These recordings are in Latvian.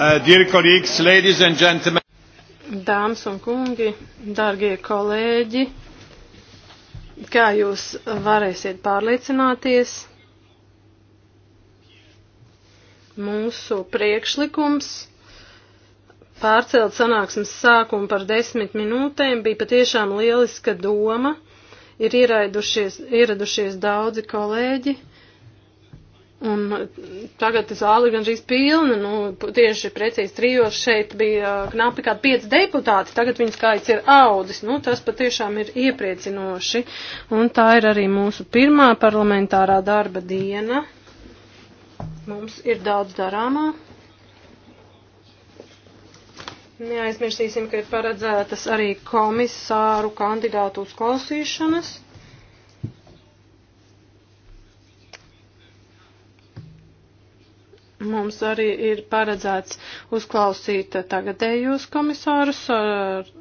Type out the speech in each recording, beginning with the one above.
Uh, dear colleagues, ladies and gentlemen. Dāmas un kungi, dārgie kolēģi, kā jūs varēsiet pārliecināties, mūsu priekšlikums pārcelt sanāksmes sākumu par desmit minūtēm bija patiešām lieliska doma. Ir ieradušies, ieradušies daudzi kolēģi. Un tagad zāle gan šīs pilna, nu, tieši precīzi trijos šeit bija uh, knapi kādi pieci deputāti, tagad viņas skaits ir audzis, nu, tas patiešām ir iepriecinoši. Un tā ir arī mūsu pirmā parlamentārā darba diena. Mums ir daudz darāmā. Neaizmirsīsim, ka ir paredzētas arī komisāru kandidātu uzklausīšanas. Mums arī ir paredzēts uzklausīt tagadējos komisārus. Ar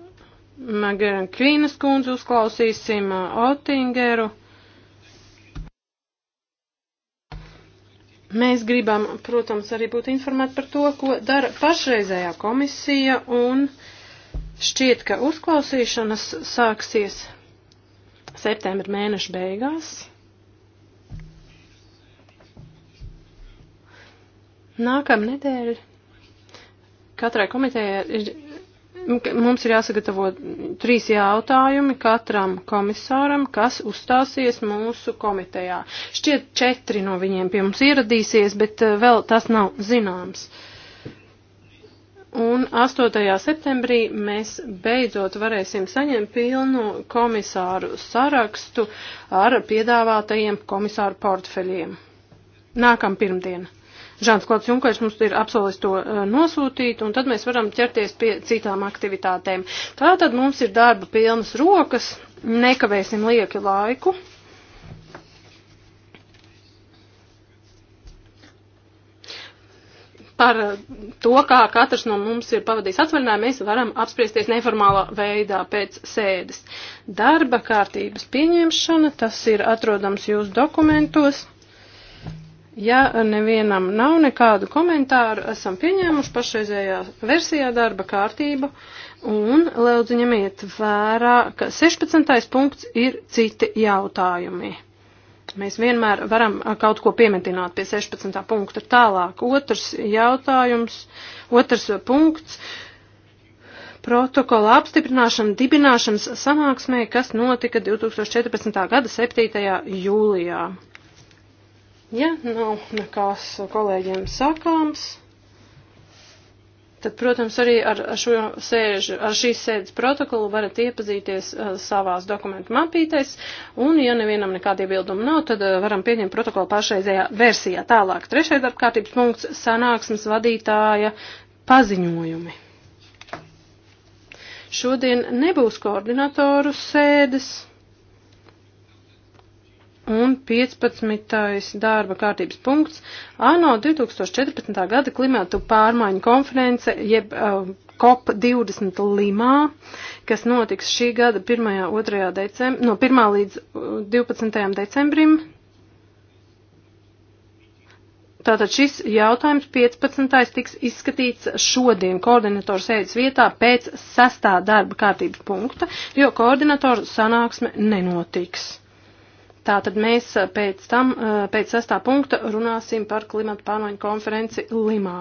Magēran Kvīnas kundzi uzklausīsim Otingeru. Uh, Mēs gribam, protams, arī būt informēti par to, ko dara pašreizējā komisija, un šķiet, ka uzklausīšanas sāksies septembra mēneša beigās. Nākamnedēļ katrai komitejai ir Mums ir jāsagatavo trīs jautājumi katram komisāram, kas uzstāsies mūsu komitejā. Šķiet, četri no viņiem pie mums ieradīsies, bet eh, vēl tas nav zināms. Un 8. septembrī mēs beidzot varēsim saņemt pilnu komisāru sarakstu ar piedāvātajiem komisāru portfeļiem. Nākam pirmdiena. Žāns Klods Junkers mums ir apsolis to eh, nosūtīt, un tad mēs varam ķerties pie citām aktivitātēm. Tātad mums ir darba pilnas rokas, nekavēsim lieki laiku. par eh, to, kā katrs no mums ir pavadījis atvaļinājumu, mēs varam apspriesties neformālā veidā pēc sēdes. Darba kārtības pieņemšana, tas ir atrodams jūsu dokumentos. Ja nevienam nav nekādu komentāru, esam pieņēmuši pašreizējā versijā darba kārtību un lūdzu ņemiet vērā, ka 16. punkts ir citi jautājumi. Mēs vienmēr varam kaut ko piemetināt pie 16. punkta tālāk. Otrs jautājums, otrs punkts protokola apstiprināšana dibināšanas sanāksmē, kas notika 2014. gada 7. jūlijā. Ja nav nekās kolēģiem sakāms, tad, protams, arī ar, šo sēžu, ar šīs sēdes protokolu varat iepazīties eh, savās dokumentu mapītēs, un, ja nevienam nekādi iebildumi nav, tad eh, varam pieņemt protokolu pašreizējā versijā. Tālāk, trešais darbkārtības punkts - sanāksmes vadītāja paziņojumi. Šodien nebūs koordinatoru sēdes. Un 15. darba kārtības punkts - ANO 2014. gada klimatu pārmaiņu konference, jeb uh, COP20 Limā, kas notiks šī gada 1. 2. Decem, no 1. līdz 12. Uh, decembrim. Tātad šis jautājums 15. tiks izskatīts šodien koordinatoru sēdes vietā pēc 6. darba kārtības punkta, jo koordinatoru sanāksme nenotiks. Tātad mēs uh, pēc tam, uh, pēc sastā punkta runāsim par klimata pārmaiņu konferenci Limā.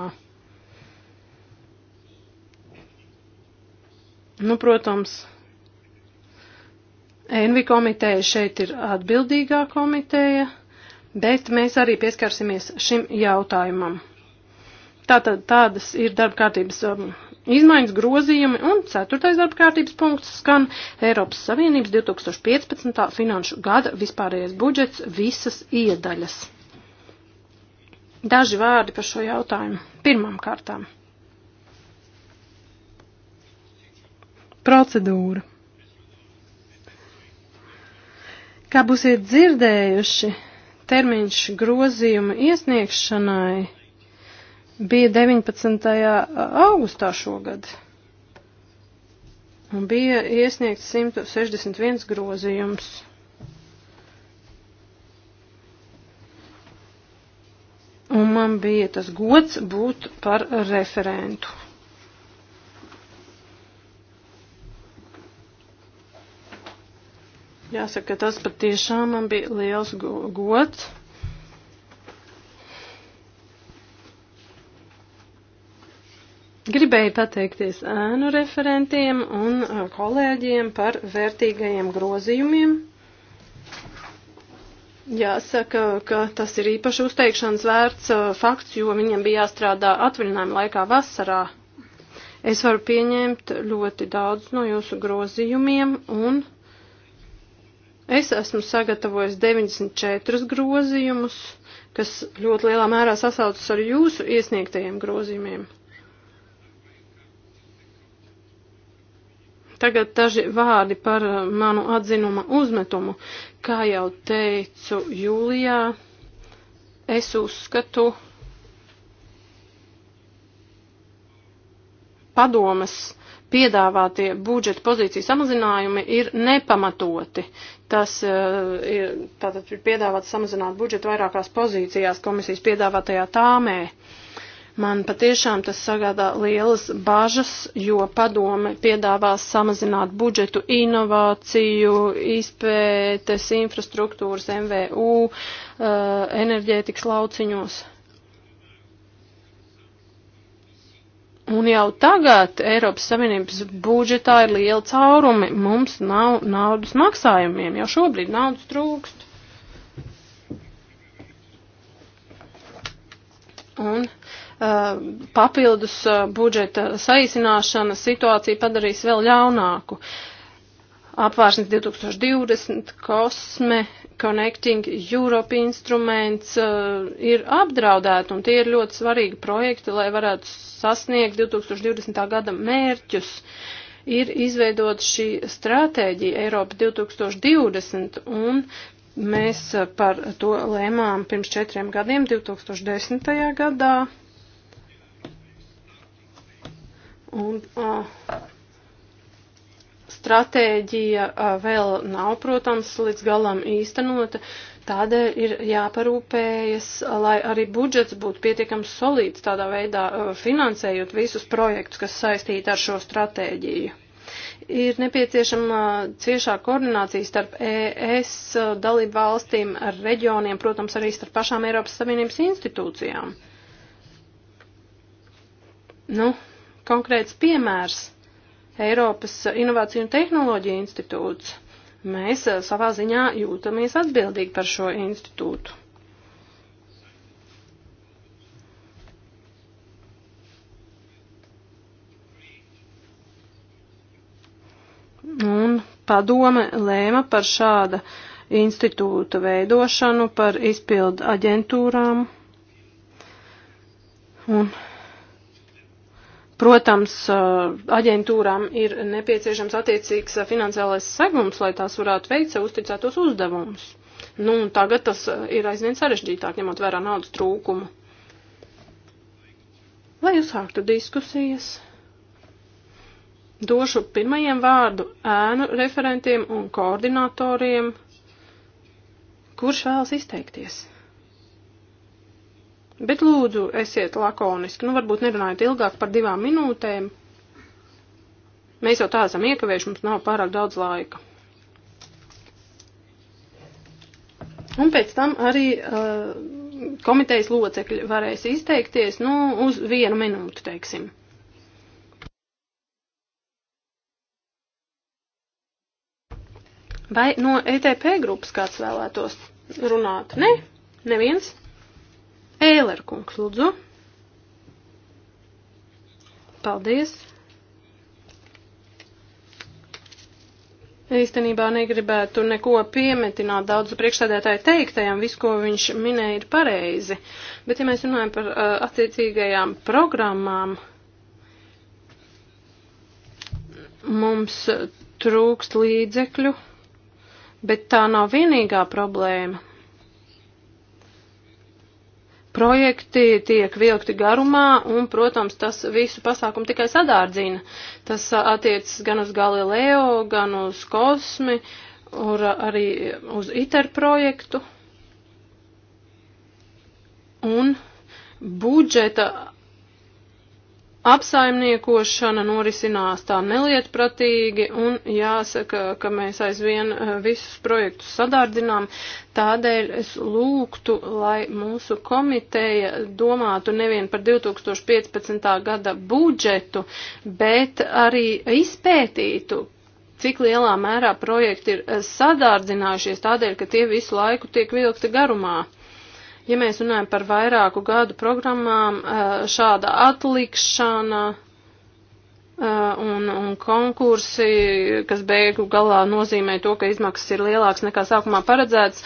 Nu, protams, Envi komiteja šeit ir atbildīgā komiteja, bet mēs arī pieskarsimies šim jautājumam. Tātad tādas ir darba kārtības um, izmaiņas grozījumi un ceturtais darba kārtības punkts skan Eiropas Savienības 2015. finanšu gada vispārējais budžets visas iedaļas. Daži vārdi par šo jautājumu. Pirmām kārtām. Procedūra. Kā būsiet dzirdējuši, termiņš grozījuma iesniegšanai bija 19. augustā šogad. Un bija iesniegts 161 grozījums. Un man bija tas gods būt par referentu. Jāsaka, tas patiešām man bija liels gods. Gribēju pateikties ēnu referentiem un uh, kolēģiem par vērtīgajiem grozījumiem. Jāsaka, ka tas ir īpaši uzteikšanas vērts uh, fakts, jo viņam bija jāstrādā atvaļinājuma laikā vasarā. Es varu pieņemt ļoti daudz no jūsu grozījumiem un es esmu sagatavojis 94 grozījumus, kas ļoti lielā mērā sasaucas ar jūsu iesniegtajiem grozījumiem. Tagad daži vārdi par uh, manu atzinuma uzmetumu. Kā jau teicu jūlijā, es uzskatu padomas piedāvātie budžeta pozīciju samazinājumi ir nepamatoti. Tas uh, ir, tātad ir piedāvāts samazināt budžetu vairākās pozīcijās komisijas piedāvātajā tāmē. Uh, Man patiešām tas sagādā lielas bažas, jo padome piedāvās samazināt budžetu inovāciju, izpētes, infrastruktūras, MVU, eh, enerģētikas lauciņos. Un jau tagad Eiropas Savienības budžetā ir liela caurumi. Mums nav naudas maksājumiem, jau šobrīd naudas trūkst. Un Uh, papildus uh, budžeta saīsināšana situāciju padarīs vēl ļaunāku. Apvāršanas 2020, kosme, Connecting Europe instruments uh, ir apdraudēti, un tie ir ļoti svarīgi projekti, lai varētu sasniegt 2020. gada mērķus. Ir izveidot šī stratēģija Eiropa 2020, un mēs par to lēmām pirms četriem gadiem, 2010. gadā. Un uh, stratēģija uh, vēl nav, protams, līdz galam īstenota. Tādēļ ir jāparūpējas, lai arī budžets būtu pietiekams solīts tādā veidā, uh, finansējot visus projektus, kas saistīti ar šo stratēģiju. Ir nepieciešama ciešā koordinācija starp ES dalību valstīm, reģioniem, protams, arī starp pašām Eiropas Savienības institūcijām. Nu, konkrēts piemērs - Eiropas Inovāciju un Tehnoloģiju institūts. Mēs eh, savā ziņā jūtamies atbildīgi par šo institūtu. Un padome lēma par šāda institūta veidošanu, par izpildu aģentūrām. Un Protams, aģentūrām ir nepieciešams attiecīgs finansiālais segums, lai tās varētu veikt sev uzticētos uzdevumus. Nu, tagad tas ir aizvien sarežģītāk, ņemot vērā naudas trūkumu. Lai uzsāktu diskusijas, došu pirmajiem vārdu ēnu referentiem un koordinatoriem, kurš vēlas izteikties. Bet lūdzu, esiet lakoniski, nu varbūt nerunājiet ilgāk par divām minūtēm. Mēs jau tā esam iekavējuši, mums nav pārāk daudz laika. Un pēc tam arī uh, komitejas locekļi varēs izteikties, nu, uz vienu minūtu, teiksim. Vai no ETP grupas kāds vēlētos runāt? Nē, ne? neviens. Ēler kungs, lūdzu. Paldies. Īstenībā negribētu neko piemetināt daudzu priekšsēdētāju teiktajam, visu, ko viņš minēja, ir pareizi. Bet, ja mēs runājam par uh, attiecīgajām programmām, mums trūkst līdzekļu, bet tā nav vienīgā problēma projekti tiek vilkti garumā, un, protams, tas visu pasākumu tikai sadārdzina. Tas attiecas gan uz Galileo, gan uz Kosmi, un arī uz ITER projektu. Un budžeta Apsaimniekošana norisinās tā nelietpratīgi un jāsaka, ka mēs aizvien eh, visus projektus sadārdinām. Tādēļ es lūgtu, lai mūsu komiteja domātu nevien par 2015. gada budžetu, bet arī izpētītu, cik lielā mērā projekti ir eh, sadārdzinājušies tādēļ, ka tie visu laiku tiek vilkti garumā. Ja mēs runājam par vairāku gadu programmām, eh, šāda atlikšana eh, un, un konkursi, kas beigu galā nozīmē to, ka izmaksas ir lielākas nekā sākumā paredzēts,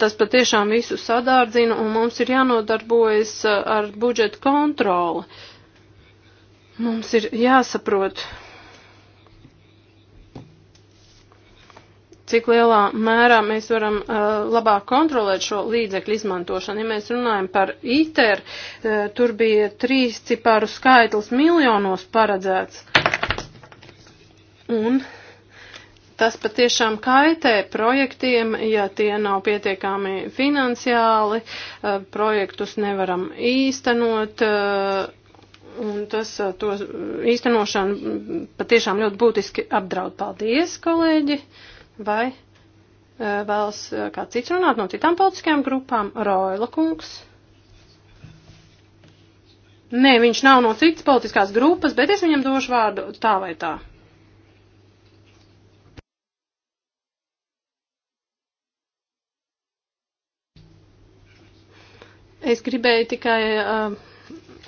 tas patiešām visu sadārdzina un mums ir jānodarbojas eh, ar budžeta kontroli. Mums ir jāsaprot, cik lielā mērā mēs varam uh, labāk kontrolēt šo līdzekļu izmantošanu. Ja mēs runājam par ITER, uh, tur bija trīs ciparu skaitlis miljonos paredzēts. Un tas patiešām kaitē projektiem, ja tie nav pietiekami finansiāli, uh, projektus nevaram īstenot, uh, un tas uh, to īstenošanu patiešām ļoti būtiski apdraud. Paldies, kolēģi! Vai e, vēlas e, kāds cits runāt no citām politiskajām grupām? Roila kungs. Nē, viņš nav no citas politiskās grupas, bet es viņam došu vārdu tā vai tā. Es gribēju tikai uh,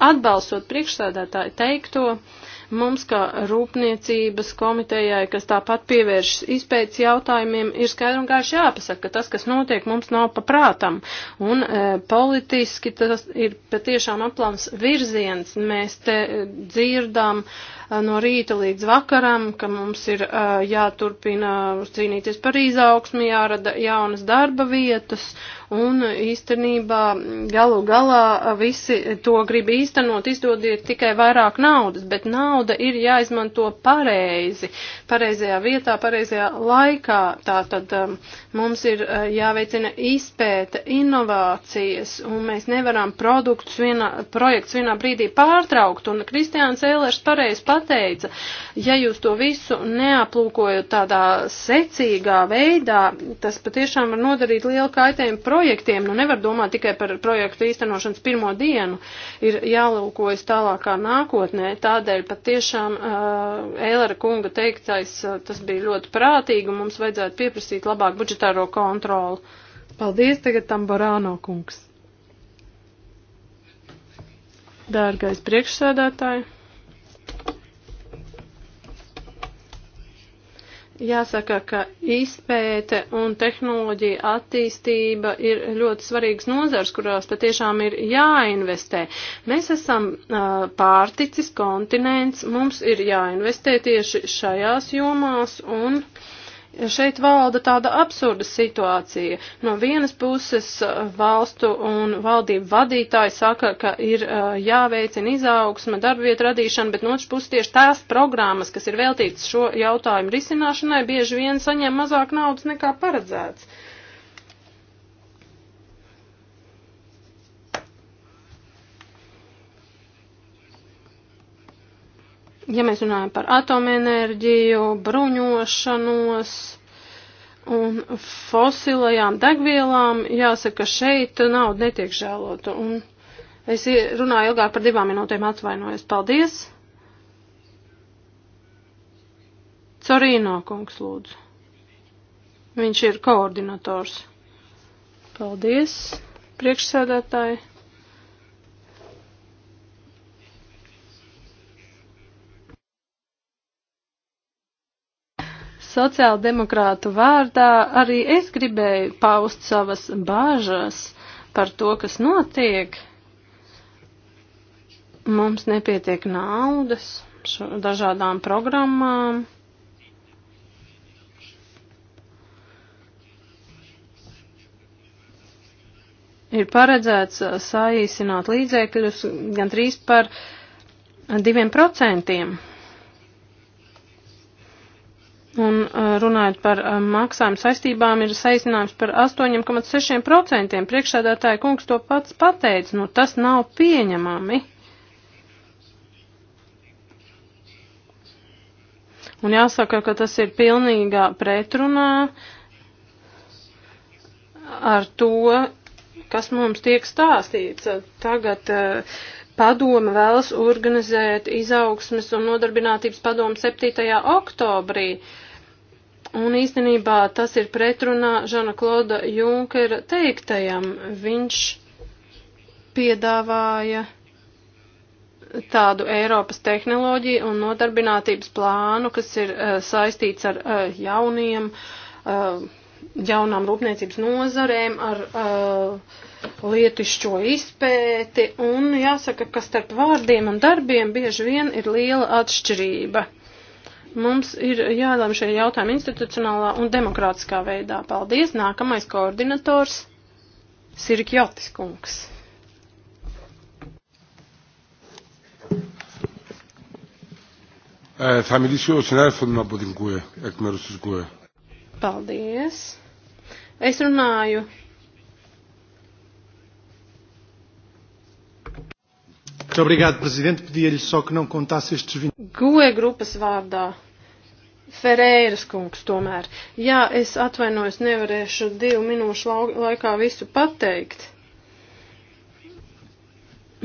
atbalstot priekšsēdētāju teikto. Uh, Mums, kā rūpniecības komitejai, kas tāpat pievēršas izpētes jautājumiem, ir skaidri un gaiši jāpasaka, ka tas, kas notiek, mums nav paprātam. Un e, politiski tas ir patiešām aplams virziens. Mēs te dzirdām. E, no rīta līdz vakaram, ka mums ir jāturpina cīnīties par izaugsmi, jārada jaunas darba vietas, un īstenībā galu galā visi to grib īstenot, izdodiet tikai vairāk naudas, bet nauda ir jāizmanto pareizi, pareizajā vietā, pareizajā laikā, tā tad Mums ir eh, jāveicina izpēta, inovācijas, un mēs nevaram produktus vienā, projekts vienā brīdī pārtraukt. Un Kristiāns Ēlers pareiz pateica, ja jūs to visu neaplūkojat tādā secīgā veidā, tas patiešām var nodarīt lielu kaitējumu projektiem. Nu, nevar domāt tikai par projektu īstenošanas pirmo dienu. Ir jālūkojas tālākā nākotnē. Tādēļ patiešām uh, eh, Ēlera kunga teiktais, uh, tas bija ļoti prātīgi, un mums vajadzētu pieprasīt labāk budžetu budžetāro kontroli. Paldies tagad tam Barāno kungs. Dārgais priekšsēdētāji. Jāsaka, ka izpēte un tehnoloģija attīstība ir ļoti svarīgas nozars, kurās patiešām ir jāinvestē. Mēs esam uh, pārticis kontinents, mums ir jāinvestē tieši šajās jomās un uh, Šeit valda tāda absurda situācija. No vienas puses eh, valstu un valdību vadītāji saka, ka ir eh, jāveicina izaugsme, darbvietu radīšana, bet no otras puses tieši tās programmas, kas ir veltītas šo jautājumu risināšanai, bieži vien saņem mazāk naudas nekā paredzēts. ja mēs runājam par atomenerģiju, bruņošanos un fosilajām degvielām, jāsaka, šeit nauda netiek žēlota. Un es runāju ilgāk par divām minūtēm atvainojos. Paldies! Corīno kungs lūdzu. Viņš ir koordinators. Paldies, priekšsēdētāji. Sociāldemokrātu vārdā arī es gribēju paust savas bāžas par to, kas notiek. Mums nepietiek naudas dažādām programmām. ir paredzēts uh, saīsināt līdzēkļus gan trīs par diviem procentiem. Un uh, runājot par uh, maksājumu saistībām, ir saistinājums par 8,6%. Priekšsēdētāja kungs to pats pateica, nu tas nav pieņemami. Un jāsaka, ka tas ir pilnīgā pretrunā ar to, kas mums tiek stāstīts. Tagad uh, padoma vēlas organizēt izaugsmes un nodarbinātības padomu 7. oktobrī. Un īstenībā tas ir pretrunā Žana Kloda Junkera teiktajam. Viņš piedāvāja tādu Eiropas tehnoloģiju un nodarbinātības plānu, kas ir uh, saistīts ar uh, jauniem, uh, jaunām rūpniecības nozarēm, ar uh, lietišķo izpēti, un jāsaka, ka starp vārdiem un darbiem bieži vien ir liela atšķirība. Mums ir jālem šie jautājumi institucionālā un demokrātiskā veidā. Paldies! Nākamais koordinators Sirkjotis kungs. Θα μιλήσει ο συνάδελφος μου από την ΚΟΕ, εκ μέρους της ΚΟΕ. Paldies. Es runāju Muito obrigado, Presidente. Pedia-lhe só que não contasse estes 20. GUE grupas vārdā. Ferēras kungs tomēr. Jā, es atvainojos, nevarēšu divu minūšu laikā visu pateikt.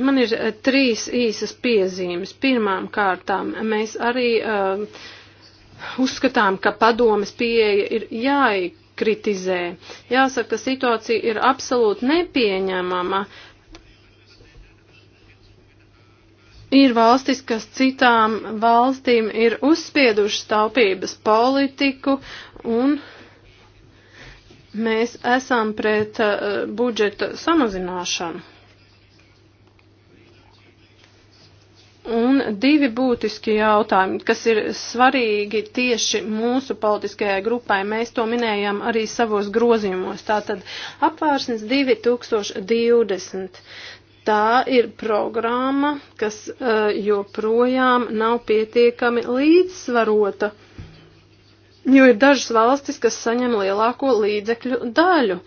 Man ir eh, trīs īsas piezīmes. Pirmām kārtām mēs arī uh, uzskatām, ka padomas pieeja ir jāikritizē. Jāsaka, ka situācija ir absolūti nepieņemama. Uh, Ir valstis, kas citām valstīm ir uzspiedušas taupības politiku un mēs esam pret uh, budžeta samazināšanu. Un divi būtiski jautājumi, kas ir svarīgi tieši mūsu politiskajai grupai. Mēs to minējām arī savos grozījumos. Tātad apvārsnes 2020 tā ir programma, kas uh, joprojām nav pietiekami līdzsvarota, jo ir dažas valstis, kas saņem lielāko līdzekļu daļu.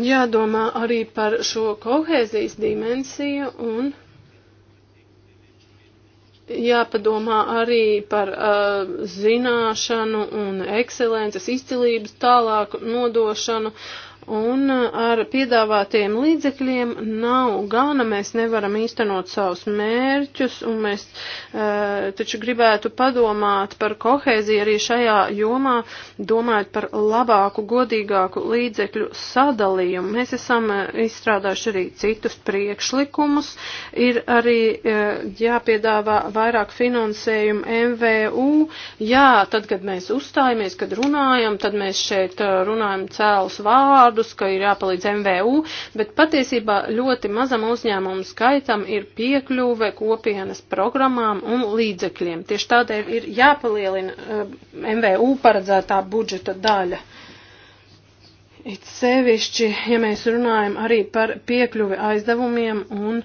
Jādomā arī par šo kohēzijas dimensiju un jāpadomā arī par uh, zināšanu un ekscelences izcilības tālāku nodošanu. Uh, un uh, ar piedāvātiem līdzekļiem nav gana, mēs nevaram īstenot savus mērķus, un mēs e, taču gribētu padomāt par kohēziju arī šajā jomā, domājot par labāku, godīgāku līdzekļu sadalījumu. Mēs esam uh, izstrādājuši arī citus priekšlikumus, ir arī e, jāpiedāvā vairāk finansējumu MVU. Jā, tad, kad mēs uzstājamies, kad runājam, tad mēs šeit runājam cēlus vārdu, vārdus, ka ir jāpalīdz MVU, bet patiesībā ļoti mazam uzņēmumu skaitam ir piekļuve kopienas programmām un līdzekļiem. Tieši tādēļ ir jāpalielina eh, MVU paredzētā budžeta daļa. It sevišķi, ja mēs runājam arī par piekļuvi aizdevumiem un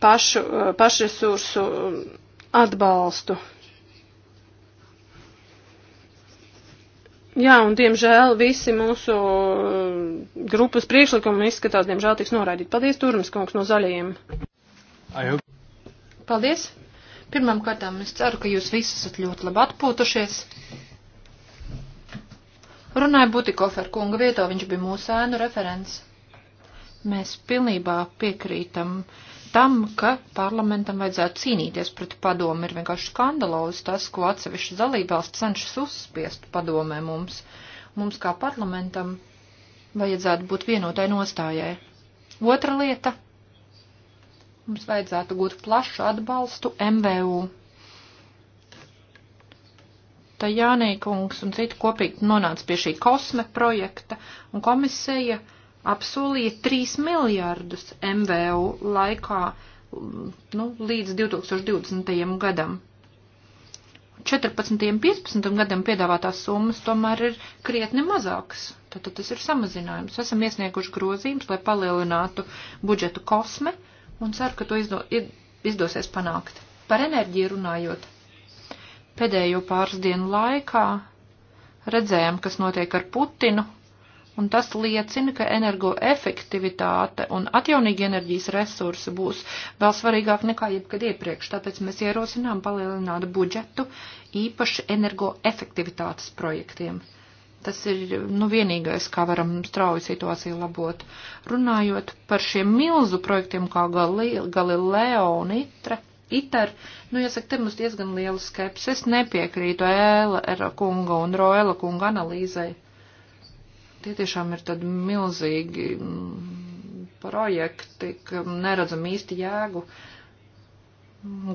pašu, eh, pašresursu eh, atbalstu. Jā, un diemžēl visi mūsu uh, grupas priekšlikumi izskatās, diemžēl tiks noraidīti. Paldies, Turmas kungs no zaļajiem. Paldies. Pirmām kārtām es ceru, ka jūs visi esat ļoti labi atpūtušies. Runāja Butikofer kunga vieto, viņš bija mūsu ēnu referents. Mēs pilnībā piekrītam uh, tam, ka parlamentam vajadzētu cīnīties pret padomu, ir vienkārši skandalozi tas, ko atsevišķi dalībvalsts cenšas uzspiest padomē mums. Mums kā parlamentam vajadzētu būt vienotai nostājai. Otra lieta - mums vajadzētu gūt plašu atbalstu MVU. Tā Jānīkungs un citi kopīgi nonāca pie šī kosme projekta, un komisija uh, apsolīja 3 miljārdus MVU laikā nu, līdz 2020. gadam. 14. un 15. gadam piedāvātās summas tomēr ir krietni mazākas. Tātad tas ir samazinājums. Esam iesnieguši grozījumus, lai palielinātu budžetu kosme un ceru, ka to izdo, izdosies panākt. Par enerģiju runājot. Pēdējo pāris dienu laikā redzējām, kas notiek ar Putinu un tas liecina, ka energoefektivitāte un atjaunīgi enerģijas resursi būs vēl svarīgāk nekā jebkad iepriekš, tāpēc mēs ierosinām palielināt budžetu īpaši energoefektivitātes projektiem. Tas ir nu, vienīgais, kā varam strauji situāciju labot. Runājot par šiem milzu projektiem kā Galileo un Itre, Itar, nu, jāsaka, te mums diezgan liela skepse. Es nepiekrītu Ēla Era kunga un Roela kunga analīzai. Tie tiešām ir tad milzīgi mm, projekti, kam neredzam īsti jēgu.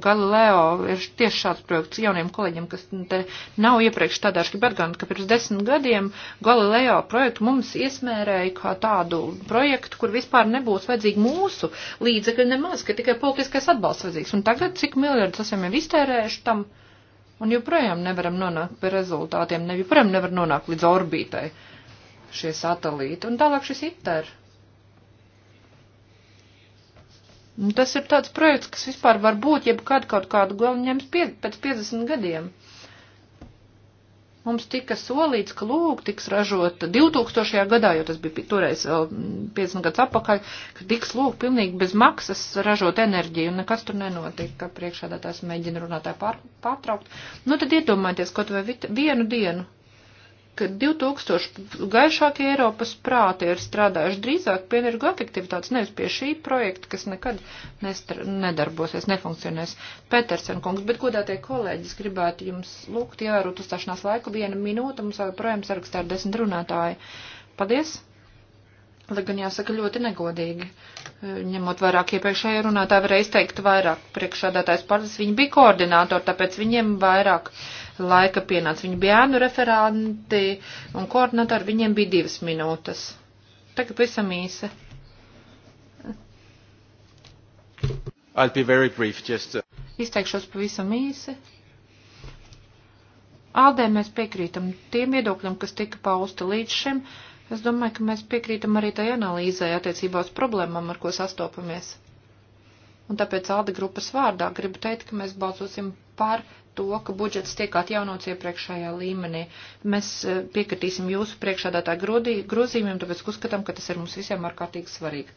Galileo ir tieši šāds projekts jauniem kolēģiem, kas te nav iepriekš tādāški, bet gan, ka pirms desmit gadiem Galileo projektu mums iesmērēja kā tādu projektu, kur vispār nebūs vajadzīgi mūsu līdzekļi nemaz, ka tikai politiskais atbalsts vajadzīgs. Un tagad, cik miljardus esam jau iztērējuši tam, un joprojām nevaram nonākt pie rezultātiem, ne joprojām nevar nonākt līdz orbītai. Uh, šie satelīti, un tālāk šis ITER. Un tas ir tāds projekts, kas vispār var būt, jebkad kaut kādu galu ņems pie, pēc 50 gadiem. Mums tika solīts, ka lūk, tiks ražota 2000. gadā, jo tas bija toreiz vēl 50 gadus atpakaļ, ka tiks lūk pilnīgi bez maksas ražot enerģiju, un nekas tur nenotika, priekšādā tās mēģina runātāji pār, pārtraukt. Nu tad iedomājieties kaut vai vienu dienu ka 2000 gaišākie Eiropas prāti ir strādājuši drīzāk pie energoefektivitātes, nevis pie šī projekta, kas nekad nestra, nedarbosies, nefunkcionēs. Petersen kungs, bet godātie kolēģis, gribētu jums lūgt jārūt uzstāšanās laiku viena minūte, mums vēl projām sarakstā ar desmit runātāji. Paldies! Lai gan jāsaka ļoti negodīgi, eh, ņemot vairāk iepriekšējā runātāja, varēja izteikt vairāk priekšādātājs pārdes. Viņi bija koordinātori, tāpēc viņiem vairāk laika pienāca. Viņi bija ēnu referanti un koordinātori, viņiem bija divas minūtes. Tagad visam īsi. I'll be very brief, just... Uh, Izteikšos pavisam īsi. Aldē mēs piekrītam tiem viedokļiem, kas tika pausti līdz šim. Uh, Es domāju, ka mēs piekrītam arī tai analīzē attiecībā uz problēmām, ar ko sastopamies. Un tāpēc Alda grupas vārdā gribu teikt, ka mēs balsosim par to, ka budžets tiek atjaunots iepriekšējā līmenī. Mēs eh, piekritīsim jūsu priekšādātā grozījumiem, tāpēc uzskatām, ka tas ir mums visiem ārkārtīgi svarīgi.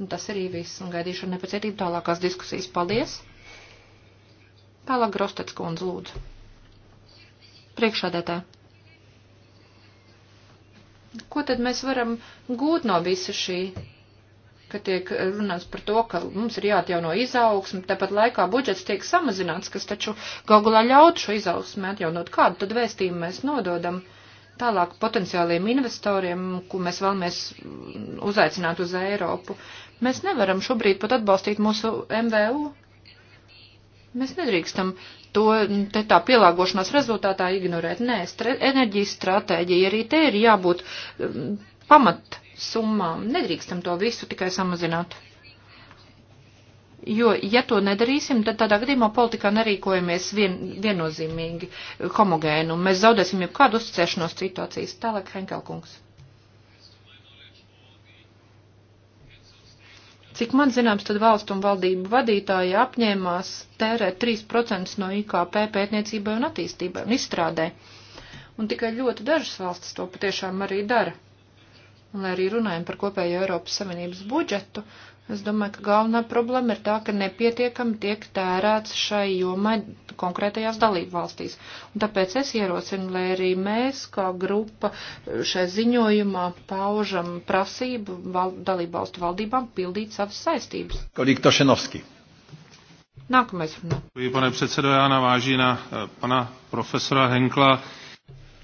Un tas arī viss, un gaidīšu ar nepacietību tālākās diskusijas. Paldies! Tālāk Grostets kundze lūdzu. Priekšādātā. Ko tad mēs varam gūt no visa šī, ka tiek eh, runāts par to, ka mums ir jāatjauno izaugsme, tāpat laikā budžets tiek samazināts, kas taču gaugulā ļaut šo izaugsmu atjaunot. Kādu tad vēstījumu mēs nododam tālāk potenciāliem investoriem, ko mēs vēlamies mm, uzaicināt uz Eiropu? Mēs nevaram šobrīd pat atbalstīt mūsu MVU, Mēs nedrīkstam to te tā pielāgošanās rezultātā ignorēt. Nē, stra enerģijas stratēģija arī te ir jābūt um, pamat summām. Nedrīkstam to visu tikai samazināt. Jo, ja to nedarīsim, tad tādā gadījumā politikā nerīkojamies vien, viennozīmīgi homogēnu. Mēs zaudēsim jau kādu uzticēšanos situācijas. Tālāk, Henkelkungs. Cik man zināms, tad valstu un valdību vadītāji apņēmās tērēt 3% no IKP pētniecībai un attīstībai un izstrādē. Un tikai ļoti dažas valstis to patiešām arī dara. Un lai arī runājam par kopējo Eiropas Savienības budžetu, Es domāju, ka galvenā problēma ir tā, ka nepietiekami tiek tērēts šai jomai konkrētajās dalību valstīs. Un tāpēc es ierosinu, lai arī mēs kā grupa šai ziņojumā paužam prasību val dalību valstu valdībām pildīt savas saistības. Kolīgi Tošenovski. Nākamais runā. Pane predsedo, jā navážī na eh, pana profesora Henkla.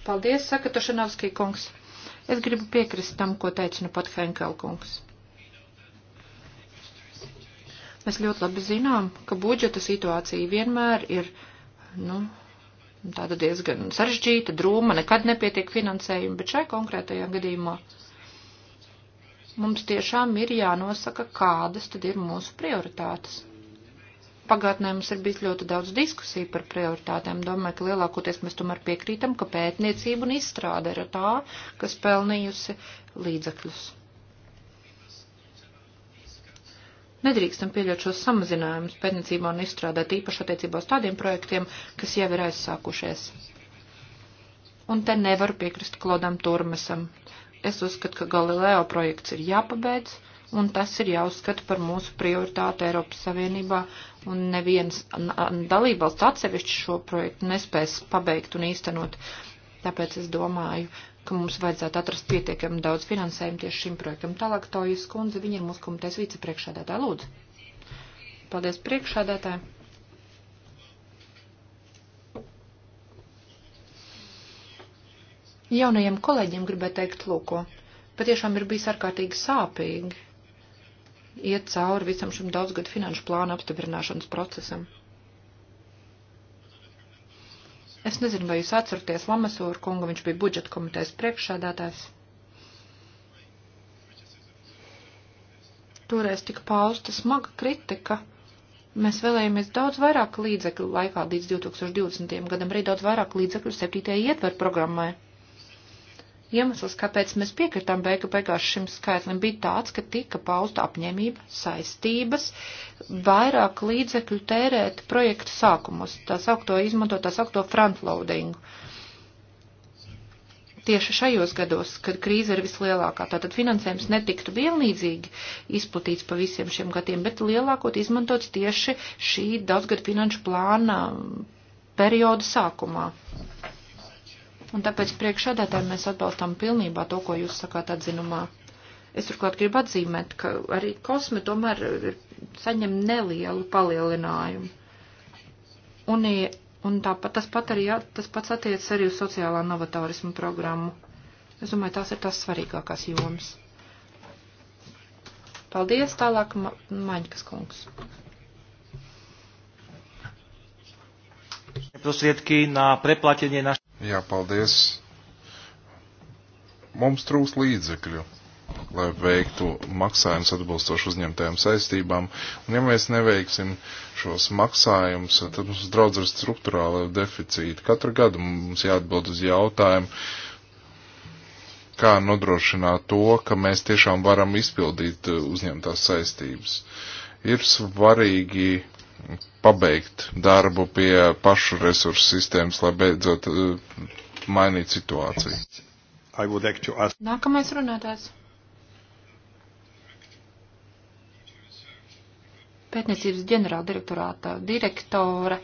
Paldies, saka Tošenovski kungs. Es gribu piekrist tam, ko teica nu pat Henkel kungs. Mēs ļoti labi zinām, ka budžeta situācija vienmēr ir, nu, tāda diezgan sarežģīta, drūma, nekad nepietiek finansējumi, bet šai konkrētajā gadījumā mums tiešām ir jānosaka, kādas tad ir mūsu prioritātes. Pagātnē mums ir bijis ļoti daudz diskusiju par prioritātēm. Domāju, ka lielākoties mēs tomēr piekrītam, ka pētniecība un izstrāde ir tā, kas pelnījusi līdzekļus. Nedrīkstam pieļaut šos samazinājumus pētniecībā un izstrādāt īpaši attiecībā uz tādiem projektiem, kas jau ir aizsākušies. Un te nevaru piekrist Klodam Turmesam. Es uzskatu, ka Galileo projekts ir jāpabeidz un tas ir jāuzskata par mūsu prioritāti Eiropas Savienībā, un neviens dalībvalsts atsevišķi šo projektu nespēs pabeigt un īstenot. Tāpēc es domāju, ka mums vajadzētu atrast pietiekami daudz finansējumu tieši šim projektam. Tālāk Tojas kundze, viņa ir mūsu komitejas vicepriekšādātāja. Lūdzu. Paldies priekšādātāji. Jaunajiem kolēģiem gribētu teikt, lūko, patiešām ir bijis ārkārtīgi sāpīgi iet cauri visam šim daudzgadu finanšu plānu apstiprināšanas procesam. Es nezinu, vai jūs atceraties Lamasūru kungu, viņš bija budžeta komitejas priekšsēdētājs. Toreiz tika pausta smaga kritika. Mēs vēlējamies daudz vairāk līdzekļu laikā līdz 2020. gadam, arī daudz vairāk līdzekļu septītajai ietver programmai. Iemesls, kāpēc mēs piekritām beigu beigās šim skaitlim, bija tāds, ka tika pausta apņēmība, saistības, vairāk līdzekļu tērēt projektu sākumus, tā saukto izmanto, tā saukto frontloadingu. Tieši šajos gados, kad krīze ir vislielākā, tātad finansējums netiktu vienlīdzīgi izplatīts pa visiem šiem gadiem, bet lielākot izmantots tieši šī daudzgad finanšu plāna perioda sākumā. Un tāpēc priekšādātāji mēs atbalstām pilnībā to, ko jūs sakāt atzinumā. Es turklāt gribu atzīmēt, ka arī kosme tomēr saņem nelielu palielinājumu. Un, un tāpat tas, pat arī, tas pats attiec arī uz sociālā novatorismu programmu. Es domāju, tās ir tās svarīgākās jomas. Paldies, tālāk ma Maņkas kungs. prostriedky na preplatenie našich Jā, paldies. Mums trūks līdzekļu, lai veiktu maksājumus atbilstoši uzņemtajām saistībām, un ja mēs neveiksim šos maksājumus, tad mums draudz ar struktūrālo deficītu. Katru gadu mums jāatbild uz jautājumu, kā nodrošināt to, ka mēs tiešām varam izpildīt eh, uzņemtās saistības. Ir svarīgi pabeigt darbu pie pašu resursu sistēmas, lai beidzot eh, mainītu situāciju. Like ask... Nākamais runātājs. Pētniecības ģenerāldirektorāta direktore.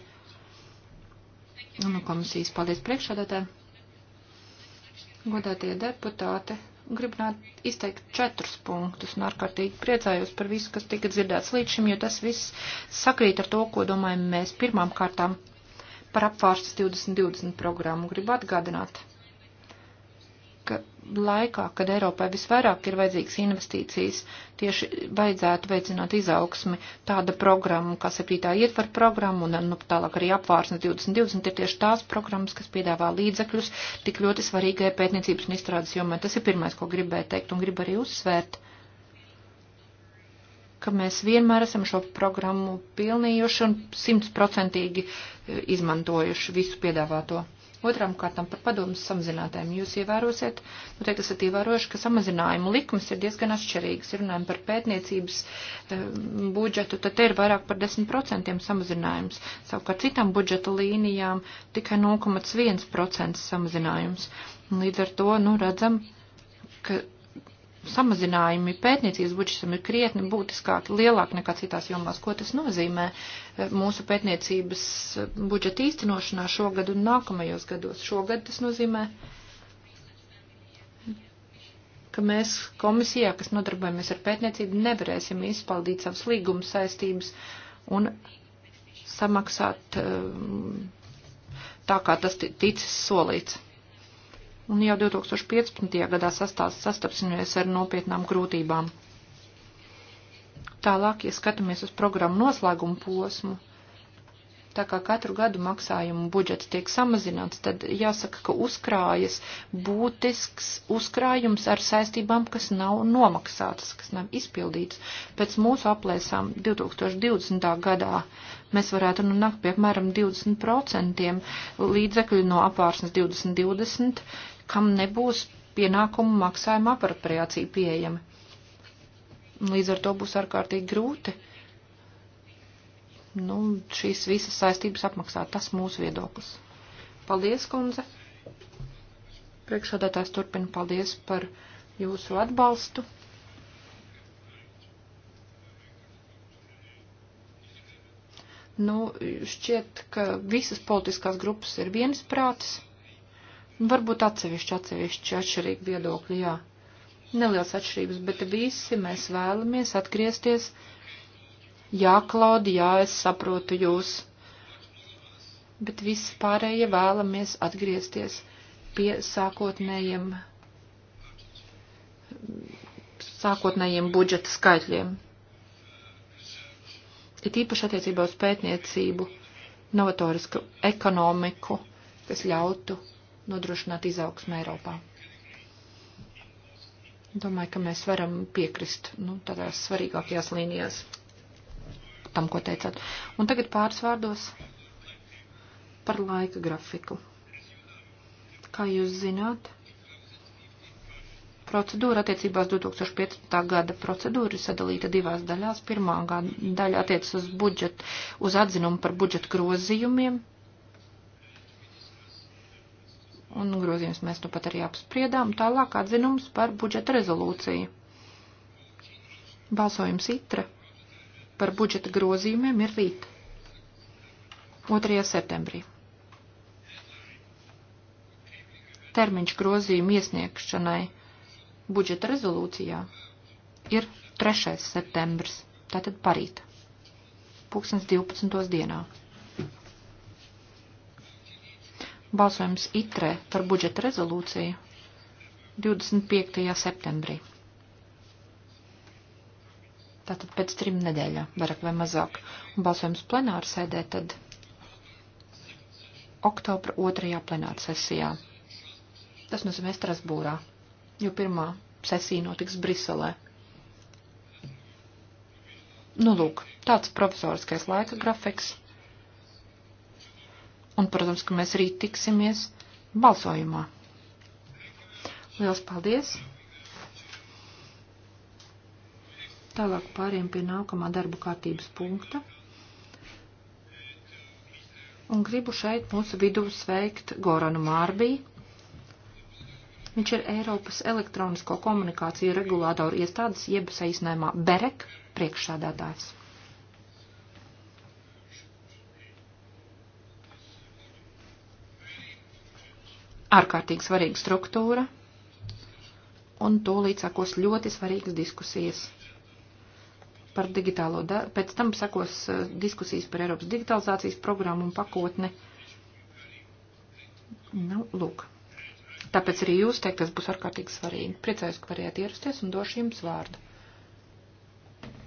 Un nu, komisijas paldies priekšādātājiem. Godātie deputāti, gribu izteikt četrus punktus un ārkārtīgi priecājos par visu, kas tika dzirdēts līdz šim, jo tas viss sakrīt ar to, ko domājam mēs pirmām kārtām par apvārstas 2020 programmu. Gribu atgādināt, ka laikā, kad Eiropai visvairāk ir vajadzīgas investīcijas, tieši vajadzētu veicināt izaugsmi tāda programma, kā septītā ietvar programma, un nu, tālāk arī apvārsnes 2020 ir tieši tās programmas, kas piedāvā līdzekļus tik ļoti svarīgai pētniecības un izstrādes jomai. Tas ir pirmais, ko gribēju teikt, un gribu arī uzsvērt ka mēs vienmēr esam šo programmu pilnījuši un simtprocentīgi e, izmantojuši visu piedāvāto. Otram kārtam par padomus samazinājumiem. Jūs ievērosiet, nu teikt, esat ievērojuši, ka samazinājumu likums ir diezgan atšķirīgs. Ir runājumi par pētniecības e, budžetu, tad te ir vairāk par 10% samazinājums. Savukārt citām budžeta līnijām tikai 0,1% samazinājums. Līdz ar to, nu, redzam, ka samazinājumi pētniecības budžetam ir krietni būtiskāki, lielāki nekā citās jomās. Ko tas nozīmē eh, mūsu pētniecības eh, budžeta īstenošanā šogad un nākamajos gados? Šogad tas nozīmē, ka mēs komisijā, kas nodarbojamies ar pētniecību, nevarēsim izpaldīt savas līguma saistības un samaksāt eh, tā, kā tas ticis solīts un jau 2015. gadā sastapsimies ar nopietnām grūtībām. Tālāk, ja skatāmies uz programmu noslēgumu posmu, tā kā katru gadu maksājumu budžets tiek samazināts, tad jāsaka, ka uzkrājas būtisks uzkrājums ar saistībām, kas nav nomaksātas, kas nav izpildīts. Pēc mūsu aplēsām 2020. gadā mēs varētu nonākt pie apmēram 20% līdzekļu no apvārsnes 2020 kam nebūs pienākumu maksājuma apropriācija pieejama. Līdz ar to būs ārkārtīgi grūti nu, šīs visas saistības apmaksāt. Tas mūsu viedoklis. Paldies, kundze! Priekšādātājs turpina paldies par jūsu atbalstu. Nu, šķiet, ka visas politiskās grupas ir viensprātis. Varbūt atsevišķi, atsevišķi atšķirīgi viedokļi, jā. Neliels atšķirības, bet visi mēs vēlamies atgriezties. Jā, Klaudi, jā, es saprotu jūs. Bet visi pārējie vēlamies atgriezties pie sākotnējiem, sākotnējiem budžeta skaitļiem. Ir īpaši attiecībā uz pētniecību, novatorisku ekonomiku, kas ļautu nodrošināt izaugsmu Eiropā. Domāju, ka mēs varam piekrist nu, tādās svarīgākajās līnijās tam, ko teicāt. Un tagad pāris vārdos par laika grafiku. Kā jūs zināt, procedūra attiecībās 2015. gada procedūra ir sadalīta divās daļās. Pirmā daļa attiecas uz budžetu, uz atzinumu par budžetu grozījumiem un grozījums mēs nu pat arī apspriedām, tālāk atzinums par budžeta rezolūciju. Balsojums itra par budžeta grozījumiem ir rīt, 2. septembrī. Termiņš grozījumu iesniegšanai budžeta rezolūcijā ir 3. septembris, tātad parīt, 2012. dienā balsojums ITRE par budžeta rezolūciju 25. septembrī. Tātad pēc trim nedēļām, vairāk vai mazāk. Un balsojums plenāra sēdē tad oktobra otrajā plenāra sesijā. Tas nozīmē Strasbūrā, jo pirmā sesija notiks Briselē. Nu, lūk, tāds profesoriskais laika grafiks. Un, protams, ka mēs rīt tiksimies balsojumā. Liels paldies! Tālāk pāriem pie nākamā darba kārtības punkta. Un gribu šeit mūsu vidū sveikt Goranu Mārbī. Viņš ir Eiropas elektronisko komunikāciju regulātoru iestādes, jeb saīsinājumā BEREK priekšsādātājs. ārkārtīgi svarīga struktūra, un to līdzsākos ļoti svarīgas diskusijas par digitālo, pēc tam sakos eh, diskusijas par Eiropas digitalizācijas programmu un pakotni. Nu, lūk. Tāpēc arī jūs teiktais būs ārkārtīgi svarīgi. Priecājos, ka varējāt ierasties un došu jums vārdu.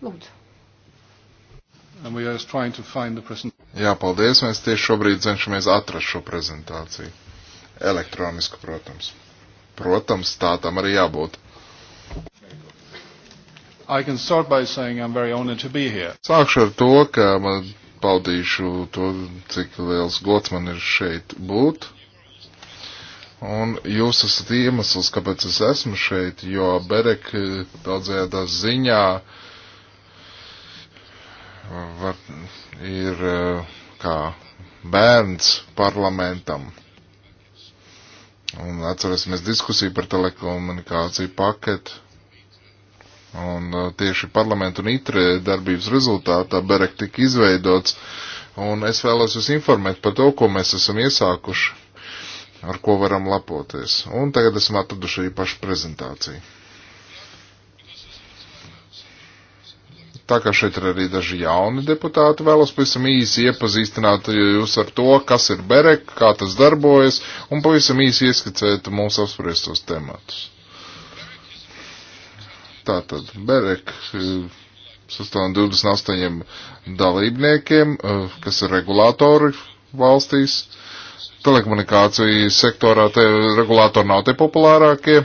Lūdzu. Jā, paldies. Mēs tieši šobrīd cenšamies atrast šo prezentāciju. Elektroniski, protams. Protams, tā tam arī jābūt. Sākšu ar to, ka man paudīšu to, cik liels gods man ir šeit būt. Un jūs esat iemesls, kāpēc es esmu šeit, jo Berek daudzējādā ziņā var, ir kā bērns parlamentam. Un atcerēsimies diskusiju par telekomunikāciju paketu. Un uh, tieši parlamentu un itre darbības rezultātā Berek tika izveidots. Un es vēlos jūs informēt par to, ko mēs esam iesākuši, ar ko varam lapoties. Un tagad esam atraduši arī pašu prezentāciju. Tā kā šeit ir arī daži jauni deputāti, vēlos pavisam īsi iepazīstināt jūs ar to, kas ir Berek, kā tas darbojas, un pavisam īsi ieskicēt mūsu apspriestos tematus. Tātad, Berek eh, sastāv no 28 dalībniekiem, eh, kas ir regulātori valstīs. Telekomunikāciju sektorā te regulātori nav te populārākie.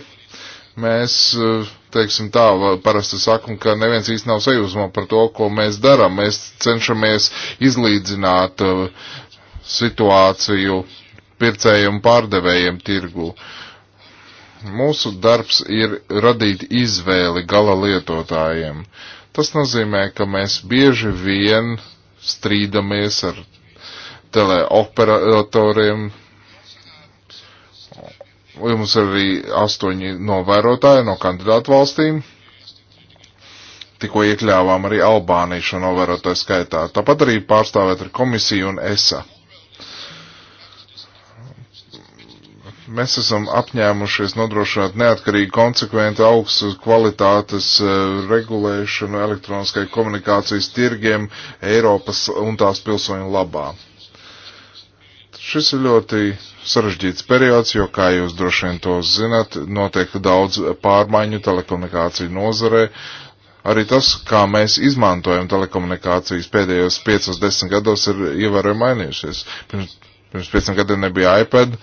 Mēs uh, teiksim tā, parasti saku, ka neviens īsti nav sajūsmā par to, ko mēs darām. Mēs cenšamies izlīdzināt uh, situāciju pircējiem un pārdevējiem tirgu. Mūsu darbs ir radīt izvēli gala lietotājiem. Tas nozīmē, ka mēs bieži vien strīdamies ar teleoperatoriem, Mums ir arī astoņi novērotāji no kandidātu valstīm. Tikko iekļāvām arī Albāniju šo novērotāju skaitā. Tāpat arī pārstāvēt ar komisiju un ESA. Mēs esam apņēmušies nodrošināt neatkarīgu, konsekventu, augstu kvalitātes eh, regulēšanu elektroniskai komunikācijas tirgiem Eiropas un tās pilsoņu labā. Šis ir ļoti sarežģīts periods, jo, kā jūs droši vien to zinat, notiek daudz pārmaiņu telekomunikāciju nozarē. Arī tas, kā mēs izmantojam telekomunikācijas pēdējos 5-10 gados, ir ievērojami mainījušies. Pirms, pirms 5 gadiem nebija iPad,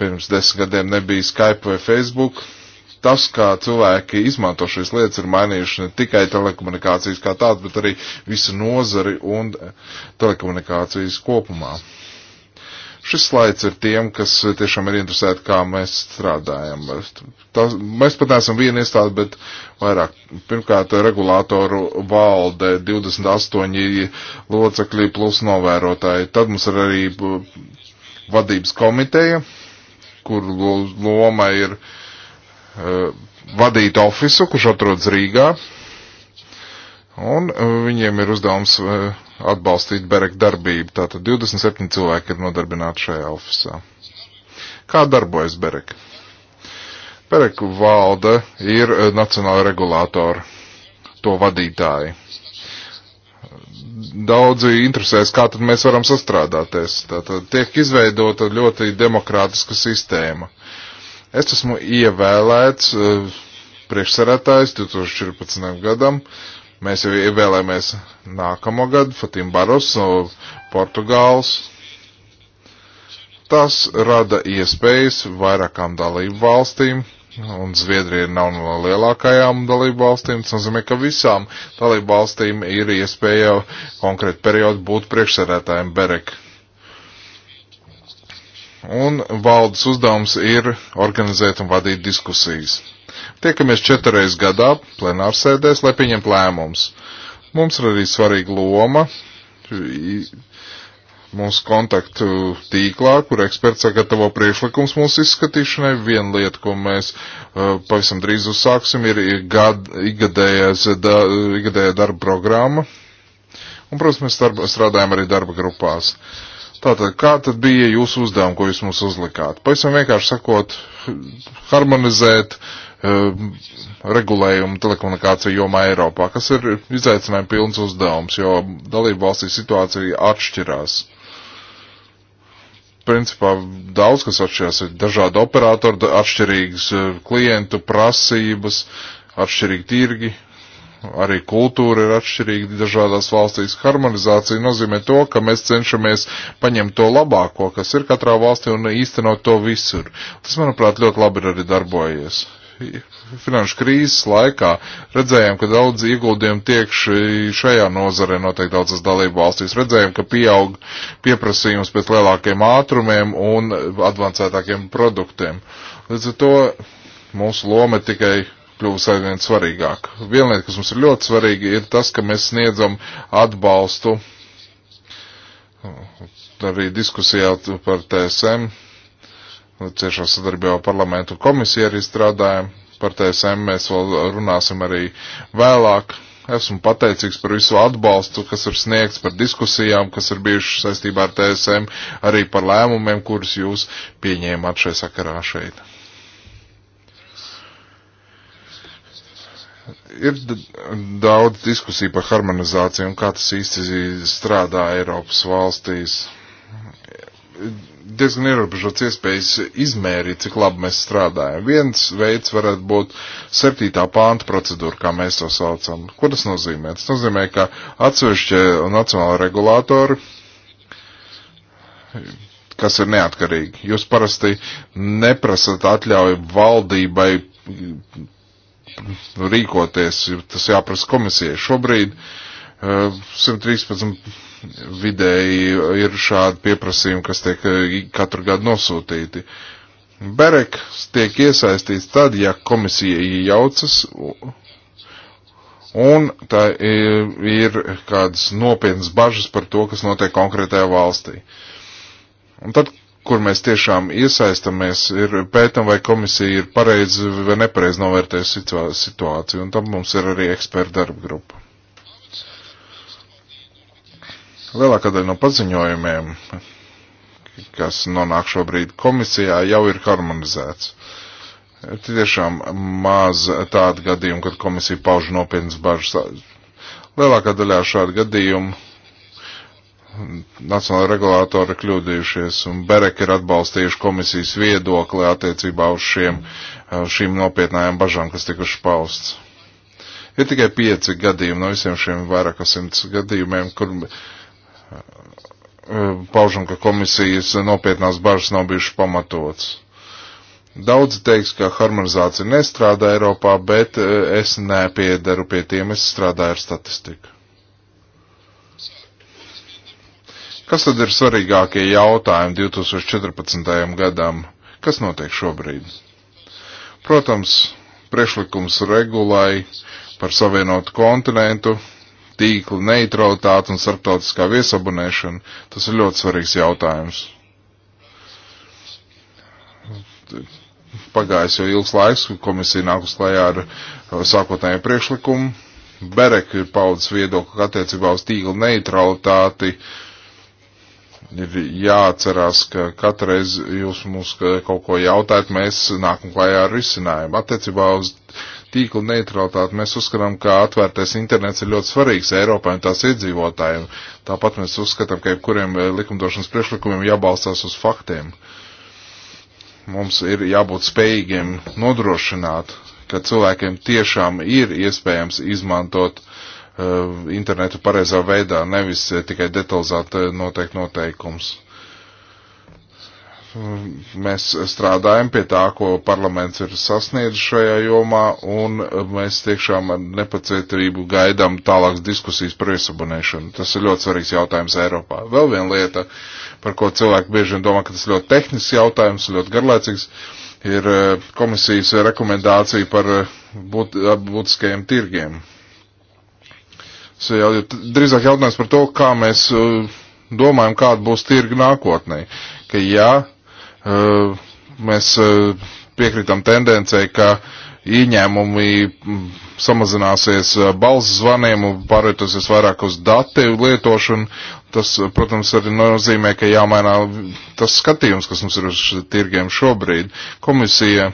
pirms 10 gadiem nebija Skype vai Facebook. Tas, kā cilvēki izmanto šīs lietas, ir mainījuši ne tikai telekomunikācijas kā tādu, bet arī visu nozari un telekomunikācijas kopumā. Šis slaids ir tiem, kas tiešām ir interesēti, kā mēs strādājam. Tas, mēs pat neesam viena iestāde, bet vairāk. Pirmkārt, regulātoru valde 28 locekļi plus novērotāji. Tad mums ir arī vadības komiteja, kur loma ir uh, vadīt ofisu, kurš atrodas Rīgā. Un eh, viņiem ir uzdevums uh, atbalstīt Berek darbību. Tātad 27 cilvēki ir nodarbināti šajā ofisā. Kā darbojas Berek? Berek valde ir eh, nacionāla regulātora, to vadītāji. Daudzi interesēs, kā tad mēs varam sastrādāties. Tātad tiek izveidota ļoti demokrātiska sistēma. Es esmu ievēlēts eh, priekšsarētājs 2014. gadam. Uh, Mēs jau ievēlēmies nākamo gadu Fatim Baros no Portugāls. Tas rada iespējas vairākām dalību valstīm, un Zviedrija nav no lielākajām dalību valstīm. Tas nozīmē, ka visām dalību valstīm ir iespēja konkrēti periodu būt priekšsēdētājiem Berek. Un valdes uzdevums ir organizēt un vadīt diskusijas. Tiekamies četreiz gadā plenārsēdēs, lai pieņemtu lēmumus. Mums ir arī svarīga loma mūsu kontaktu tīklā, kur eksperts sagatavo priekšlikums mūsu izskatīšanai. Viena lieta, ko mēs uh, pavisam drīz uzsāksim, ir ikgadējais, da, ikgadējā darba programma. Un, protams, mēs darba, strādājam arī darba grupās. Tātad, kā tad bija jūsu uzdevumi, ko jūs mums uzlikāt? Pavisam vienkārši sakot, harmonizēt uh, Eh, regulējumu telekomunikāciju jomā Eiropā, kas ir izaicinājumi pilns uzdevums, jo dalību valstī situācija atšķirās. Principā daudz kas atšķirās, ir dažādi operatori, atšķirīgas eh, klientu prasības, atšķirīgi tirgi, arī kultūra ir atšķirīga dažādās valstīs. Harmonizācija nozīmē to, ka mēs cenšamies paņemt to labāko, kas ir katrā valstī un īstenot to visur. Tas, manuprāt, ļoti labi ir arī darbojies finanšu krīzes laikā redzējām, ka daudz ieguldījumu tiek šajā nozarē noteikti daudzas dalību valstīs. Redzējām, ka pieaug pieprasījums pēc lielākiem ātrumiem un advancētākiem produktiem. Līdz ar to mūsu loma tikai kļūst aizvien svarīgāk. Viena lieta, kas mums ir ļoti svarīga, ir tas, ka mēs sniedzam atbalstu arī diskusijā par TSM Nu, ciešā sadarbībā parlamentu komisija arī strādājam. Par TSM mēs vēl runāsim arī vēlāk. Esmu pateicīgs par visu atbalstu, kas ir sniegts, par diskusijām, kas ir bijušas saistībā ar TSM, arī par lēmumiem, kurus jūs pieņēmāt šai sakarā šeit. Ir daudz diskusiju par harmonizāciju un kā tas īsti strādā Eiropas valstīs diezgan ierobežots iespējas izmērīt, cik labi mēs strādājam. Viens veids varētu būt septītā pānta procedūra, kā mēs to saucam. Ko tas nozīmē? Tas nozīmē, ka atsevišķi nacionāli regulātori, kas ir neatkarīgi, jūs parasti neprasat atļauju valdībai rīkoties, tas jāprasa komisijai. Šobrīd uh, eh, 113 vidēji ir šādi pieprasījumi, kas tiek e, katru gadu nosūtīti. Bereks tiek iesaistīts tad, ja komisija iejaucas un tā ir, ir kādas nopietnas bažas par to, kas notiek konkrētajā valstī. Un tad, kur mēs tiešām iesaistamies, ir pētam, vai komisija ir pareizi vai nepareizi novērtējusi situāciju, un tam mums ir arī eksperta darba grupa. Lielākā daļa no paziņojumiem, kas nonāk šobrīd komisijā, jau ir harmonizēts. Tiešām maz tādu gadījumu, kad komisija pauž nopietnas bažas. Lielākā daļā šādu gadījumu nacionāla regulātori kļūdījušies un Berek ir atbalstījuši komisijas viedokli attiecībā uz šiem, šīm nopietnējām bažām, kas tikuši pausts. Ir tikai pieci gadījumi no visiem šiem vairākas simts gadījumiem, kur paužam, ka komisijas nopietnās bažas nav bijušas pamatots. Daudzi teiks, ka harmonizācija nestrādā Eiropā, bet e, es nepiedaru pie tiem, es strādāju ar statistiku. Kas tad ir svarīgākie jautājumi 2014. gadam? Kas notiek šobrīd? Protams, priekšlikums regulai par savienotu kontinentu, tīkla neutralitāte un starptautiskā viesabunēšana. Tas ir ļoti svarīgs jautājums. Pagājis jau ilgs laiks, komisija nāk uz klājā ar uh, sākotnēju priekšlikumu. Berek ir paudzes viedokli attiecībā uz tīkla neutralitāti. Ir jāatcerās, ka katreiz jūs mums kaut ko jautājat, mēs nākam klājā ar risinājumu. Attiecībā uz uh, tīkla neutralitāti. Mēs uzskatām, ka atvērtais internets ir ļoti svarīgs Eiropai un tās iedzīvotājiem. Tāpat mēs uzskatām, ka jebkuriem eh, likumdošanas priekšlikumiem jābalstās uz faktiem. Mums ir jābūt spējīgiem nodrošināt, ka cilvēkiem tiešām ir iespējams izmantot uh, internetu pareizā veidā, nevis eh, tikai detalizēt noteikti noteikums. Mm, mēs strādājam pie tā, ko parlaments ir sasniedzis šajā jomā, un mēs tiešām ar nepacietību gaidām tālākas diskusijas par iesabunēšanu. Tas ir ļoti svarīgs jautājums Eiropā. Vēl viena lieta, par ko cilvēki bieži vien domā, ka tas ir ļoti tehnisks jautājums, ļoti garlaicīgs, ir eh, komisijas rekomendācija par eh, būt, būtiskajiem tirgiem. Tas jau ir drīzāk jautājums par to, kā mēs eh, domājam, kāda būs tirga nākotnē. Ka ja Eh, mēs eh, piekrītam tendencei, ka ieņēmumi mm, samazināsies eh, balss zvaniem un pārvietosies vairāk uz dati lietošanu. Tas, protams, arī nozīmē, ka jāmainā tas skatījums, kas mums ir uz tirgiem šobrīd. Komisija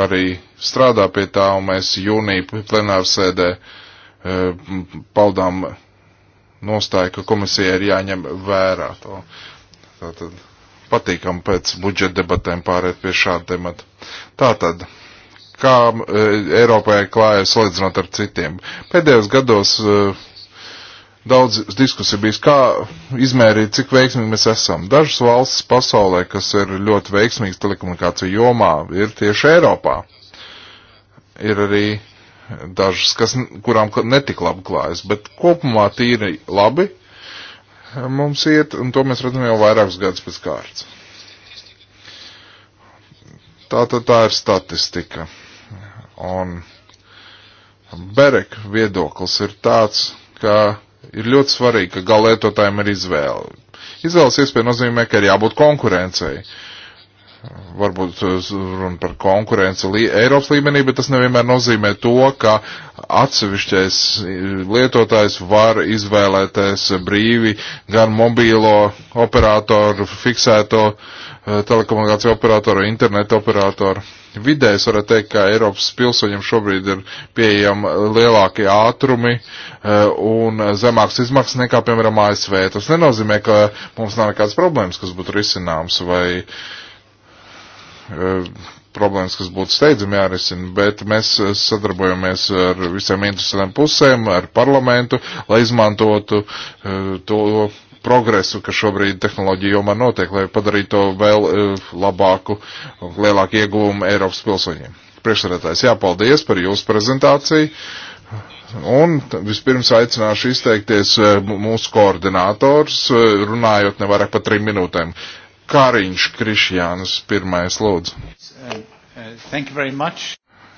arī strādā pie tā, un mēs jūnija plenārsēdē paudām nostāju, ka komisija ir jāņem vērā to. Uh, Tātad patīkam pēc budžeta debatēm pārēt pie šāda temata. Tātad, kā e, Eiropai klājas salīdzinot ar citiem? Pēdējos gados e, daudz diskusija bijis, kā izmērīt, cik veiksmīgi mēs esam. Dažas valstis pasaulē, kas ir ļoti veiksmīgas telekomunikāciju jomā, ir tieši Eiropā. Ir arī dažas, kas, kurām netik labi klājas, bet kopumā tīri labi mums iet, un to mēs redzam jau vairākus gadus pēc kārtas. Tā tad tā ir statistika. Un Berek viedoklis ir tāds, ka ir ļoti svarīgi, ka galētotājiem ir izvēle. Izvēles iespēja nozīmē, ka ir jābūt konkurencei. Uh, varbūt eh, runa par konkurenci lī, Eiropas līmenī, bet tas nevienmēr nozīmē to, ka atsevišķais eh, lietotājs var izvēlēties brīvi gan mobīlo operatoru, fiksēto eh, telekomunikāciju operatoru, internetu operatoru. Vidējas varētu teikt, ka Eiropas pilsoņiem šobrīd ir pieejama lielākie ātrumi un zemāks izmaksas nekā, piemēram, ASV. Tas nenozīmē, ka mums nav nekādas problēmas, kas būtu risināms vai uh, Eh, problēmas, kas būtu steidzami jārisina, bet mēs eh, sadarbojamies ar visiem interesantiem pusēm, ar parlamentu, lai izmantotu eh, to progresu, kas šobrīd tehnoloģija jomā notiek, lai padarītu to vēl labāku, lielāku ieguvumu Eiropas pilsoņiem. Priekšsēdētājs, jāpaldies par jūsu prezentāciju. Un vispirms aicināšu izteikties mūsu koordinators, runājot nevairāk par trim minūtēm. Kāriņš Krišjāns pirmais lūdzu.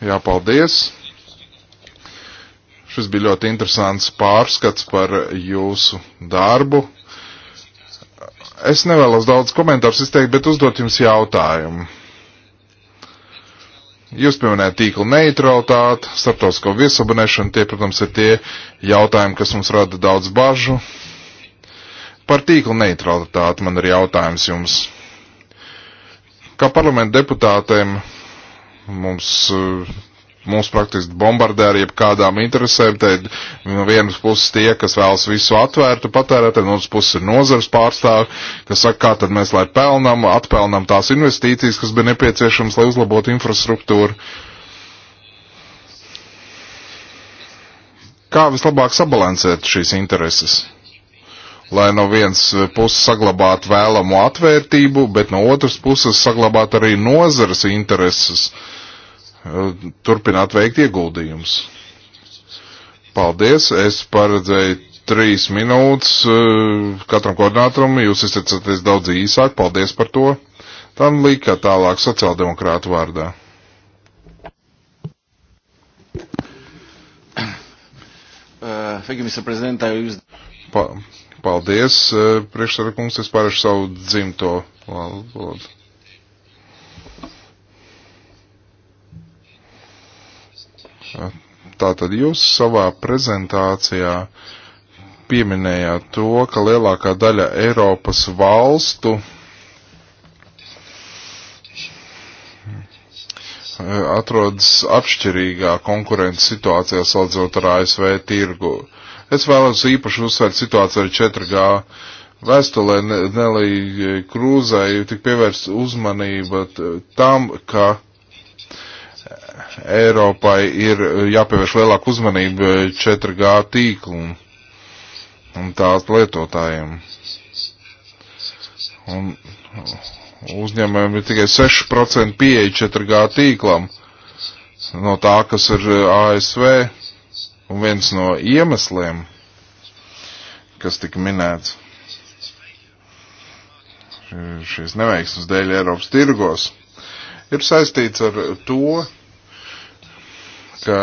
Jā, paldies. Šis bija ļoti interesants pārskats par jūsu darbu. Es nevēlos daudz komentārus izteikt, bet uzdot jums jautājumu. Jūs pieminējat tīkla neutralitāti, starptautisko viesabunēšanu, tie, protams, ir tie jautājumi, kas mums rada daudz bažu. Par tīkla neutralitāti man ir jautājums jums. Kā parlamenta deputātiem mums, mums praktiski bombardē ar jebkādām interesēm, te no vienas puses tie, kas vēlas visu atvērtu patērētēm, no otras puses ir nozars pārstāvi, kas saka, kā tad mēs lai pelnam, atpelnam tās investīcijas, kas bija nepieciešams, lai uzlabotu infrastruktūru. Kā vislabāk sabalansēt šīs intereses? lai no vienas eh, puses saglabātu vēlamo atvērtību, bet no otras puses saglabātu arī nozares intereses eh, turpināt veikt ieguldījumus. Paldies, es paredzēju trīs minūtes eh, katram koordinātoram, jūs izteicaties daudz īsāk, paldies par to. Tam lika tālāk sociāldemokrātu vārdā. Uh, thank you, Mr. President. I used... Pa, Paldies, eh, priekšsarkungs, es pārēšu savu dzimto valodu. Eh, tātad jūs savā prezentācijā pieminējāt to, ka lielākā daļa Eiropas valstu eh, atrodas atšķirīgā konkurences situācijā salīdzinot ar ASV tirgu. Uh, Es vēlos īpaši uzsvērt situāciju ar 4G. Vēstulē Nelī Krūzai tik pievērst uzmanība tam, ka Eiropai ir jāpievērš lielāku uzmanību 4G tīklu un tās lietotājiem. Un uzņēmējiem ir tikai 6% pieeja 4G tīklam no tā, kas ir ASV Un viens no iemesliem, kas tika minēts šīs neveiksmes dēļ Eiropas tirgos, ir saistīts ar to, ka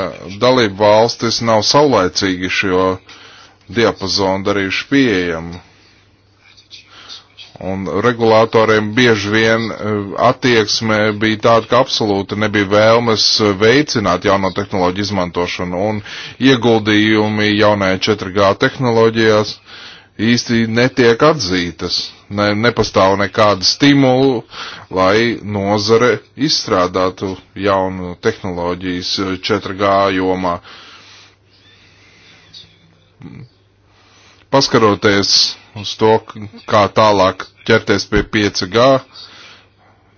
dalību valstis nav saulēcīgi šo diapazonu darījuši pieejamu. Un regulātoriem bieži vien eh, attieksme bija tāda, ka absolūti nebija vēlmes eh, veicināt jauno tehnoloģiju izmantošanu un ieguldījumi jaunajā 4G tehnoloģijās īsti netiek atzītas. Ne, nepastāv nekāda stimulu, lai nozare izstrādātu jaunu tehnoloģijas 4G eh, jomā. Paskaroties uz to, kā tālāk ķerties pie 5G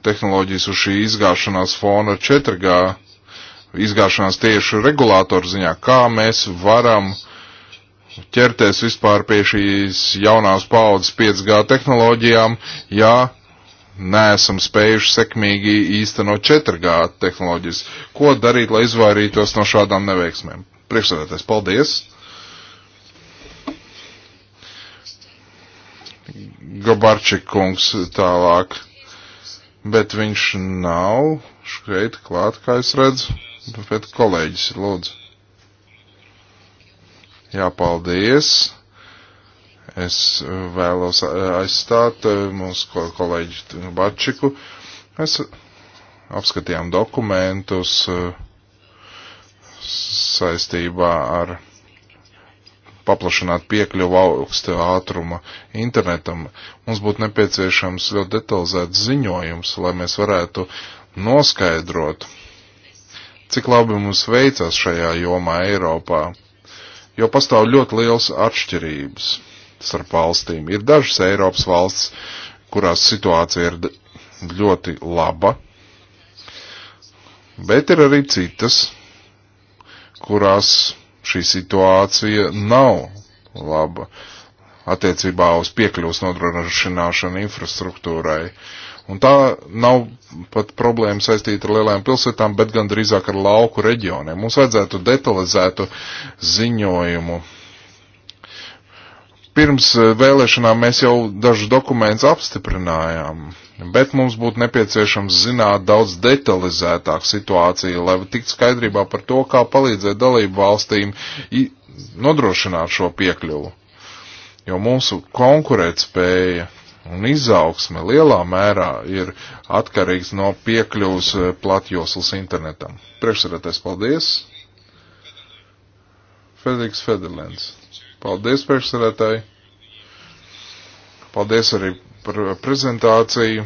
tehnoloģijas uz šī izgāšanās fona 4G, izgāšanās tieši regulātoru ziņā, kā mēs varam ķerties vispār pie šīs jaunās paudzes 5G tehnoloģijām, ja neesam spējuši sekmīgi īstenot 4G tehnoloģijas. Ko darīt, lai izvairītos no šādām neveiksmēm? Priekšsēdētājs, paldies! Gabarčik kungs tālāk, bet viņš nav šeit klāt, kā es redzu, bet kolēģis ir lūdzu. Jā, paldies. Es vēlos aizstāt mūsu kolēģi Gabarčiku. Mēs apskatījām dokumentus saistībā ar paplašināt piekļuvu augsta ātruma internetam. Mums būtu nepieciešams ļoti detalizēts ziņojums, lai mēs varētu noskaidrot, cik labi mums veicas šajā jomā Eiropā, jo pastāv ļoti liels atšķirības starp valstīm. Ir dažas Eiropas valsts, kurās situācija ir ļoti laba, bet ir arī citas, kurās šī situācija nav laba attiecībā uz piekļuvas nodrošināšanu infrastruktūrai. Un tā nav pat problēma saistīta ar lielajām pilsētām, bet gan drīzāk ar lauku reģioniem. Mums vajadzētu detalizētu ziņojumu pirms eh, vēlēšanām mēs jau dažus dokumentus apstiprinājām, bet mums būtu nepieciešams zināt daudz detalizētāk situāciju, lai tiktu skaidrībā par to, kā palīdzēt dalību valstīm nodrošināt šo piekļuvu. Jo mūsu konkurētspēja un izaugsme lielā mērā ir atkarīgs no piekļuvas eh, platjoslas internetam. Priekšsēdētājs, paldies! Federiks Federlands. Paldies, priekšsēdētāji! Paldies arī par prezentāciju.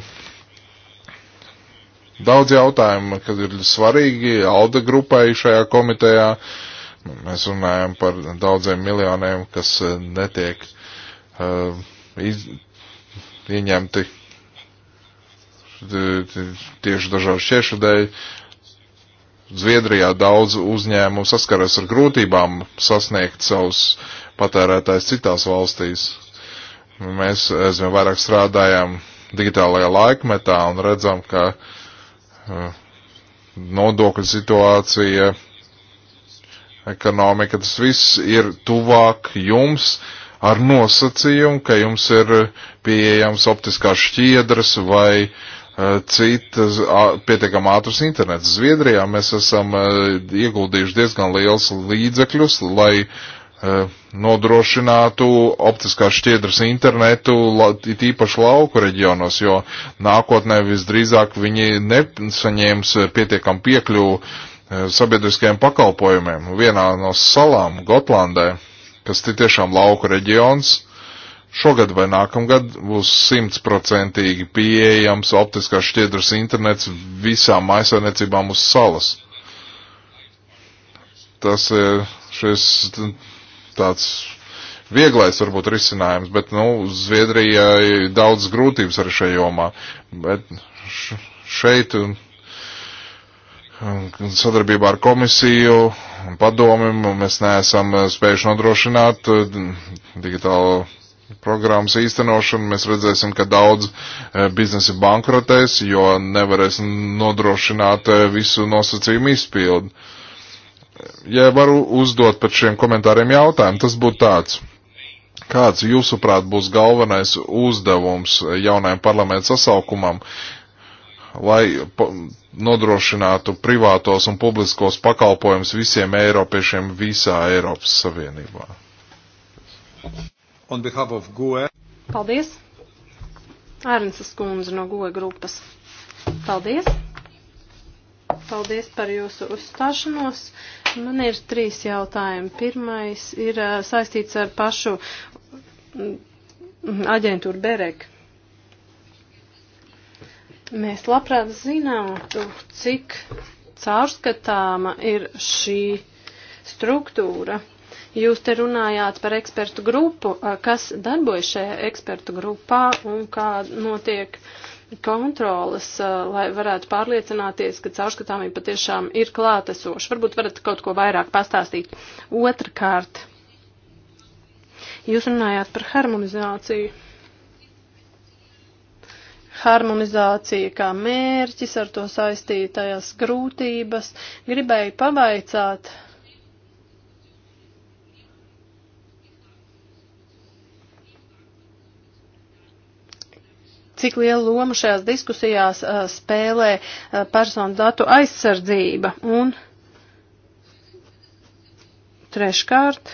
Daudz jautājumu, kad ir svarīgi Alda grupai šajā komitejā. Mēs runājam par daudziem miljoniem, kas eh, netiek uh, iz, ieņemti eh, tieši dažādu šķiešu dēļ. Zviedrijā daudz uzņēmumu saskaras ar grūtībām sasniegt savus uh, patērētājs citās valstīs. Mēs aizvien vairāk strādājam digitālajā laikmetā un redzam, ka eh, nodokļu situācija, ekonomika, tas viss ir tuvāk jums ar nosacījumu, ka jums ir pieejams optiskās šķiedras vai eh, citas pietiekam ātrs internets. Zviedrijā mēs esam eh, ieguldījuši diezgan liels līdzekļus, lai Eh, nodrošinātu optiskās šķiedras internetu, tīpaši lauku reģionos, jo nākotnē visdrīzāk viņi nesaņēms pietiekam piekļuvu eh, sabiedriskajiem pakalpojumiem. Vienā no salām, Gotlandē, kas ir tiešām lauku reģions, šogad vai nākamgad būs simtprocentīgi pieejams optiskās šķiedras internets visām maisainiecībām uz salas. Tas ir eh, šis tāds vieglais varbūt risinājums, bet, nu, Zviedrijai daudz grūtības ar šajā jomā. Bet šeit un, um, un um, sadarbībā ar komisiju un padomi mēs neesam uh, spējuši nodrošināt uh, digitālo programmas īstenošanu. Mēs redzēsim, ka daudz uh, biznesi bankrotēs, jo nevarēs nodrošināt visu nosacījumu izpildu ja varu uzdot par šiem komentāriem jautājumu, tas būtu tāds. Kāds, jūsuprāt, būs galvenais uzdevums jaunajam parlamentu sasaukumam, lai nodrošinātu privātos un publiskos pakalpojumus visiem eiropiešiem visā Eiropas Savienībā? E. Paldies! Ērnsas kundze no GOE grupas. Paldies! Paldies par jūsu uzstāšanos. Man ir trīs jautājumi. Pirmais ir saistīts ar pašu mm, aģentūru Berek. Mēs labprāt zinātu, cik caurskatāma ir šī struktūra. Jūs te runājāt par ekspertu grupu, kas darbojas šajā ekspertu grupā un kā notiek uh, kontrolas, lai varētu pārliecināties, ka caurskatāmība patiešām ir klātesoša. Varbūt varat kaut ko vairāk pastāstīt. Otrakārt, jūs runājāt par harmonizāciju. Harmonizācija kā mērķis, ar to saistītājas grūtības. Gribēju pavaicāt, cik lielu lomu šajās diskusijās uh, spēlē uh, personu datu aizsardzība. Un treškārt.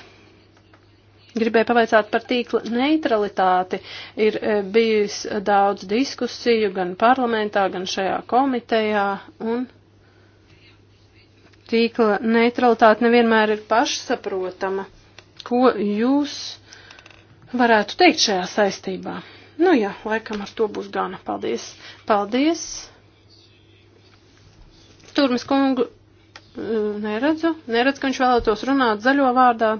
Gribēju pavaicāt par tīkla neutralitāti. Ir uh, bijis daudz diskusiju gan parlamentā, gan šajā komitejā, un tīkla neutralitāte nevienmēr ir pašsaprotama. Ko jūs varētu teikt šajā saistībā? Nu jā, laikam ar to būs gana. Paldies. Paldies. Turmas kungu eh, neredzu. Neredz, ka viņš vēlētos runāt zaļo vārdā.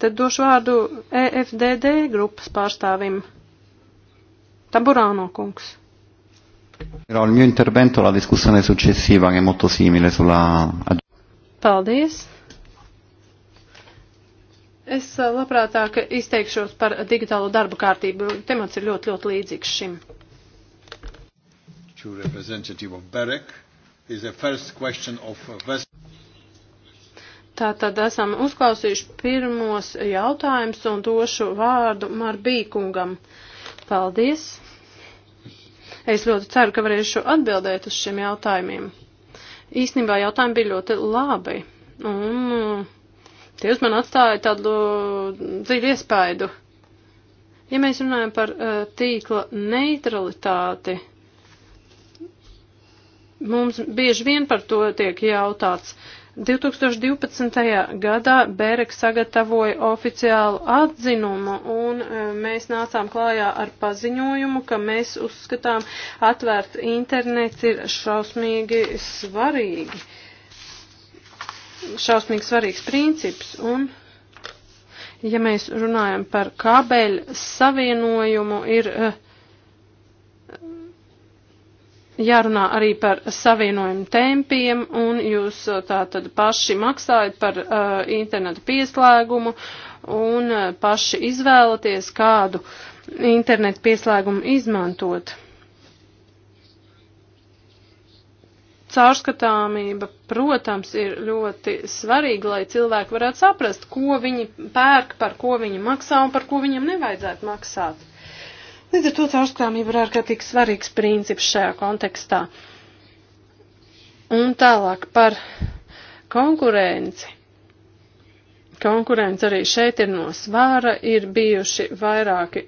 Tad došu vārdu EFDD grupas pārstāvim. Taburāno kungs. Però il mio intervento alla discussione successiva che è molto simile sulla... Paldies. Es labprātāk izteikšos par digitālo darba kārtību. Temats ir ļoti, ļoti līdzīgs šim. Of... Uh, Tātad esam uzklausījuši pirmos jautājumus un došu vārdu Marbīkungam. Paldies! Es ļoti ceru, ka varēšu atbildēt uz šiem jautājumiem. Īsnībā jautājumi bija ļoti labi. Un, uh, Tie uz mani atstāja tādu mm, dziļu iespaidu. Ja mēs runājam par uh, tīkla neutralitāti, mums bieži vien par to tiek jautāts. 2012. gadā Bērek sagatavoja oficiālu atzinumu un uh, mēs nācām klājā ar paziņojumu, ka mēs uzskatām atvērt internets ir šausmīgi svarīgi šausmīgi svarīgs princips. Un, ja mēs runājam par kabeļu savienojumu, ir eh, jārunā arī par savienojumu tempiem, un jūs eh, tā tad paši maksājat par uh, eh, internetu pieslēgumu un uh, paši izvēlaties kādu internetu pieslēgumu izmantot. Caurskatāmība, protams, ir ļoti svarīga, lai cilvēki varētu saprast, ko viņi pērk, par ko viņi maksā un par ko viņam nevajadzētu maksāt. Līdz ar to caurskatāmība ir ārkārtīgi svarīgs princips šajā kontekstā. Un tālāk par konkurenci konkurence arī šeit ir no svāra, ir bijuši vairāki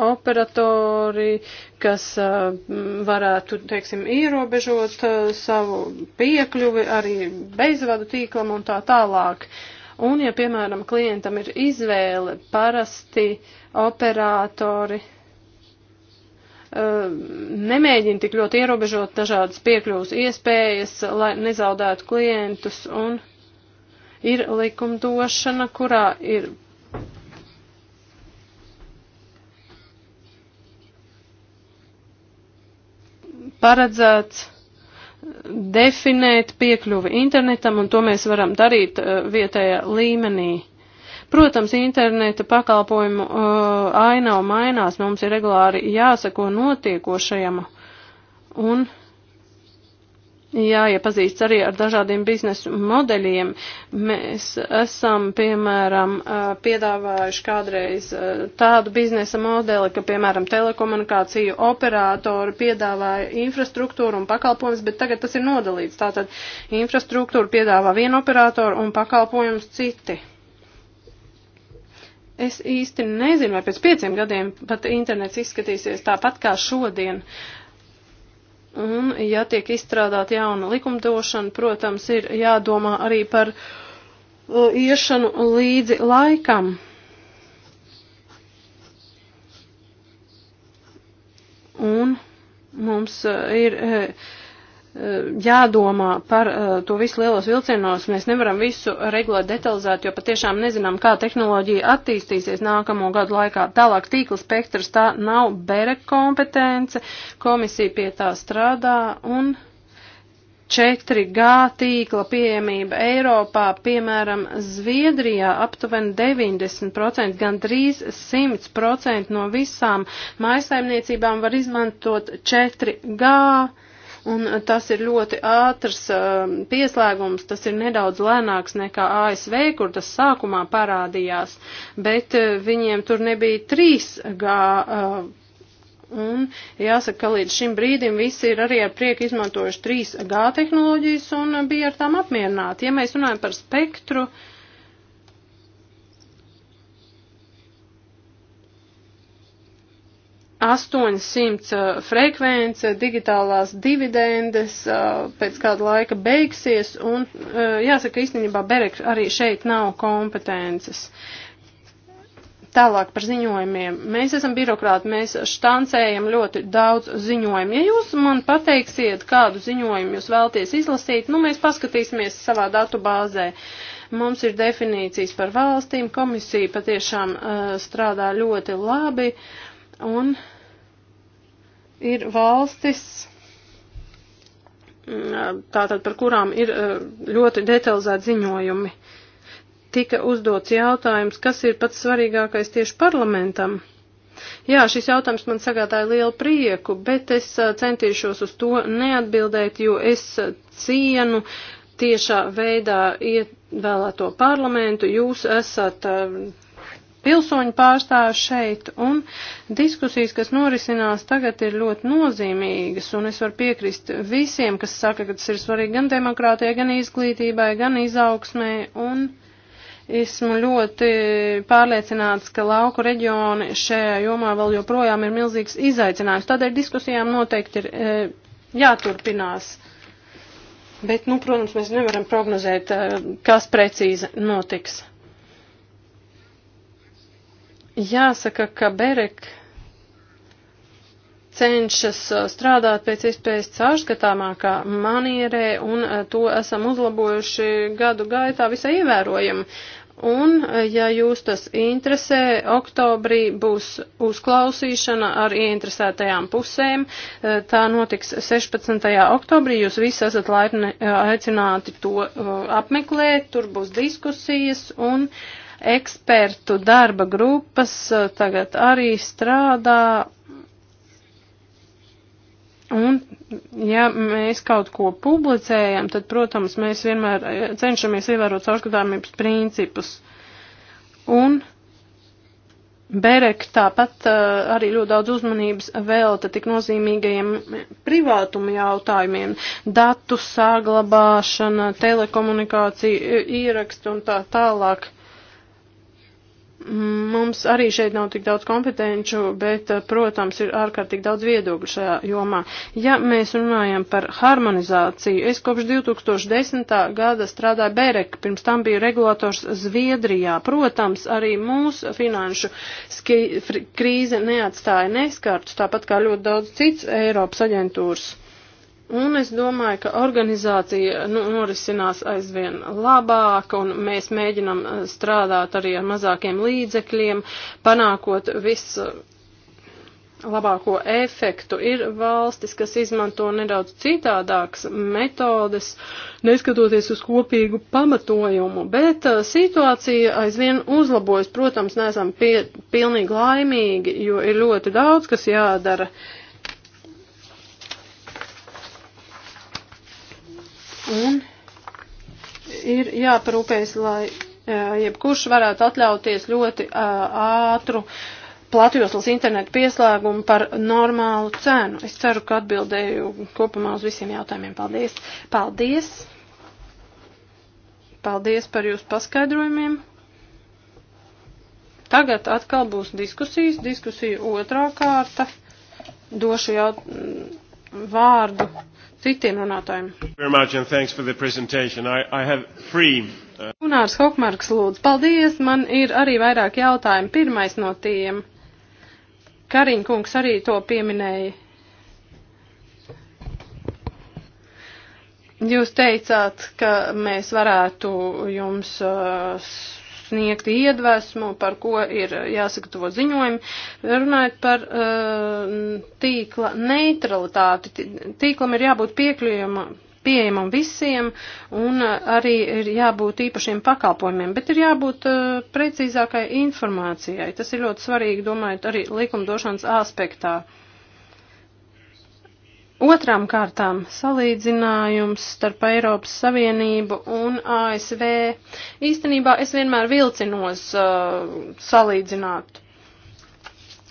operatori, kas varētu, teiksim, ierobežot savu piekļuvi arī bezvadu tīklam un tā tālāk. Un, ja, piemēram, klientam ir izvēle, parasti operatori nemēģina tik ļoti ierobežot dažādas piekļuvas iespējas, lai nezaudētu klientus, un ir likumdošana, kurā ir paredzēts definēt piekļuvi internetam, un to mēs varam darīt eh, vietējā līmenī. Protams, interneta pakalpojumu uh, aina mainās, mums ir regulāri jāsako notiekošajam, un jāiepazīst arī ar dažādiem biznesu modeļiem. Mēs esam, piemēram, piedāvājuši kādreiz tādu biznesa modeli, ka, piemēram, telekomunikāciju operātori piedāvāja infrastruktūru un pakalpojumus, bet tagad tas ir nodalīts. Tātad infrastruktūru piedāvā viena operātora un pakalpojums citi. Es īsti nezinu, vai pēc pieciem gadiem pat internets izskatīsies tāpat kā šodien. Uh, Un, ja tiek izstrādāta jauna likumdošana, protams, ir jādomā arī par uh, iešanu līdzi laikam. Un mums uh, ir uh, Eh, jādomā par eh, to visu lielos vilcienos. Mēs nevaram visu regulēt detalizēt, jo patiešām nezinām, kā tehnoloģija attīstīsies nākamo gadu laikā. Tālāk tīkla spektrs tā nav berek kompetence, komisija pie tā strādā un 4G tīkla pieejamība Eiropā, piemēram, Zviedrijā aptuveni 90%, gandrīz 100% no visām maisaimniecībām var izmantot 4G tīkla un eh, tas ir ļoti ātrs eh, pieslēgums, tas ir nedaudz lēnāks nekā ASV, kur tas sākumā parādījās, bet eh, viņiem tur nebija 3G Un jāsaka, ka līdz šim brīdim visi ir arī ar prieku izmantojuši 3G tehnoloģijas un bija ar tām apmierināti. Ja mēs runājam par spektru, uh, 800 uh, frekvence, digitālās dividendes uh, pēc kāda laika beigsies, un uh, jāsaka, īstenībā Bereks arī šeit nav kompetences. Tālāk par ziņojumiem. Mēs esam birokrāti, mēs štancējam ļoti daudz ziņojumu. Ja jūs man pateiksiet, kādu ziņojumu jūs vēlties izlasīt, nu mēs paskatīsimies savā datu bāzē. Uh, mums ir definīcijas par valstīm, komisija patiešām uh, strādā ļoti labi, un Ir valstis, tātad par kurām ir eh, ļoti detalizēti ziņojumi. Tika uzdots jautājums, kas ir pats svarīgākais tieši parlamentam. Jā, šis jautājums man sagādāja lielu prieku, bet es eh, centīšos uz to neatbildēt, jo es eh, cienu tiešā veidā ievēlēto parlamentu. Jūs esat pilsoņu pārstāvu šeit, un diskusijas, kas norisinās tagad, ir ļoti nozīmīgas, un es varu piekrist visiem, kas saka, ka tas ir svarīgi gan demokrātijai, gan izglītībai, gan izaugsmē, un esmu ļoti pārliecināts, ka lauku reģioni šajā jomā vēl joprojām ir milzīgs izaicinājums. Tādēļ diskusijām noteikti ir e, jāturpinās. Bet, nu, protams, mēs nevaram prognozēt, e, kas precīzi notiks. Jāsaka, ka Berek cenšas uh, strādāt pēc iespējas caurskatāmākā manierē, un uh, to esam uzlabojuši gadu gaitā visai ievērojami. Un, uh, ja jūs tas interesē, oktobrī būs uzklausīšana ar ieinteresētajām pusēm. Tā notiks 16. oktobrī. Jūs visi esat laipni aicināti to apmeklēt. Tur būs diskusijas un uh, Ekspertu darba grupas eh, tagad arī strādā. Un, ja mēs kaut ko publicējam, tad, protams, mēs vienmēr eh, cenšamies ievērot caurskatāmības principus. Un Berek tāpat uh, arī ļoti daudz uzmanības velta tik nozīmīgajiem privātuma jautājumiem - datu saglabāšana, telekomunikācija, ierakstu un tā tālāk. Mums arī šeit nav tik daudz kompetenču, bet, eh, protams, ir ārkārtīgi daudz viedokļu šajā jomā. Ja mēs runājam par harmonizāciju, es kopš 2010. gada strādāju Bereka, pirms tam bija regulators Zviedrijā. Protams, arī mūsu finanšu krīze neatstāja neskartus, tāpat kā ļoti daudz cits Eiropas aģentūras. Un es domāju, ka organizācija nu, norisinās aizvien labāk, un mēs mēģinam eh, strādāt arī ar mazākiem līdzekļiem, panākot visu labāko efektu. Ir valstis, kas izmanto nedaudz citādākas metodes, neskatoties uz kopīgu pamatojumu, bet eh, situācija aizvien uzlabojas. Protams, neesam pie, pilnīgi laimīgi, jo ir ļoti daudz, kas jādara. Uh, Un ir jāparūpējas, lai jebkurš varētu atļauties ļoti ātru platjoslas internetu pieslēgumu par normālu cenu. Es ceru, ka atbildēju kopumā uz visiem jautājumiem. Paldies! Paldies! Paldies par jūsu paskaidrojumiem! Tagad atkal būs diskusijas, diskusija otrā kārta. Došu jau vārdu citiem runātājiem. Uh, Gunārs Hokmarks lūdzu, paldies, man ir arī vairāk jautājumu. Pirmais no tiem, Kariņkungs arī to pieminēja. Jūs teicāt, ka mēs varētu jums uh, sniegt iedvesmu, par ko ir jāsagatavo ziņojumi. Runājot par uh, tīkla neutralitāti, tīklam ir jābūt piekļuvumam pieejamam visiem un uh, arī ir jābūt īpašiem pakalpojumiem, bet ir jābūt uh, precīzākai informācijai. Tas ir ļoti svarīgi, domājot, arī likumdošanas aspektā. Uh, Otrām kārtām salīdzinājums starp Eiropas Savienību un ASV. Īstenībā es vienmēr vilcinos uh, salīdzināt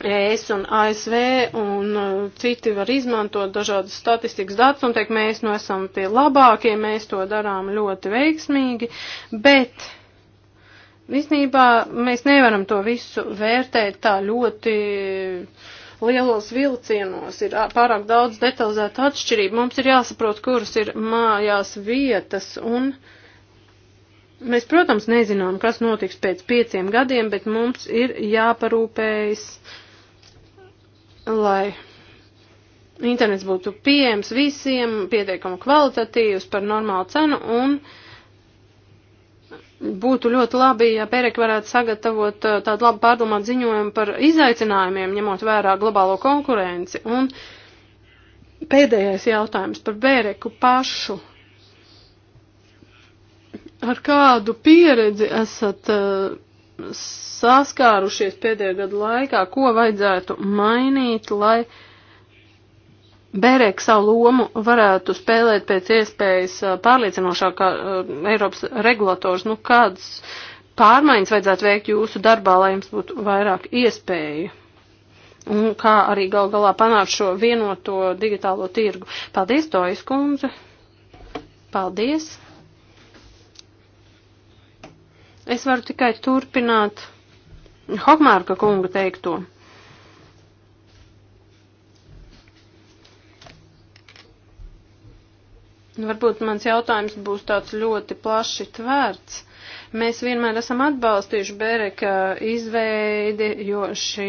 ES un ASV, un uh, citi var izmantot dažādas statistikas datus un teikt, mēs nu esam tie labākie, mēs to darām ļoti veiksmīgi, bet īstenībā mēs nevaram to visu vērtēt tā ļoti. Uh, lielos vilcienos ir pārāk daudz detalizētu atšķirību. Mums ir jāsaprot, kuras ir mājās vietas un. Mēs, protams, nezinām, kas notiks pēc pieciem gadiem, bet mums ir jāparūpējas, lai internets būtu pieejams visiem, pietiekami kvalitatīvs par normālu cenu un uh, būtu ļoti labi, ja Pērek varētu sagatavot uh, tādu labu pārdomātu ziņojumu par izaicinājumiem, ņemot vērā globālo konkurenci. Un pēdējais jautājums par Pēreku pašu. Ar kādu pieredzi esat uh, saskārušies pēdējo gadu laikā, ko vajadzētu mainīt, lai uh, Bērēk savu lomu varētu spēlēt pēc iespējas pārliecinošākā Eiropas regulators. Nu, kādas pārmaiņas vajadzētu veikt jūsu darbā, lai jums būtu vairāk iespēju? Un kā arī gal galā panākt šo vienoto digitālo tirgu? Paldies, Tojas kundze! Paldies! Es varu tikai turpināt Hokmārka kunga teikto. Varbūt mans jautājums būs tāds ļoti plaši tvērts. Mēs vienmēr esam atbalstījuši Bereka izveidi, jo šī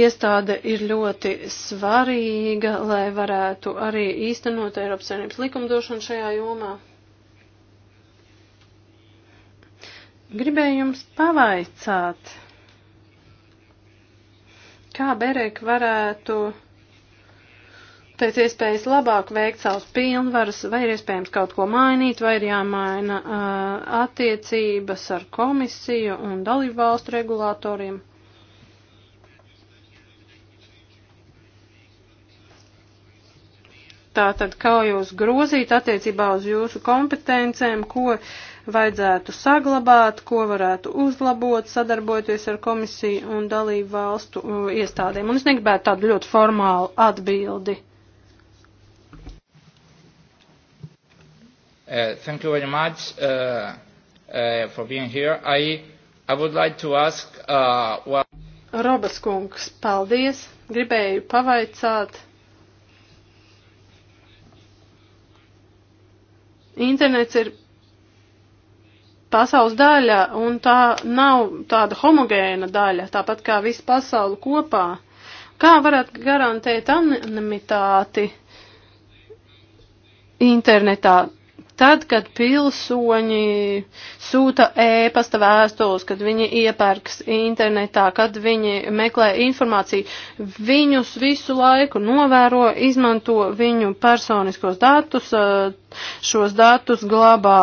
iestāde ir ļoti svarīga, lai varētu arī īstenot Eiropas Savienības likumdošanu šajā jomā. Gribēju jums pavaicāt, kā Bereka varētu pēc iespējas labāk veikt savus pilnvarus, vai ir iespējams kaut ko mainīt, vai ir jāmaina uh, attiecības ar komisiju un dalību valstu regulātoriem. Tātad, kā jūs grozīt attiecībā uz jūsu kompetencēm, ko vajadzētu saglabāt, ko varētu uzlabot, sadarbojoties ar komisiju un dalību valstu uh, iestādēm. Un es negribētu tādu ļoti formālu atbildi. Uh, thank you very much uh, uh, for being here. I, I would like to ask uh, what... Robas kungs, paldies. Gribēju pavaicāt. Internets ir pasaules daļa, un tā nav tāda homogēna daļa, tāpat kā visu pasauli kopā. Kā varat garantēt anonimitāti internetā? Tad, kad pilsoņi sūta ēpasta vēstules, kad viņi iepērks internetā, kad viņi meklē informāciju, viņus visu laiku novēro, izmanto viņu personiskos datus, eh, šos datus glabā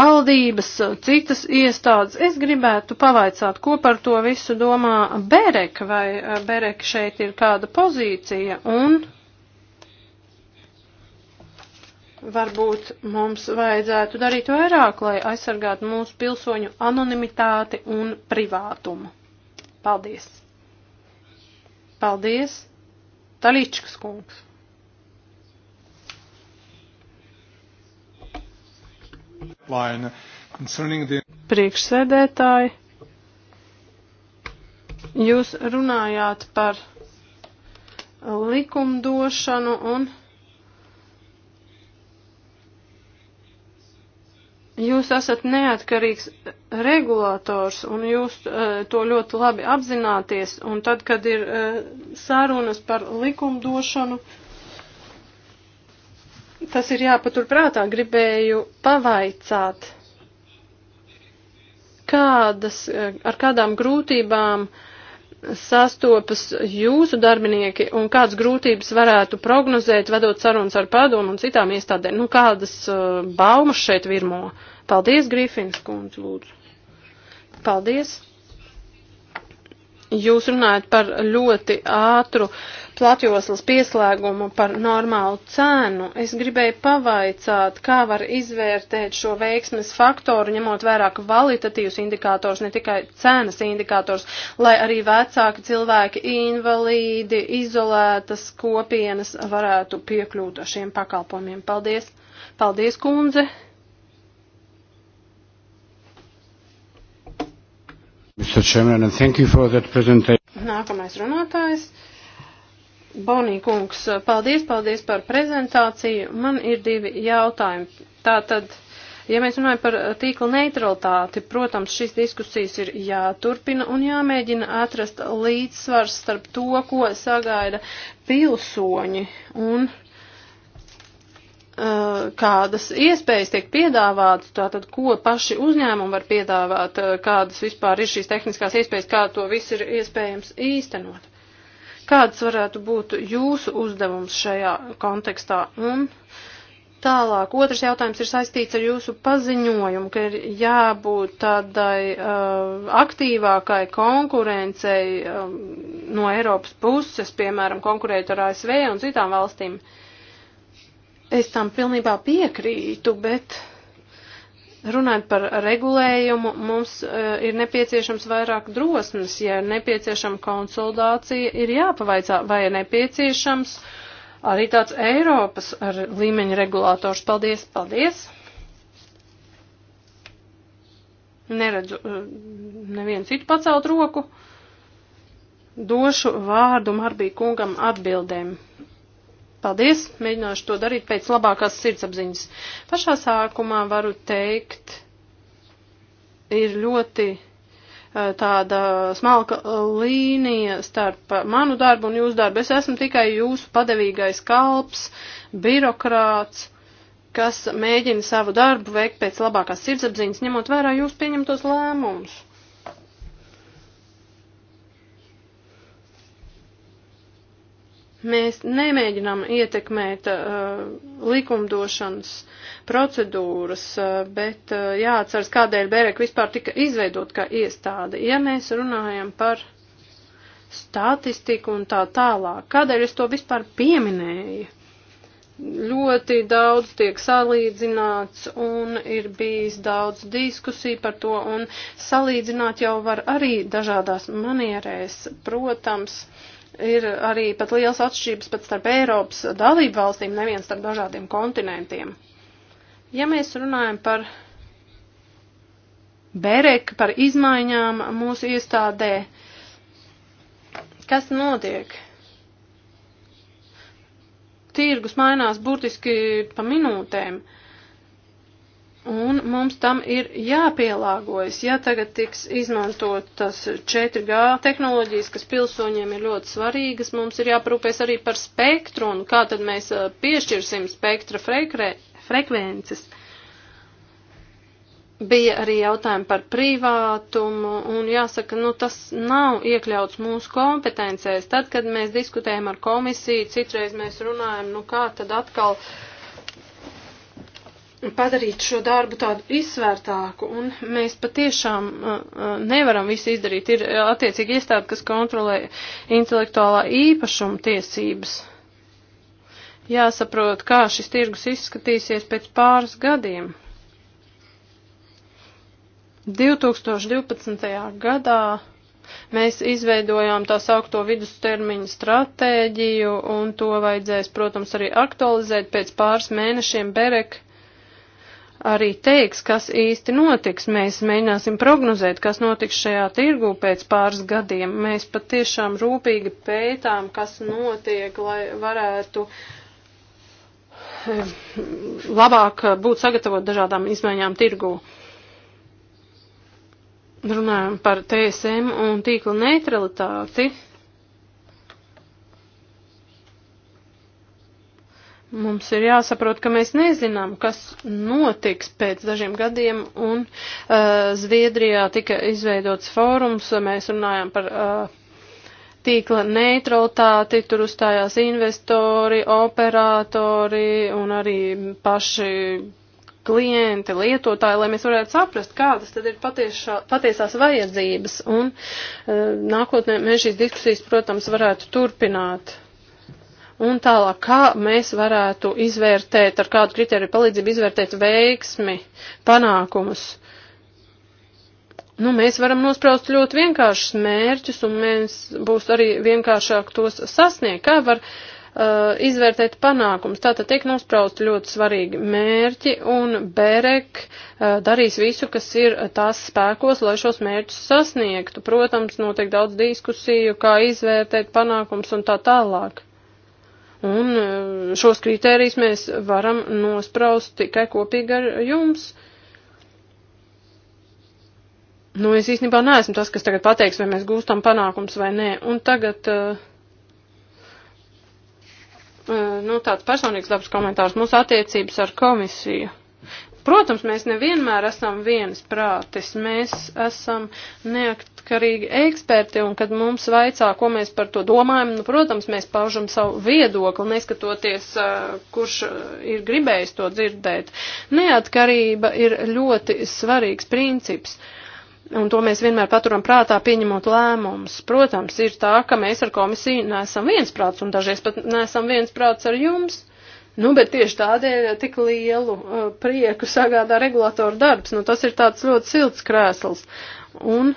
valdības, citas iestādes. Es gribētu pavaicāt, ko par to visu domā Bereka, vai Bereka šeit ir kāda pozīcija, un Varbūt mums vajadzētu darīt vairāk, lai aizsargātu mūsu pilsoņu anonimitāti un privātumu. Paldies! Paldies! Taličkas kungs! Priekšsēdētāji, jūs runājāt par likumdošanu un Jūs esat neatkarīgs regulators un jūs uh, to ļoti labi apzināties, un tad, kad ir uh, eh, sārunas par likumdošanu, tas ir jāpaturprātā, gribēju pavaicāt, kādas, eh, ar kādām grūtībām uh, sastopas jūsu darbinieki un kādas grūtības varētu prognozēt, vedot sarunas ar padomu un citām iestādēm? Nu, kādas uh, baumas šeit virmo? Paldies, Grīfins kundze, lūdzu. Paldies. Jūs runājat par ļoti ātru platjoslas pieslēgumu par normālu cēnu. Es gribēju pavaicāt, kā var izvērtēt šo veiksmes faktoru, ņemot vērā kvalitatīvus indikātors, ne tikai cenas indikātors, lai arī vecāki cilvēki, invalīdi, izolētas kopienas varētu piekļūt šiem pakalpojumiem. Paldies! Paldies, kundze! Mr. Chairman, and thank you for that presentation. Nākamais runātājs. Bonī kungs, paldies, paldies par prezentāciju. Man ir divi jautājumi. Tātad, ja mēs runājam par tīkla neutralitāti, protams, šīs diskusijas ir jāturpina un jāmēģina atrast līdzsvars starp to, ko sagaida pilsoņi un Eh, kādas iespējas tiek piedāvātas, tātad ko paši uzņēmumi var piedāvāt, eh, kādas vispār ir šīs tehniskās iespējas, kā to viss ir iespējams īstenot. Kāds varētu būt jūsu uzdevums šajā kontekstā? Un tālāk, otrs jautājums ir saistīts ar jūsu paziņojumu, ka ir jābūt tādai uh, aktīvākai konkurencei um, no Eiropas puses, piemēram, konkurēt ar ASV un citām valstīm. Uh, Es tam pilnībā piekrītu, bet runājot par regulējumu, mums uh, ir nepieciešams vairāk drosmes, ja ir nepieciešama konsultācija, ir jāpavaicā, vai ir nepieciešams arī tāds Eiropas ar līmeņa regulators. Paldies, paldies! Neredzu uh, nevienu citu pacelt roku. Došu vārdu Marbī kungam atbildēm. Paldies, mēģināšu to darīt pēc labākās sirdsapziņas. Pašā sākumā varu teikt, ir ļoti tāda smalka līnija starp manu darbu un jūsu darbu. Es esmu tikai jūsu padevīgais kalps, birokrāts, kas mēģina savu darbu veikt pēc labākās sirdsapziņas, ņemot vērā jūsu pieņemtos lēmumus. Mēs nemēģinām ietekmēt uh, likumdošanas procedūras, uh, bet uh, jāatceras, kādēļ Bereka vispār tika izveidot kā iestāde. Ja mēs runājam par statistiku un tā tālāk, kādēļ es to vispār pieminēju? ļoti daudz tiek salīdzināts un ir bijis daudz diskusiju par to, un salīdzināt jau var arī dažādās manierēs, protams ir arī pat liels atšķirības pat starp Eiropas dalību valstīm, neviens starp dažādiem kontinentiem. Ja mēs runājam par Bereka, par izmaiņām mūsu iestādē, kas notiek? Tirgus mainās burtiski pa minūtēm. Uh, Un mums tam ir jāpielāgojas, ja tagad tiks izmantotas 4G tehnoloģijas, kas pilsoņiem ir ļoti svarīgas, mums ir jāprūpēs arī par spektru un kā tad mēs piešķirsim spektra frekre, frekvences. Bija arī jautājumi par privātumu, un jāsaka, nu tas nav iekļauts mūsu kompetencēs. Tad, kad mēs diskutējam ar komisiju, citreiz mēs runājam, nu kā tad atkal uh, padarīt šo darbu tādu izsvērtāku, un mēs patiešām uh, uh, nevaram visu izdarīt. Ir uh, attiecīgi iestāde, kas kontrolē intelektuālā īpašuma tiesības. Jāsaprot, kā šis tirgus izskatīsies pēc pāris gadiem. 2012. gadā mēs izveidojām tā saukto vidustermiņu stratēģiju, un to vajadzēs, protams, arī aktualizēt pēc pāris mēnešiem Bereka arī teiks, kas īsti notiks. Mēs mēģināsim prognozēt, kas notiks šajā tirgū pēc pāris gadiem. Mēs patiešām rūpīgi pētām, kas notiek, lai varētu eh, labāk būt sagatavot dažādām izmaiņām tirgū. Runājam par TSM un tīkla neutralitāti. Mums ir jāsaprot, ka mēs nezinām, kas notiks pēc dažiem gadiem, un uh, Zviedrijā tika izveidots fórums, mēs runājām par uh, tīkla neutralitāti, tur uzstājās investori, operatori un arī paši klienti, lietotāji, lai mēs varētu saprast, kādas tad ir patiešā, patiesās vajadzības, un uh, nākotnē mēs šīs diskusijas, protams, varētu turpināt. Un tālāk, kā mēs varētu izvērtēt, ar kādu kriteriju palīdzību izvērtēt veiksmi, panākumus. Nu, mēs varam nospraust ļoti vienkāršus mērķus, un mēs būs arī vienkāršāk tos sasniegt. Kā var uh, izvērtēt panākumus? Tātad tiek nospraust ļoti svarīgi mērķi, un Berek uh, darīs visu, kas ir tās spēkos, lai šos mērķus sasniegtu. Protams, notiek daudz diskusiju, kā izvērtēt panākumus un tā tālāk. Un eh, šos kritērijus mēs varam nospraust tikai kopīgi ar jums. Nu, es īstenībā neesmu tas, kas tagad pateiks, vai mēs gūstam panākums vai nē. Un tagad, eh, eh, nu, tāds personīgs labs komentārs mūsu attiecības ar komisiju. Protams, mēs nevienmēr esam vienas prātes, mēs esam neatkarīgi eksperti, un kad mums vaicā, ko mēs par to domājam, nu, protams, mēs paužam savu viedokli, neskatoties, eh, kurš eh, ir gribējis to dzirdēt. Neatkarība ir ļoti svarīgs princips. Un to mēs vienmēr paturam prātā, pieņemot lēmumus. Protams, ir tā, ka mēs ar komisiju neesam viensprāts, un dažreiz pat neesam viensprāts ar jums. Nu, bet tieši tādēļ tik lielu uh, prieku sagādā regulātoru darbs. Nu, tas ir tāds ļoti silts krēsls. Un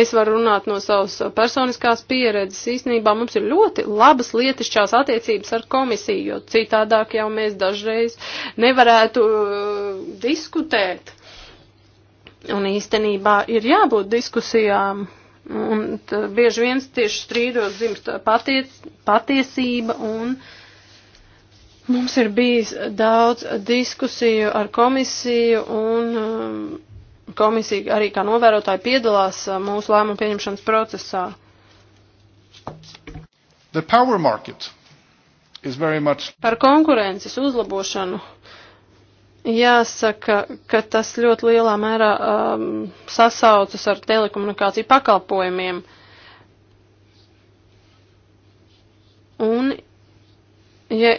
es varu runāt no savas personiskās pieredzes. Īstenībā mums ir ļoti labas lietišķās attiecības ar komisiju, jo citādāk jau mēs dažreiz nevarētu uh, diskutēt. Un īstenībā ir jābūt diskusijām. Un bieži viens tieši strīdos dzimst paties, patiesība un uh, Mums ir bijis daudz diskusiju ar komisiju un um, komisija arī kā novērotāji piedalās uh, mūsu lēmumu pieņemšanas procesā. The power market is very much. Par konkurences uzlabošanu jāsaka, ka tas ļoti lielā mērā um, sasaucas ar telekomunikāciju pakalpojumiem. Un, ja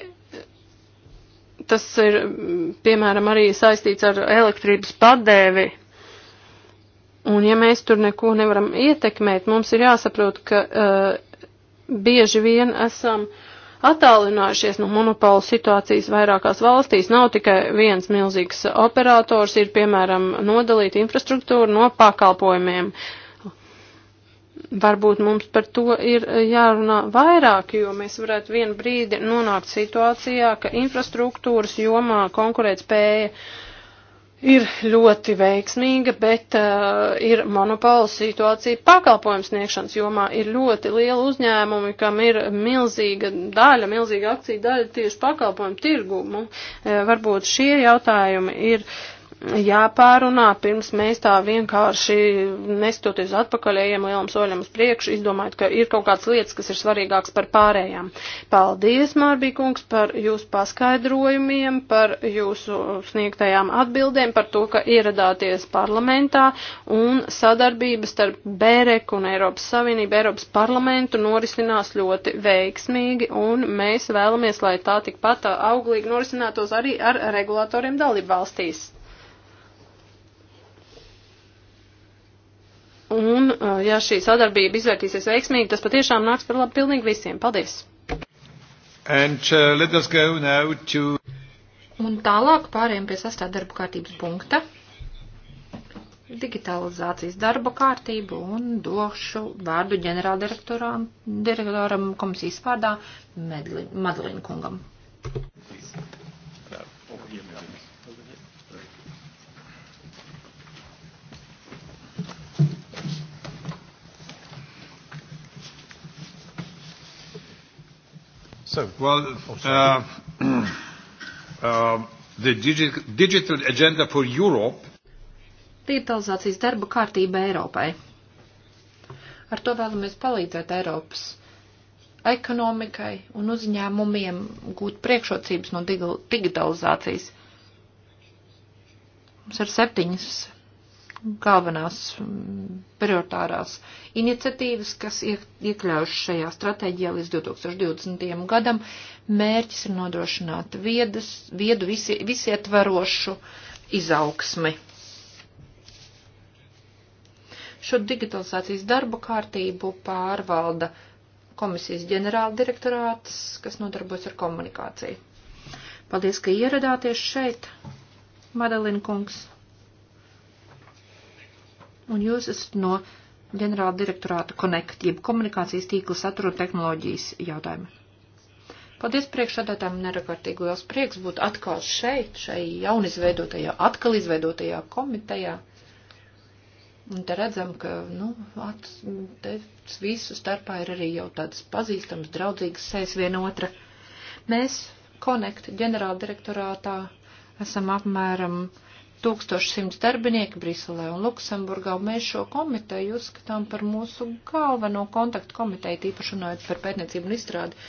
tas ir, mm, piemēram, arī saistīts ar elektrības padēvi. Un ja mēs tur neko nevaram ietekmēt, mums ir jāsaprot, ka uh, bieži vien esam attālinājušies no monopolu situācijas vairākās valstīs. Nav tikai viens milzīgs operators, ir, piemēram, nodalīta infrastruktūra no pakalpojumiem. Uh, Varbūt mums par to ir eh, jārunā vairāk, jo mēs varētu vienu brīdi nonākt situācijā, ka infrastruktūras jomā konkurētspēja ir ļoti veiksmīga, bet uh, ir monopola situācija pakalpojums sniegšanas jomā. Ir ļoti liela uzņēmumi, kam ir milzīga daļa, milzīga akcija daļa tieši pakalpojumu tirgumu. Uh, varbūt šie jautājumi ir jāpārunā, pirms mēs tā vienkārši nestoties atpakaļ ejam lielam soļam uz priekšu, izdomājot, ka ir kaut kādas lietas, kas ir svarīgākas par pārējām. Paldies, Mārbīkungs, par jūsu paskaidrojumiem, par jūsu sniegtajām atbildēm, par to, ka ieradāties parlamentā un sadarbības starp Bērek un Eiropas Savienību, Eiropas parlamentu norisinās ļoti veiksmīgi un mēs vēlamies, lai tā tikpat auglīgi norisinātos arī ar regulatoriem dalību valstīs. Un, uh, ja šī sadarbība izvērtīsies veiksmīgi, tas patiešām nāks par labu pilnīgi visiem. Paldies! And, uh, to... Un tālāk pāriem pie sastā darba kārtības punkta. Digitalizācijas darba kārtību un došu vārdu ģenerāldirektoram direktoram komisijas vārdā Medlin, Madlin kungam. Please. So, well, oh, uh, uh, the digi digital agenda for Europe. Digitalizācijas darba kārtība Eiropai. Ar to vēlamies palīdzēt Eiropas ekonomikai un uzņēmumiem gūt priekšrocības no digitalizācijas. Mums ir septiņas galvenās mm, prioritārās iniciatīvas, kas iekļaujušas šajā stratēģijā līdz 2020. gadam. Mērķis ir nodrošināt viedas, viedu visi, visietvarošu izaugsmi. Šo digitalizācijas darbu kārtību pārvalda komisijas ģenerāldirektorāts, kas nodarbojas ar komunikāciju. Paldies, ka ieradāties šeit, Madalina kungs un jūs esat no ģenerāla direktorāta Connect, jeb komunikācijas tīkla satura tehnoloģijas jautājuma. Paldies priekšsādātājiem, nerakārtīgi liels prieks būt atkal šeit, šai jaunizveidotajā, atkal izveidotajā komitejā. Un te redzam, ka, nu, at, te visu starpā ir arī jau tādas pazīstamas, draudzīgas sēs vienotra. Mēs Connect ģenerāla direktorātā esam apmēram uh, 1100 darbinieki Briselē un Luksemburgā, un mēs šo komiteju uzskatām par mūsu galveno kontaktu komiteju, tīpaši runājot par pētniecību un izstrādi,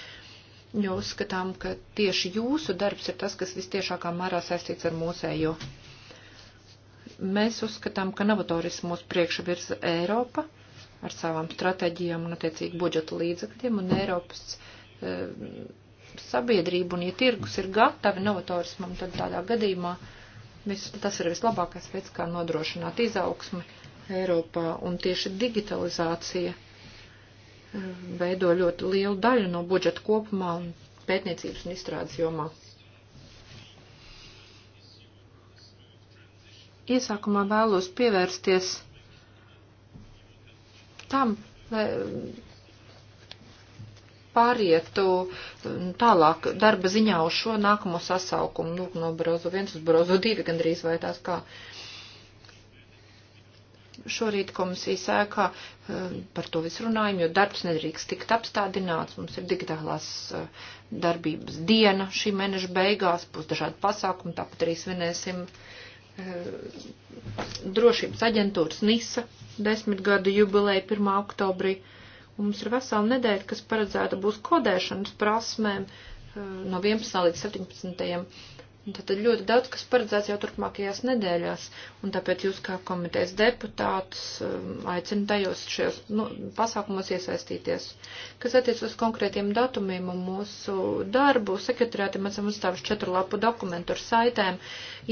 jo uzskatām, ka tieši jūsu darbs ir tas, kas vistiešākā mērā saistīts ar mūsējo. Mēs uzskatām, ka novatorismu mūsu priekšu virza Eiropa ar savām stratēģijām un attiecīgi budžeta līdzakļiem un Eiropas e, sabiedrību, un ja tirgus ir gatavi novatorismam, tad tādā gadījumā Vis, tas ir vislabākais veids, kā nodrošināt izaugsmu Eiropā, un tieši digitalizācija e, veido ļoti lielu daļu no budžeta kopumā un pētniecības un izstrādes jomā. Iesākumā vēlos pievērsties tam, lai, e, pārietu mm, tālāk darba ziņā uz šo nākamo sasaukumu, nu, no brozo 1 uz brozo 2 gandrīz vai tās kā. Šorīt komisija sēkā mm, par to visu runājam, jo darbs nedrīkst tikt apstādināts. Mums ir digitālās mm, darbības diena šī mēneša beigās, būs dažādi pasākumi, tāpat arī svinēsim drošības aģentūras NISA desmitgadu jubileju 1. oktobrī. Mums ir vesela nedēļa, kas paredzēta būs kodēšanas prasmēm eh, no 11. līdz 17. Tad, tad ļoti daudz, kas paredzēts jau turpmākajās nedēļās, un tāpēc jūs kā komitejas deputātus um, aicinu tajos šajos nu, pasākumos iesaistīties. Kas attiec uz konkrētiem datumiem un mūsu darbu, sekretariāti mēs esam uzstāvuši četru lapu dokumentu ar saitēm,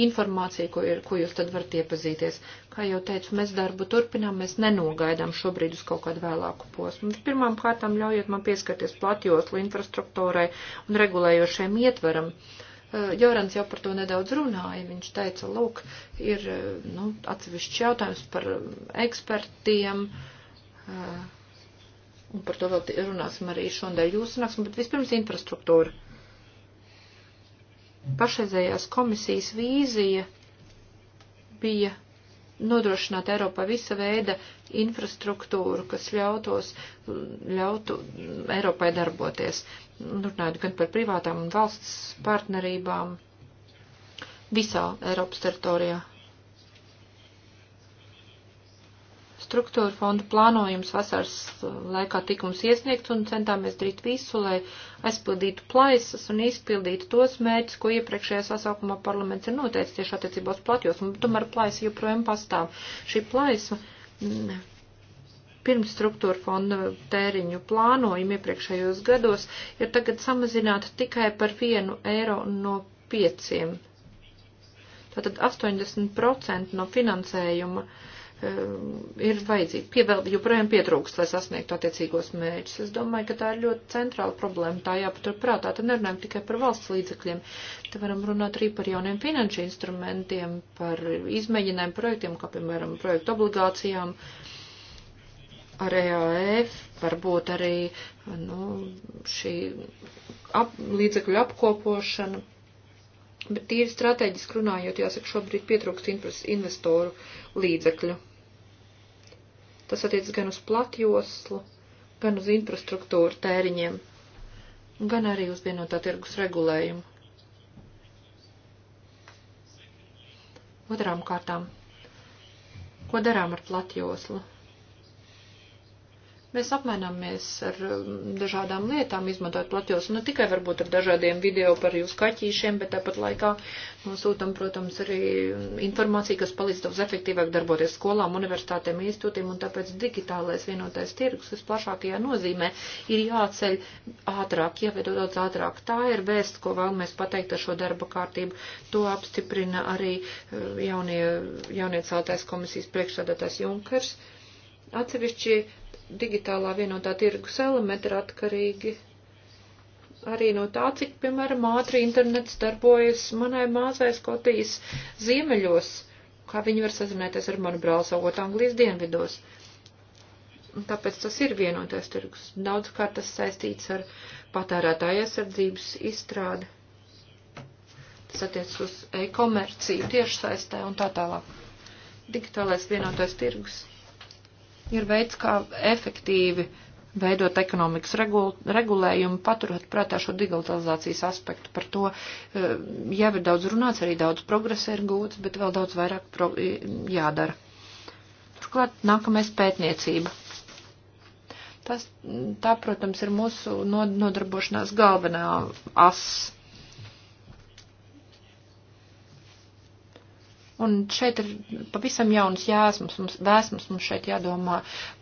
informāciju, ko, ir, ko jūs tad varat iepazīties. Kā jau teicu, mēs darbu turpinām, mēs nenogaidām šobrīd uz kaut kādu vēlāku posmu. Pirmām kārtām ļaujiet man pieskarties platjoslu infrastruktūrai un regulējošiem ietveram. Uh, Eh, Jorans jau par to nedaudz runāja. Viņš teica, lūk, ir eh, nu, atsevišķi jautājums par eh, ekspertiem. Un par to vēl runāsim arī šodien jūsu sanāksim, bet vispirms infrastruktūra. Pašreizējās komisijas vīzija bija nodrošināt Eiropā visa veida infrastruktūru, kas ļautos, ļautu Eiropai darboties runājot gan par privātām un valsts partnerībām visā Eiropas teritorijā. Struktūra fonda plānojums vasaras laikā tika mums iesniegts un centāmies darīt visu, lai aizpildītu plaisas un izpildītu tos mērķus, ko iepriekšējā sasaukumā parlaments ir noteicis tieši attiecībos platjos, un tomēr plaisa joprojām pastāv. Šī plaisa pirms struktūra fonda tēriņu plānojumu iepriekšējos gados ir tagad samazināta tikai par vienu eiro no pieciem. Tātad 80% no finansējuma um, ir vajadzīgi, Pievēl, joprojām pietrūkst, lai sasniegtu attiecīgos mērķus. Es domāju, ka tā ir ļoti centrāla problēma, tā jāpatur prātā. Te nerunājam tikai par valsts līdzekļiem, te varam runāt arī par jauniem finanšu instrumentiem, par izmēģinājumu projektiem, kā piemēram projektu obligācijām. Uh, ar EAF, varbūt arī nu, šī ap, līdzekļu apkopošana. Bet tīri strateģiski runājot, jāsaka, šobrīd pietrūkst investoru līdzekļu. Tas attiec gan uz platjoslu, gan uz infrastruktūru tēriņiem, gan arī uz vienotā tirgus regulējumu. Otrām kārtām, ko darām ar platjoslu? Mēs apmaināmies ar um, dažādām lietām, izmantojot platjos, nu tikai varbūt ar dažādiem video par jūsu kaķīšiem, bet tāpat laikā nosūtam, protams, arī informāciju, kas palīdz tev efektīvāk darboties skolām, universitātēm, institūtiem, un tāpēc digitālais vienotais tirgus visplašākajā nozīmē ir jāceļ ātrāk, jāveido daudz ātrāk. Tā ir vēsts, ko vēlamies pateikt ar šo darba kārtību. To apstiprina arī uh, jaunie, jaunie celtais komisijas priekšsādātājs Junkers atsevišķi digitālā vienotā tirgus elementi ir atkarīgi arī no tā, cik, piemēram, ātri internets darbojas manai mazai Skotijas ziemeļos, kā viņi var sazināties ar manu brāli sagot Anglijas dienvidos. Un tāpēc tas ir vienotais tirgus. Daudzkārt tas saistīts ar patērētāja aizsardzības izstrādi. Tas attiec uz e-komerciju, tiešsaistē un tā tālāk. Digitālais vienotais tirgus ir veids, kā efektīvi veidot ekonomikas regul, regulējumu, paturot prātā šo digitalizācijas aspektu. Par to eh, jau ir daudz runāts, arī daudz progresa ir gūts, bet vēl daudz vairāk pro, jādara. Turklāt nākamais pētniecība. Tas, tā, protams, ir mūsu nodarbošanās galvenā asa Un šeit ir pavisam jaunas jāsmas, mums vēsmas, mums šeit jādomā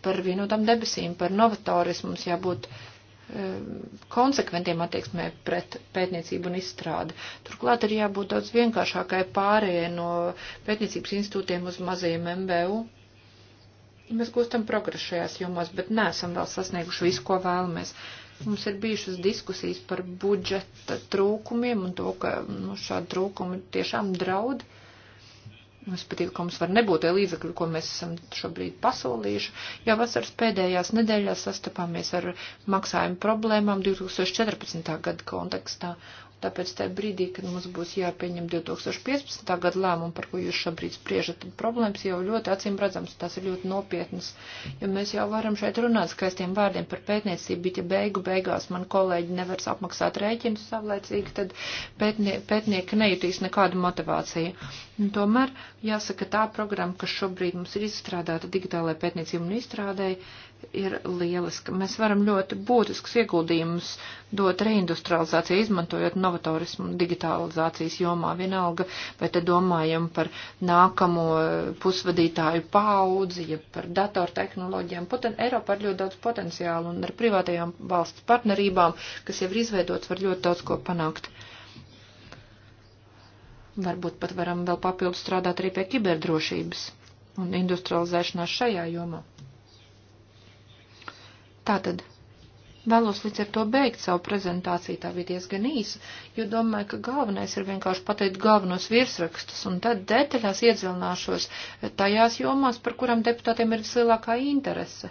par vienotām debesīm, par novatorismu, mums jābūt e, konsekventiem attieksmē pret pētniecību un izstrādi. Turklāt ir jābūt daudz vienkāršākai pārējai no pētniecības institūtiem uz mazajiem MBU. Mēs gūstam progresu šajās jomās, bet neesam vēl sasnieguši visu, ko vēlamies. Mums ir bijušas diskusijas par budžeta trūkumiem un to, ka nu, šādi trūkumi tiešām draud. Uh, Respektīvi, ka mums var nebūt tie līdzekļi, ko mēs esam šobrīd pasolījuši. Jau vasaras pēdējās nedēļās sastapāmies ar maksājumu problēmām 2014. gada kontekstā, Tāpēc tajā brīdī, kad mums būs jāpieņem 2015. gada lēmumu, par ko jūs šobrīd spriežat, problēmas jau ļoti acīm redzams, tās ir ļoti nopietnas. Jo mēs jau varam šeit runāt skaistiem vārdiem par pētniecību, bet ja beigu beigās man kolēģi nevar apmaksāt rēķinu savlaicīgi, tad pētnie, pētnieki nejutīs nekādu motivāciju. Un tomēr jāsaka tā programma, kas šobrīd mums ir izstrādāta digitālajai pētniecību un izstrādēji, ir lieliska. Mēs varam ļoti būtisks ieguldījumus dot reindustrializācijai, izmantojot novatorismu digitalizācijas jomā vienalga, vai te domājam par nākamo pusvadītāju paudzi, ja par datortehnoloģijām. Poten Eiropā ir ļoti daudz potenciālu un ar privātajām valsts partnerībām, kas jau ir izveidots, var ļoti daudz ko panākt. Varbūt pat varam vēl papildus strādāt arī pie kiberdrošības un industrializēšanās šajā jomā. Tātad vēlos līdz ar to beigt savu prezentāciju, tā bija diezgan īsa, jo domāju, ka galvenais ir vienkārši pateikt galvenos virsrakstus, un tad detaļās iedzilināšos tajās jomās, par kurām deputātiem ir vislielākā interese.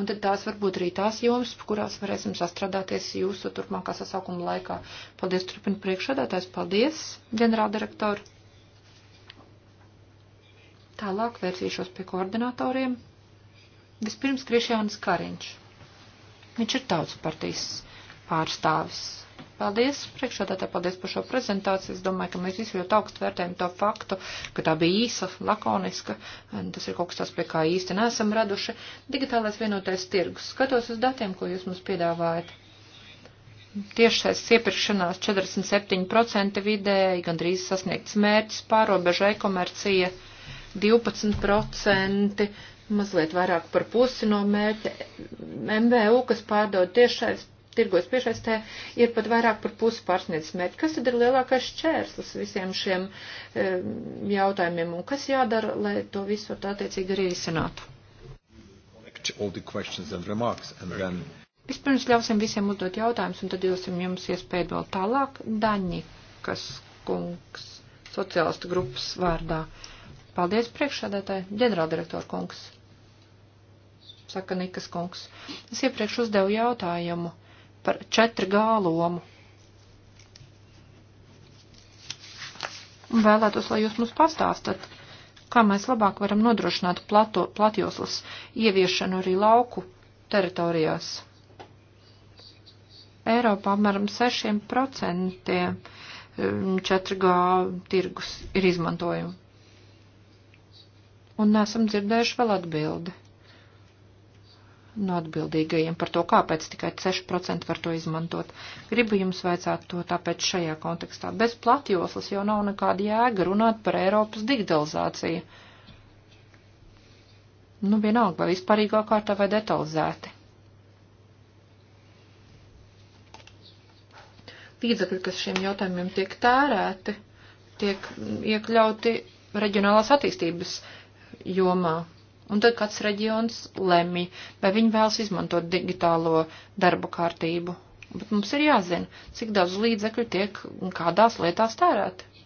Un tad tās varbūt arī tās jomas, kurās varēsim sastrādāties jūsu turpmākā sasaukuma laikā. Paldies, turpina priekšādātājs, paldies, ģenerāldirektori. Tālāk vērsīšos pie koordinatoriem. Vispirms Krišjānis Kariņš. Viņš ir tautas partijas pārstāvis. Paldies, priekšādātā, paldies par šo prezentāciju. Es domāju, ka mēs visi ļoti augstu vērtējam to faktu, ka tā bija īsa, lakoniska. Tas ir kaut kas tāds, pie kā īsti nesam raduši. Digitālais vienotais tirgus. Skatos uz datiem, ko jūs mums piedāvājat. Tiešsaistes iepirkšanās 47% vidēji, gandrīz sasniegts mērķis, pārobeža e-komercija 12%, mazliet vairāk par pusi no mērķa. MVU, kas pārdod tiešais tirgos piešaistē, ir pat vairāk par pusi pārsniedzis mērķi. Kas tad ir lielākais šķērslis visiem šiem e, jautājumiem un kas jādara, lai to visu varētu attiecīgi arī izsinātu? Then... Vispirms ļausim visiem uzdot jautājumus un tad dosim jums iespēju vēl tālāk. Daņi, kas kungs sociālistu grupas vārdā. Paldies priekšsādātāji, ģenerāldirektor kungs saka Nikas kungs. Es iepriekš uzdevu jautājumu par 4G lomu. Un vēlētos, lai jūs mums pastāstat, kā mēs labāk varam nodrošināt plato, platjoslas ieviešanu arī lauku teritorijās. Eiropā apmēram 6% 4G mm, tirgus ir izmantojumi. Un nesam dzirdējuši vēl atbildi no nu, atbildīgajiem par to, kāpēc tikai 6% var to izmantot. Gribu jums vaicāt to tāpēc šajā kontekstā. Bez platjoslas jau nav nekāda jēga runāt par Eiropas digitalizāciju. Nu, vienalga, vai vispārīgā kārtā vai detalizēti. Līdzekļi, kas šiem jautājumiem tiek tērēti, tiek iekļauti reģionālās attīstības jomā Un tad kāds reģions lemj, vai viņi vēlas izmantot digitālo darbu kārtību. Bet mums ir jāzina, cik daudz līdzekļu tiek kādās lietās tērēti.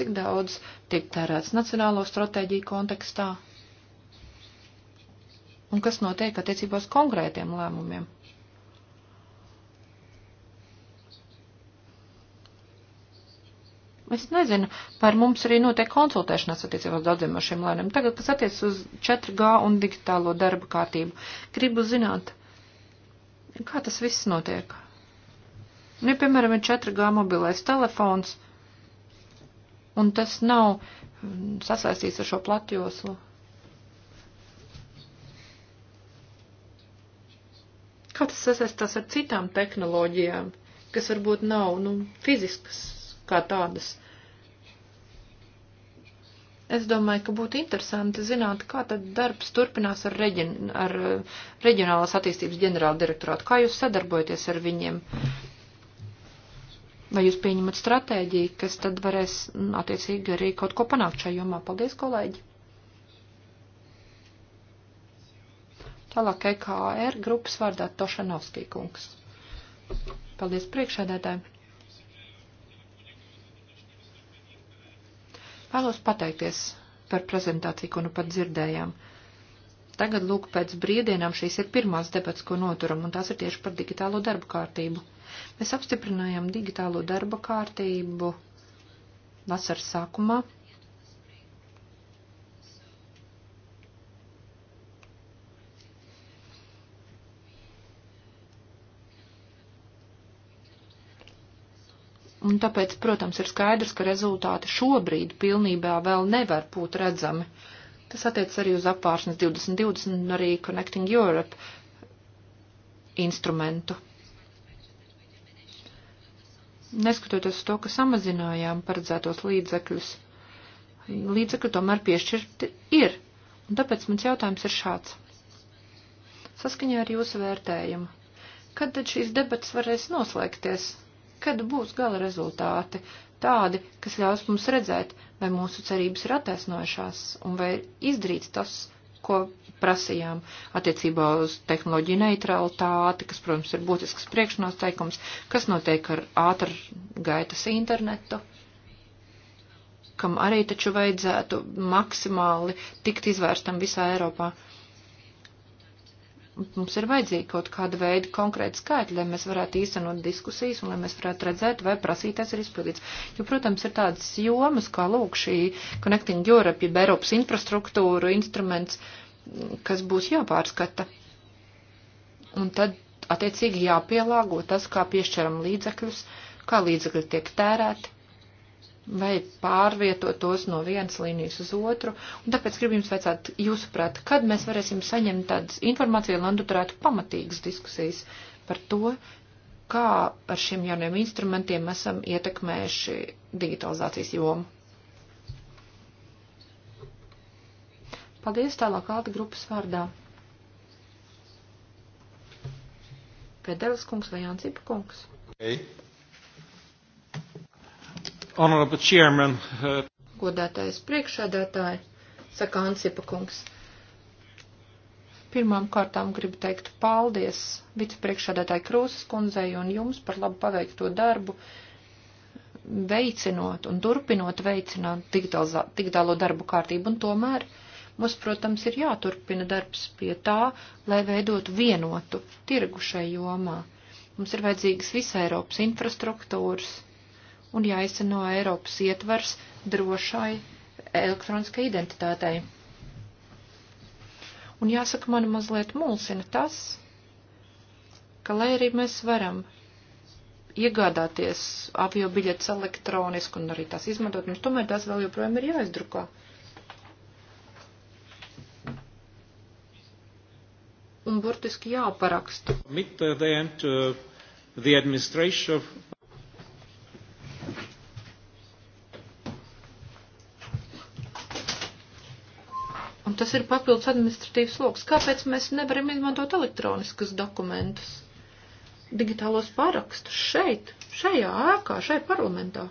Cik daudz tiek tērēts nacionālo stratēģiju kontekstā. Un kas notiek attiecībās konkrētiem lēmumiem. Es nezinu, par mums arī notiek konsultēšanās attiecībā uz daudziem no šiem lēmumiem. Tagad, kas attiec uz 4G un digitālo darba kārtību, gribu zināt, kā tas viss notiek. Nu, ja, piemēram, ir 4G mobilais telefons, un tas nav mm, sasaistīts ar šo platjoslu. Kā tas sasaistās ar citām tehnoloģijām, kas varbūt nav, nu, fiziskas kā tādas. Es domāju, ka būtu interesanti zināt, kā tad darbs turpinās ar, reģion, ar uh, reģionālās attīstības ģenerāla direktorātu. Kā jūs sadarbojaties ar viņiem? Vai jūs pieņemat stratēģiju, kas tad varēs mm, attiecīgi arī kaut ko panākt šajā jomā? Paldies, kolēģi! Tālāk EKR grupas vārdā Tošanovskī kungs. Paldies priekšēdētāji! Vēlos pateikties par prezentāciju, ko nu pat dzirdējām. Tagad, lūk, pēc brīvdienām šīs ir pirmās debats, ko noturam, un tās ir tieši par digitālo darba kārtību. Mēs apstiprinājām digitālo darba kārtību vasaras sākumā, Un tāpēc, protams, ir skaidrs, ka rezultāti šobrīd pilnībā vēl nevar būt redzami. Tas attiec arī uz apvāršanas 2020 un arī Connecting Europe instrumentu. Neskatoties uz to, ka samazinājām paredzētos līdzekļus, līdzekļi tomēr piešķirti ir. Un tāpēc mans jautājums ir šāds. Saskaņā ar jūsu vērtējumu, kad tad šīs debatas varēs noslēgties? kad būs gala rezultāti tādi, kas ļaus mums redzēt, vai mūsu cerības ir attaisnojušās un vai izdarīts tas, ko prasījām attiecībā uz tehnoloģiju neutralitāti, kas, protams, ir būtisks priekšnoteikums, kas notiek ar ātrgaitas internetu kam arī taču vajadzētu maksimāli tikt izvērstam visā Eiropā. Uh, mums ir vajadzīgi kaut kāda veida konkrēta skaitļi, lai mēs varētu īstenot diskusijas un lai mēs varētu redzēt, vai prasītais ir izpildīts. Jo, protams, ir tādas jomas, kā lūk šī Connecting Europe, jeb Eiropas infrastruktūra instruments, kas būs jāpārskata. Un tad, attiecīgi, jāpielāgo tas, kā piešķiram līdzekļus, kā līdzekļi tiek tērēti vai pārvietot tos no vienas līnijas uz otru. Un tāpēc gribu jums vajadzētu, jūsuprāt, kad mēs varēsim saņemt tādas informāciju, lai noturētu pamatīgas diskusijas par to, kā ar šiem jauniem instrumentiem esam ietekmējuši digitalizācijas jomu. Paldies tālāk Alta grupas vārdā. Pēdējais kungs vai Jānis Ipa kungs? Ei. Hey. Honorable Chairman. Uh... Godātais priekšādātāji, saka Ansipa kungs. Pirmām kārtām gribu teikt paldies vicepriekšādātāji Krūzes kundzei un jums par labu paveikto darbu, veicinot un turpinot veicināt digitālo darbu kārtību. Un tomēr mums, protams, ir jāturpina darbs pie tā, lai veidotu vienotu tirgu šai jomā. Mums ir vajadzīgas visa Eiropas infrastruktūras un jāizseno Eiropas ietvars drošai elektroniskai identitātei. Un jāsaka, man mazliet mulsina tas, ka lai arī mēs varam iegādāties avio biļetes elektroniski un arī tās izmantot, mums tomēr tās vēl joprojām ir jāizdrukā. Un burtiski jāparaksta. Mit uh, the, the, uh, the administration of un tas ir papildus administratīvs sloks. Kāpēc mēs nevaram izmantot elektroniskus dokumentus, digitālos parakstus šeit, šajā ēkā, šai parlamentā?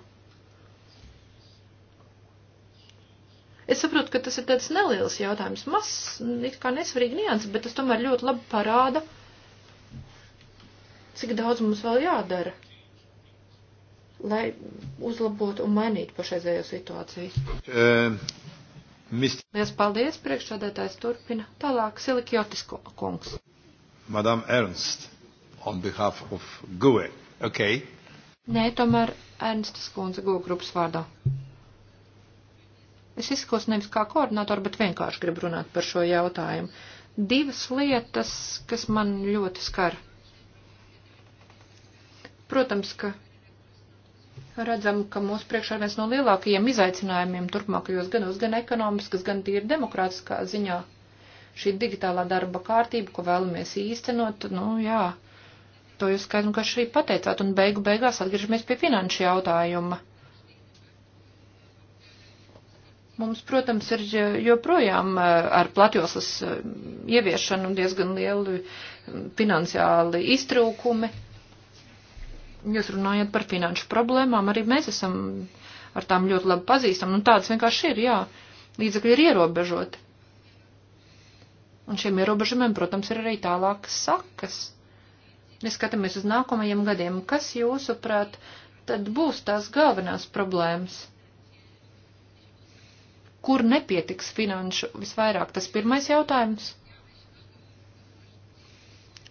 Es saprotu, ka tas ir tāds neliels jautājums, mazs, it kā nesvarīgi nianses, bet tas tomēr ļoti labi parāda, cik daudz mums vēl jādara lai uzlabotu un mainītu pašreizējo situāciju. Eh, Mist... Liels paldies, priekšsādētājs turpina. Tālāk Silikjotis kungs. Madam Ernst, on behalf of GUE, ok? Nē, tomēr Ernstas kundze GUE grupas vārdā. Es izskos nevis kā koordinātori, bet vienkārši gribu runāt par šo jautājumu. Divas lietas, kas man ļoti skar. Protams, ka redzam, ka mūsu priekšā ir viens no lielākajiem izaicinājumiem turpmākajos gados, gan ekonomiskas, gan tīri demokrātiskā ziņā. Šī digitālā darba kārtība, ko vēlamies īstenot, nu jā, to jūs skaidru, ka šī pateicāt, un beigu beigās atgriežamies pie finanšu jautājuma. Mums, protams, ir joprojām eh, ar platjoslas eh, ieviešanu diezgan lieli eh, finansiāli iztrūkumi. Jūs runājat par finanšu problēmām, arī mēs esam ar tām ļoti labi pazīstami, un nu, tādas vienkārši ir, jā, līdzekļi ir ierobežoti. Un šiem ierobežumiem, protams, ir arī tālākas sakas. Ja skatāmies uz nākamajiem gadiem, kas jūsuprāt, tad būs tās galvenās problēmas? Kur nepietiks finanšu visvairāk? Tas pirmais jautājums.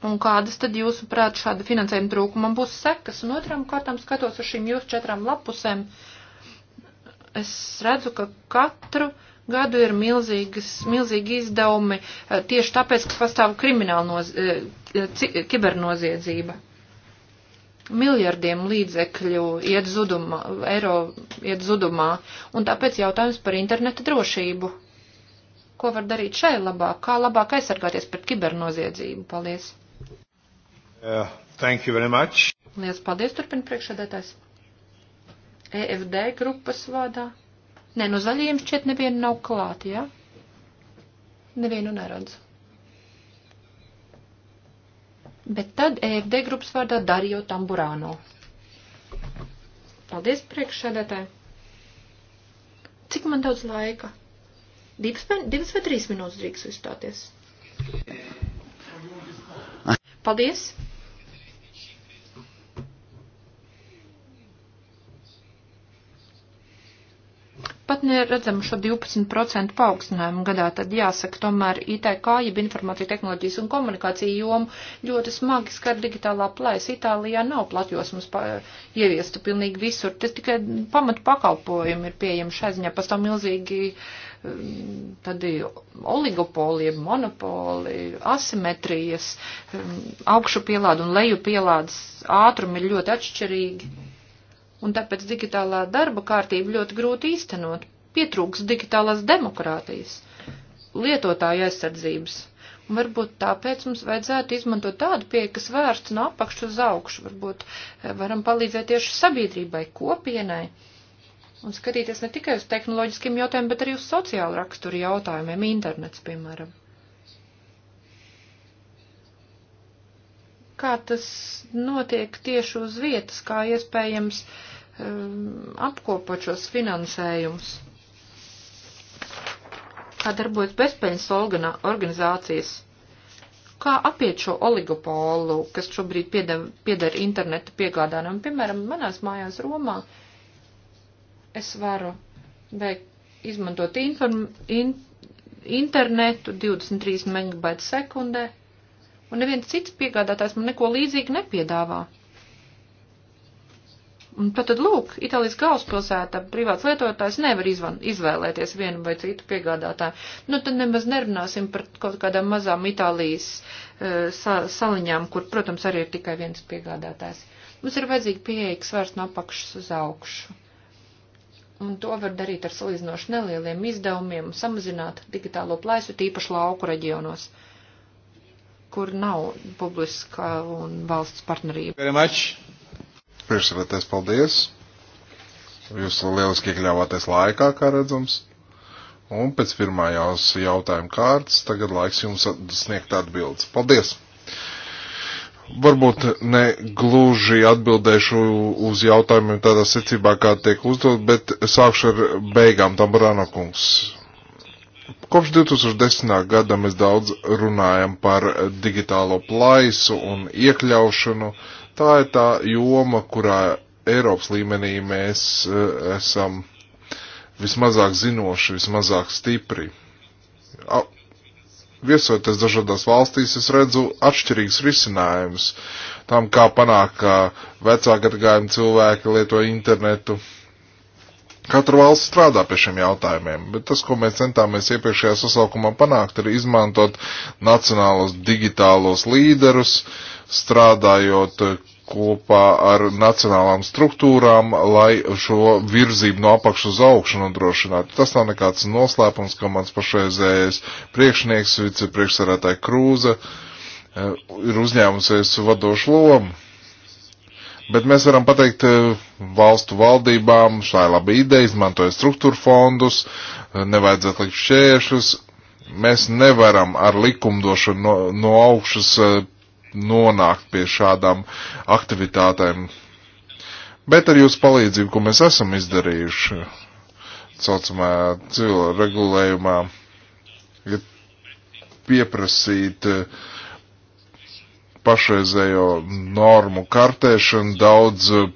Un kādas tad jūsuprāt šāda finansējuma trūkumam būs sekas? Un otram kārtām skatos uz šīm jūsu četrām lapusēm. Es redzu, ka katru gadu ir milzīgas, milzīgi izdevumi eh, tieši tāpēc, ka pastāv krimināla noz, eh, kibernoziedzība. Miljardiem līdzekļu iet zudumā, eiro iet zudumā, un tāpēc jautājums par interneta drošību. Ko var darīt šai labāk? Kā labāk aizsargāties pret kibernoziedzību? Paldies! Uh, thank you very much. Lielas paldies, turpina priekšsēdētājs. EFD grupas vārdā. Nē, no nu zaļajiem šķiet nevienu nav klāt, jā? Ja? Nevienu neredzu. Bet tad EFD grupas vārdā Dario Tamburāno. Paldies, priekšsēdētāji. Cik man daudz laika? Divas, divas vai trīs minūtes drīkst uzstāties. Paldies! pat neredzam šo 12% paaugstinājumu gadā, tad jāsaka, tomēr ITK, jeb informācija tehnoloģijas un komunikācija joma ļoti smagi skar digitālā plēsa. Itālijā nav platjosmas ieviestu pilnīgi visur, tas tikai pamat pakalpojumi ir pieejami šai ziņā, pastāv milzīgi um, tādi oligopoli, monopoli, asimetrijas, um, augšu pielādu un leju pielādes ātrumi ir ļoti atšķirīgi un tāpēc digitālā darba kārtība ļoti grūti īstenot. Pietrūks digitālās demokrātijas, lietotāja aizsardzības. Un varbūt tāpēc mums vajadzētu izmantot tādu pieeju, kas vērsts no apakšas uz augšu. Varbūt eh, varam palīdzēt tieši sabiedrībai, kopienai. Un skatīties ne tikai uz tehnoloģiskiem jautājumiem, bet arī uz sociālu raksturu jautājumiem, internets, piemēram. Kā tas notiek tieši uz vietas, kā iespējams uh, um, apkopot šos finansējumus? Kā darbojas bezpeļņas organizācijas? Kā apiet šo oligopolu, kas šobrīd pieder, pieder interneta piegādājumam? Piemēram, manās mājās Romā es varu veikt, izmantot inform, in, internetu 23 megabaitu sekundē, un neviens cits piegādātājs man neko līdzīgu nepiedāvā. Tātad, lūk, Itālijas galvaspilsēta privāts lietotājs nevar izvan, izvēlēties vienu vai citu piegādātāju. Nu, tad nemaz nerunāsim par kaut kādām mazām Itālijas uh, sa, saliņām, kur, protams, arī ir tikai viens piegādātājs. Mums ir vajadzīga pieeja, kas vairs no apakšas uz augšu. Un to var darīt ar salīdzinoši nelieliem izdevumiem, samazināt digitālo plaisu, tīpaši lauku reģionos kur nav publiska un valsts partnerība. Priekšsēdētājs, paldies. Jūs lieliski iekļāvāties laikā, kā redzams. Un pēc pirmājās jautājuma kārtas tagad laiks jums sniegt atbildes. Paldies! Varbūt ne gluži atbildēšu uz jautājumiem tādā secībā, kā tiek uzdot, bet sākšu ar beigām, Tamburāna kungs. Kopš 2010. gada mēs daudz runājam par digitālo plaisu un iekļaušanu. Uh, Tā ir tā joma, kurā Eiropas līmenī mēs e, esam vismazāk zinoši, vismazāk stipri. Viesoties dažādās valstīs, es redzu atšķirīgus risinājumus tam, kā panākt, ka vecāka gadagājuma cilvēki lieto internetu. Katra valsts strādā pie šiem jautājumiem, bet tas, ko mēs centāmies iepriekšējā sasaukumā panākt, ir izmantot nacionālos digitālos līderus, uh, strādājot kopā ar nacionālām struktūrām, lai šo virzību no apakšu uz augšu nodrošinātu. Tas nav nekāds noslēpums, ka mans pašreizējais priekšnieks, vicepriekšsarētāja Krūze, eh, ir uzņēmusies vadošu lomu. Bet mēs varam pateikt eh, valstu valdībām, šā ir laba ideja, izmantoja struktūra fondus, eh, nevajadzētu likt šķēršļus. Mēs nevaram ar likumdošanu no, no augšas nonākt pie šādām aktivitātēm. Bet ar jūsu palīdzību, ko mēs esam izdarījuši, saucamā civila regulējumā, ir pieprasīt eh, pašreizējo normu kartēšanu daudz eh,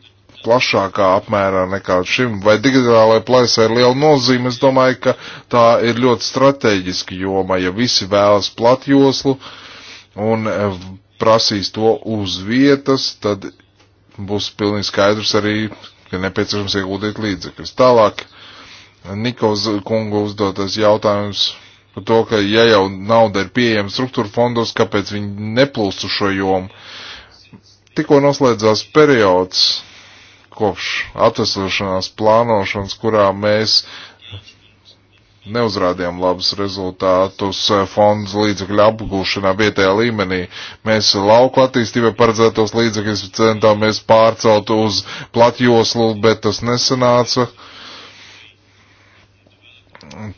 plašākā apmērā nekā šim, vai digitālai plaisai ir liela nozīme. Es domāju, ka tā ir ļoti strateģiski joma, ja visi vēlas platjoslu un eh, prasīs to uz vietas, tad būs pilnīgi skaidrs arī, ka nepieciešams ieguldīt līdzekļus. Tālāk Nikos kungu uzdotais jautājums par to, ka ja jau nauda ir pieejama struktūra fondos, kāpēc viņi neplūst uz šo jomu. Tikko noslēdzās periods kopš atvesļošanās plānošanas, kurā mēs neuzrādījām labus rezultātus eh, fonds līdzekļu apgūšanā vietējā līmenī. Mēs lauku attīstībai paredzētos līdzekļus centāmies pārcelt uz platjoslu, bet tas nesanāca.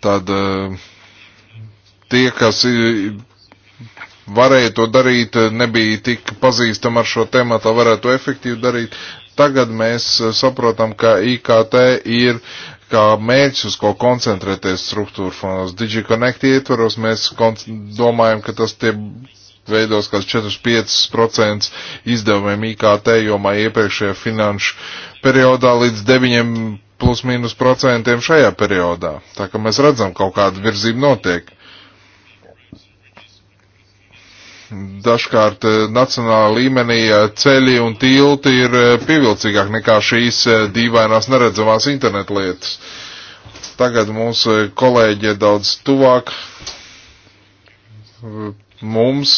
Tad eh, tie, kas eh, varēja to darīt, nebija tik pazīstami ar šo tematu, varētu to efektīvi darīt. Tagad mēs saprotam, ka IKT ir kā mērķis, uz ko koncentrēties struktūra fondos. DigiConnect ietvaros mēs domājam, ka tas tie veidos kāds 4-5% izdevumiem IKT jomā iepriekšējā finanšu periodā līdz 9 plus mīnus procentiem šajā periodā. Tā ka mēs redzam, kaut kāda virzība notiek. Dažkārt eh, nacionālā līmenī eh, ceļi un tilti ir eh, pievilcīgāk nekā šīs dīvainās neredzamās internetu lietas. Tagad mūsu kolēģi ir daudz tuvāk mums,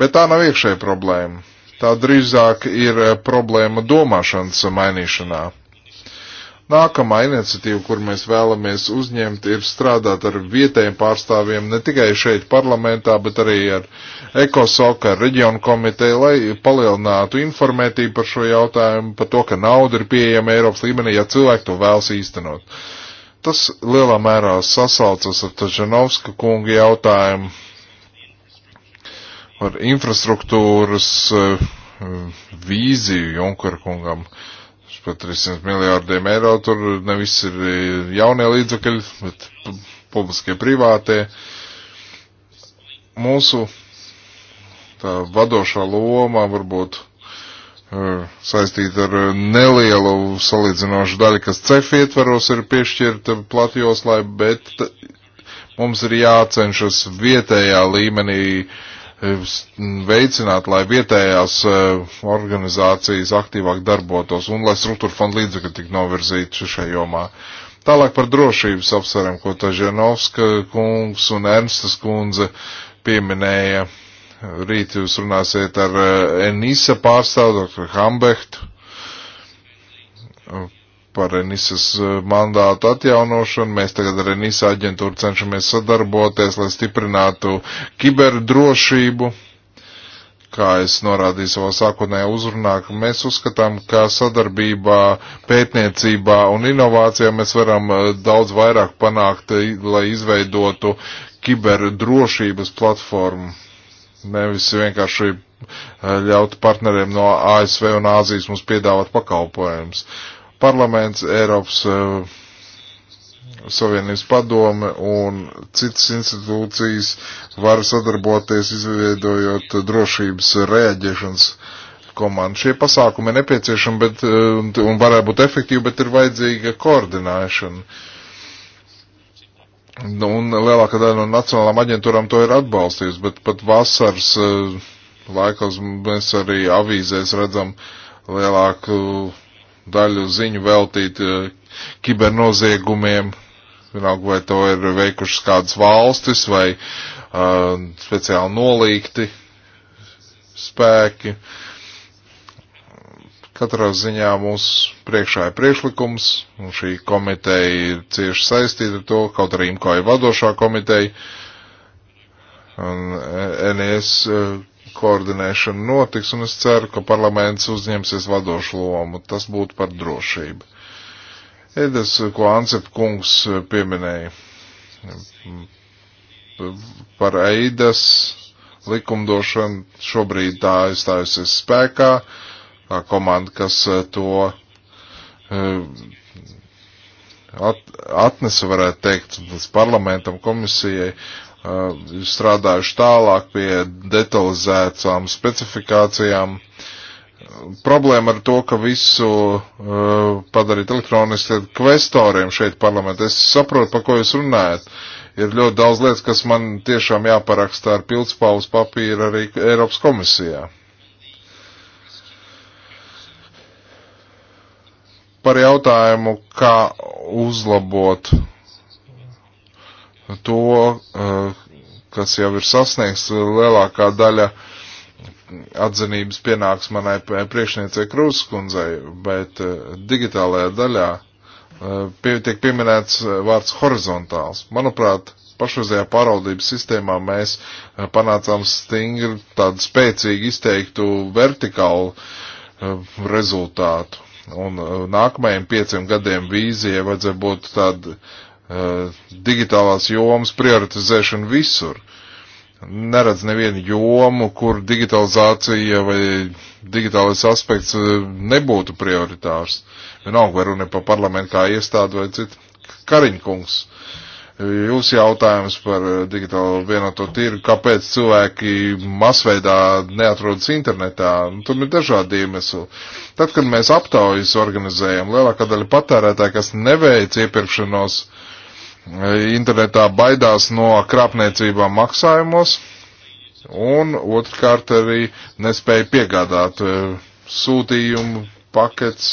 bet tā nav iekšēja problēma. Tā drīzāk ir problēma domāšanas mainīšanā Nākamā iniciatīva, kur mēs vēlamies uzņemt, ir strādāt ar vietējiem pārstāvjiem ne tikai šeit parlamentā, bet arī ar ECOSOC, ar reģionu komiteju, lai palielinātu informētību par šo jautājumu, par to, ka nauda ir pieejama Eiropas līmenī, ja cilvēki to vēlas īstenot. Tas lielā mērā sasaucas ar Tažanovska kunga jautājumu par infrastruktūras eh, vīziju Junkara kungam. Uh, par 300 miljārdiem eiro. Tur nevis ir jaunie līdzekļi, bet publiskie privātie. Mūsu tā vadošā loma varbūt e, saistīta ar nelielu salīdzinošu daļu, kas cef ietvaros ir piešķirta platjoslai, bet mums ir jācenšas vietējā līmenī uh, Eh, veicināt, lai vietējās eh, organizācijas aktīvāk darbotos un lai struktūra fonda līdzekļi tik novirzītu šajā jomā. Tālāk par drošības apsvērumu, ko Taženovska kungs un Ernstas kundze pieminēja. Rīt jūs runāsiet ar eh, Enisa pārstāvu, dr. Hambehtu par Renisas eh, mandātu atjaunošanu. Mēs tagad ar Renisa aģentūru cenšamies sadarboties, lai stiprinātu kiberdrošību. Kā es norādīju savā sākotnējā uzrunā, mēs uzskatām, ka sadarbībā, pētniecībā un inovācijā mēs varam eh, daudz vairāk panākt, eh, lai izveidotu kiberdrošības platformu. Nevis vienkārši ļaut partneriem no ASV un Āzijas mums piedāvāt pakalpojumus. Uh, parlaments, Eiropas eh, Savienības padome un citas institūcijas var sadarboties, izveidojot drošības rēģēšanas komandu. Šie pasākumi ir nepieciešami bet, eh, un varētu būt efektīvi, bet ir vajadzīga koordinēšana. Nu, un lielākā daļa no nacionālām aģentūrām to ir atbalstījusi, bet pat vasaras eh, laikos mēs arī avīzēs redzam lielāku daļu ziņu veltīt eh, kibernoziegumiem, vienalga vai to ir veikušas kādas valstis vai uh, speciāli nolīgti spēki. Katrā ziņā mums priekšā ir priekšlikums, un šī komiteja ir cieši saistīta ar to, kaut arī imko ir vadošā komiteja. Un eh, NS koordinēšana notiks, un es ceru, ka parlaments uzņemsies vadošu lomu. Tas būtu par drošību. Edes, ko Ansep kungs pieminēja par Eidas likumdošanu, šobrīd tā aizstājusies spēkā, tā komanda, kas eh, to eh, at, atnesa, varētu teikt, līdz parlamentam, komisijai, strādājuši tālāk pie detalizētām specifikācijām. Problēma ar to, ka visu uh, padarīt elektroniski kvestoriem šeit parlamentā. Es saprotu, pa ko jūs runājat. Ir ļoti daudz lietas, kas man tiešām jāparaksta ar pildspalvas papīru arī Eiropas komisijā. Par jautājumu, kā uzlabot uh, to, eh, kas jau ir sasniegts, eh, lielākā daļa atzinības pienāks manai priekšniecei Krūskundzei, bet eh, digitālajā daļā pie, tiek pieminēts vārds horizontāls. Manuprāt, pašreizajā pārvaldības sistēmā mēs panācām stingri tādu spēcīgi izteiktu vertikālu rezultātu. Un nākamajiem pieciem gadiem vīzija vajadzēja būt tāda Eh, digitālās jomas prioritizēšanu visur. Neredz nevienu jomu, kur digitalizācija vai digitālais aspekts eh, nebūtu prioritārs. Vienalga, vai runa par parlamentu kā iestādu vai citu. Kariņkungs, jūs jautājums par eh, digitālo vienoto tirgu, kāpēc cilvēki masveidā neatrodas internetā, nu, tur ir dažādi iemesli. Tad, kad mēs aptaujas organizējam, lielākā daļa patērētāja, kas neveic iepirkšanos, uh, internetā baidās no krāpniecībām maksājumos, un otrkārt arī nespēja piegādāt eh, sūtījumu pakets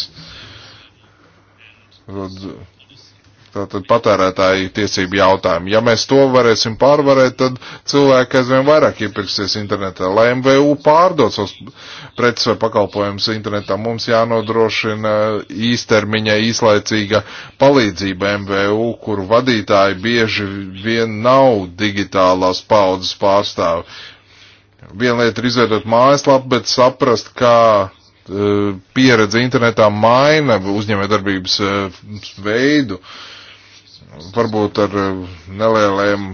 tātad patērētāju tiesību jautājumu. Ja mēs to varēsim pārvarēt, tad cilvēki aizvien vairāk iepirksies internetā. Lai MVU pārdod savus preces vai pakalpojumus internetā, mums jānodrošina īstermiņa, īslaicīga palīdzība MVU, kuru vadītāji bieži vien nav digitālās paudzes pārstāvi. Viena lieta ir izveidot mājaslapu, bet saprast, kā eh, pieredze internetā maina uzņēmējdarbības eh, veidu. Uh, varbūt ar eh, nelieliem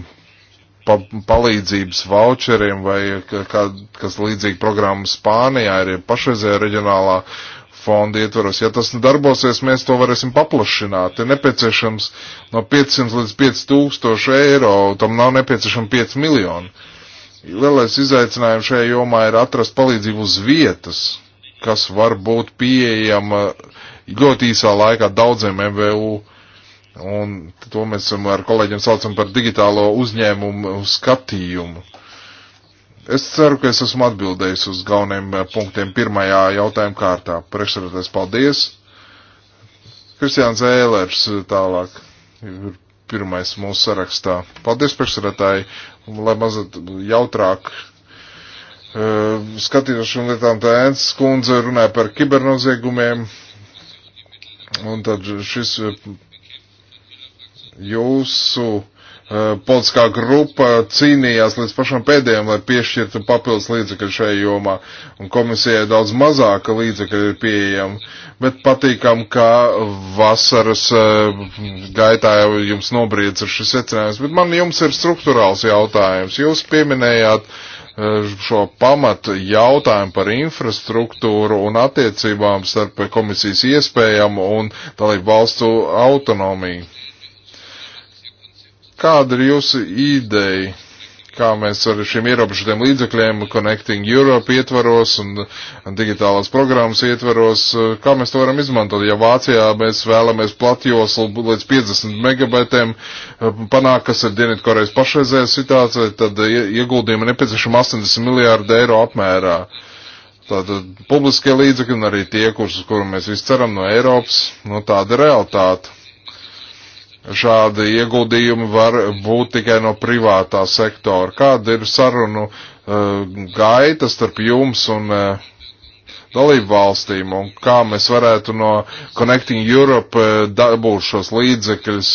pa palīdzības voucheriem vai kā, kas līdzīga programma Spānijā ir pašreizējā reģionālā fonda ietvaros. Ja tas darbosies, mēs to varēsim paplašināt. Ir nepieciešams no 500 līdz 5000 eiro, tam nav nepieciešama 5 miljoni. Lielais izaicinājums šajā jomā ir atrast palīdzību uz vietas, kas var būt pieejama ļoti īsā laikā daudziem MVU. Uh, Un to mēs ar kolēģiem saucam par digitālo uzņēmumu skatījumu. Es ceru, ka es esmu atbildējis uz galveniem eh, punktiem pirmajā jautājuma kārtā. Priekšsēdētājs, paldies! Kristiāns Ēlers eh, tālāk ir pirmais mūsu sarakstā. Paldies, priekšsēdētāji, lai mazliet jautrāk uh, skatītos šīm lietām. Tā Ents kundze runāja par kibernoziegumiem, un tad šis Jūsu uh, politiskā grupa cīnījās līdz pašam pēdējiem, lai piešķirtu papildus līdzekļu šai jomā, un komisijai daudz mazāka līdzekļu ir pieejama, bet patīkam, ka vasaras uh, gaitā jau jums nobriedz ar šis secinājums, bet man jums ir struktūrāls jautājums. Jūs pieminējāt uh, šo pamatu jautājumu par infrastruktūru un attiecībām starp komisijas iespējām un dalību valstu autonomiju. Kāda ir jūsu ideja, kā mēs ar šiem ierobežotiem līdzekļiem, Connecting Europe ietvaros un digitālās programmas ietvaros, kā mēs to varam izmantot? Ja Vācijā mēs vēlamies platjoslu līdz 50 megabaitiem panākt, kas ir Dienvidkorejas pašreizējā situācija, tad ieguldījumi nepieciešami 80 miljārdu eiro apmērā. Tātad publiskie līdzekļi un arī tie, kurus, kuru mēs visi ceram no Eiropas, no tāda realitāte šādi ieguldījumi var būt tikai no privātā sektora. Kāda ir sarunu uh, gaita starp jums un uh, dalību valstīm un kā mēs varētu no Connecting Europe uh, dabūt šos līdzekļus,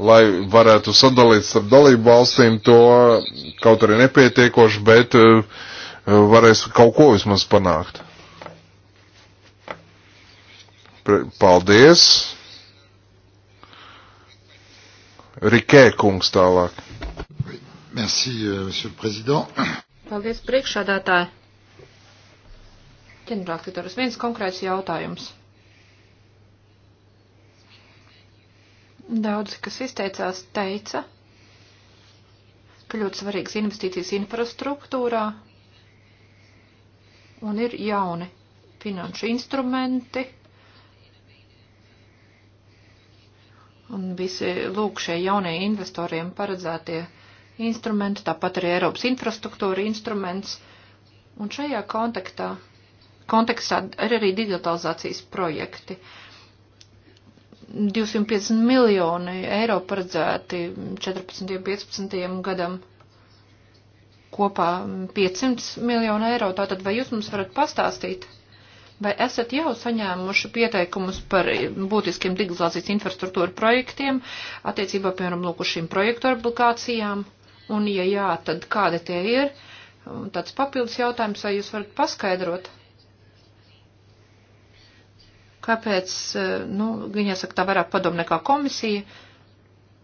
lai varētu sadalīt starp dalību valstīm to kaut arī nepietiekoši, bet varēs kaut ko vismaz panākt. Paldies! Rikē kungs tālāk. Merci, euh, monsieur le président. Paldies, priekšādātāji. Ģenerāldirektors, viens konkrēts jautājums. Daudzi, kas izteicās, teica, ka ļoti svarīgas investīcijas infrastruktūrā un ir jauni finanšu instrumenti Un visi lūk šie jaunie investoriem paredzētie instrumenti, tāpat arī Eiropas infrastruktūra instruments. Un šajā kontekstā, kontekstā ir arī digitalizācijas projekti. 250 miljoni eiro paredzēti 14. un 15. gadam kopā 500 miljonu eiro. Tātad vai jūs mums varat pastāstīt? Vai esat jau saņēmuši pieteikumus par būtiskiem digitalizācijas infrastruktūra projektiem, attiecībā, piemēram, lūk, uz šīm projektu obligācijām? Un, ja jā, tad kādi tie ir? Tāds papildus jautājums, vai jūs varat paskaidrot? Kāpēc, nu, viņa saka, tā vairāk padom nekā komisija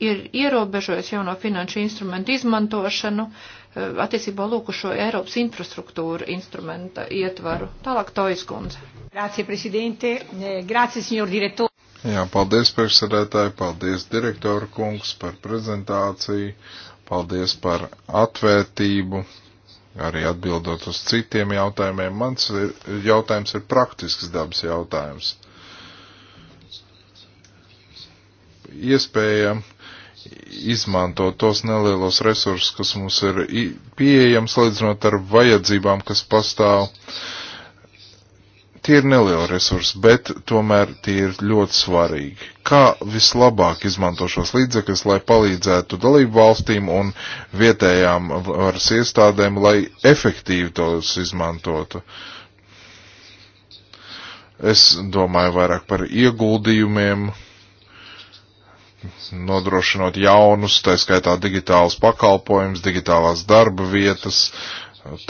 ir ierobežojis jauno finanšu instrumentu izmantošanu, uh, Eh, attiecībā lūku šo Eiropas infrastruktūra instrumenta ietvaru. Tālāk Tojas kundze. Grācie, prezidente. Eh, Grācie, signor direktor. Jā, paldies, priekšsēdētāji, paldies, direktoru kungs, par prezentāciju, paldies par atvērtību, arī atbildot uz citiem jautājumiem. Mans jautājums ir praktisks dabas jautājums. Iespēja izmantot tos nelielos resursus, kas mums ir pieejams, salīdzinot ar vajadzībām, kas pastāv. Tie ir nelieli resursi, bet tomēr tie ir ļoti svarīgi. Kā vislabāk izmanto šos līdzekļus, lai palīdzētu dalību valstīm un vietējām varas iestādēm, lai efektīvi tos izmantotu? Es domāju vairāk par ieguldījumiem, uh, nodrošinot jaunus, tā skaitā digitālus pakalpojumus, digitālās darba vietas.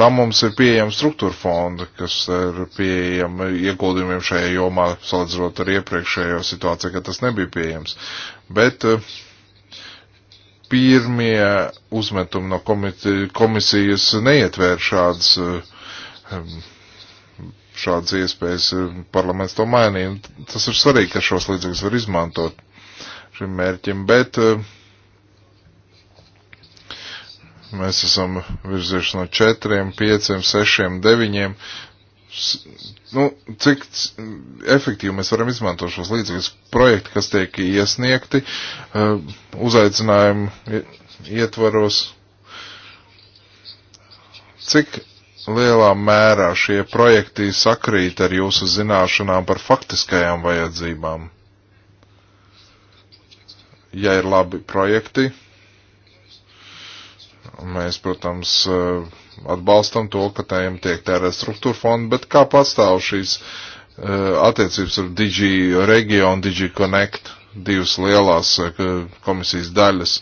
Tam mums ir pieejama struktūra fonda, kas ir pieejama ieguldījumiem šajā jomā, salīdzinot ar iepriekšējo situāciju, kad tas nebija pieejams. Bet eh, pirmie uzmetumi no komisijas neietvēr šādas, eh, šādas iespējas. Eh, parlaments to mainīja. Tas ir svarīgi, ka šos līdzekļus var izmantot šim mērķim, bet eh, mēs esam virzījuši no 4, 5, 6, 9. Nu, cik efektīvi mēs varam izmantot šos līdzekļus projekti, kas tiek iesniegti eh, uzaicinājumu ietvaros? Cik lielā mērā šie projekti sakrīt ar jūsu zināšanām par faktiskajām vajadzībām? ja ir labi projekti, mēs, protams, eh, atbalstam to, ka tajiem tiek tērēt struktūra fondi, bet kā pastāv šīs eh, attiecības ar Digi Region, Digi Connect, divas lielās eh, komisijas daļas,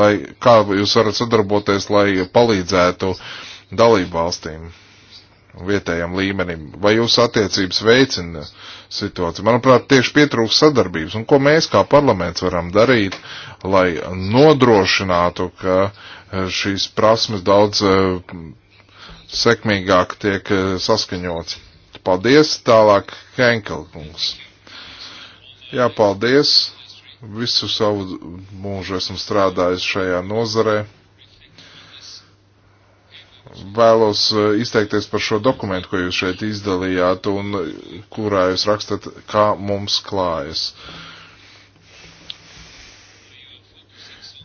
lai kā jūs varat sadarboties, lai palīdzētu dalību valstīm? vietējam līmenim, vai jūsu attiecības veicina situāciju. Manuprāt, tieši pietrūks sadarbības, un ko mēs kā parlaments varam darīt, lai nodrošinātu, ka eh, šīs prasmes daudz eh, sekmīgāk tiek eh, saskaņots. Paldies, tālāk Henkelkungs. Jā, paldies. Visu savu mūžu esmu strādājis šajā nozarē vēlos e, izteikties par šo dokumentu, ko jūs šeit izdalījāt un e, kurā jūs rakstat, kā mums klājas.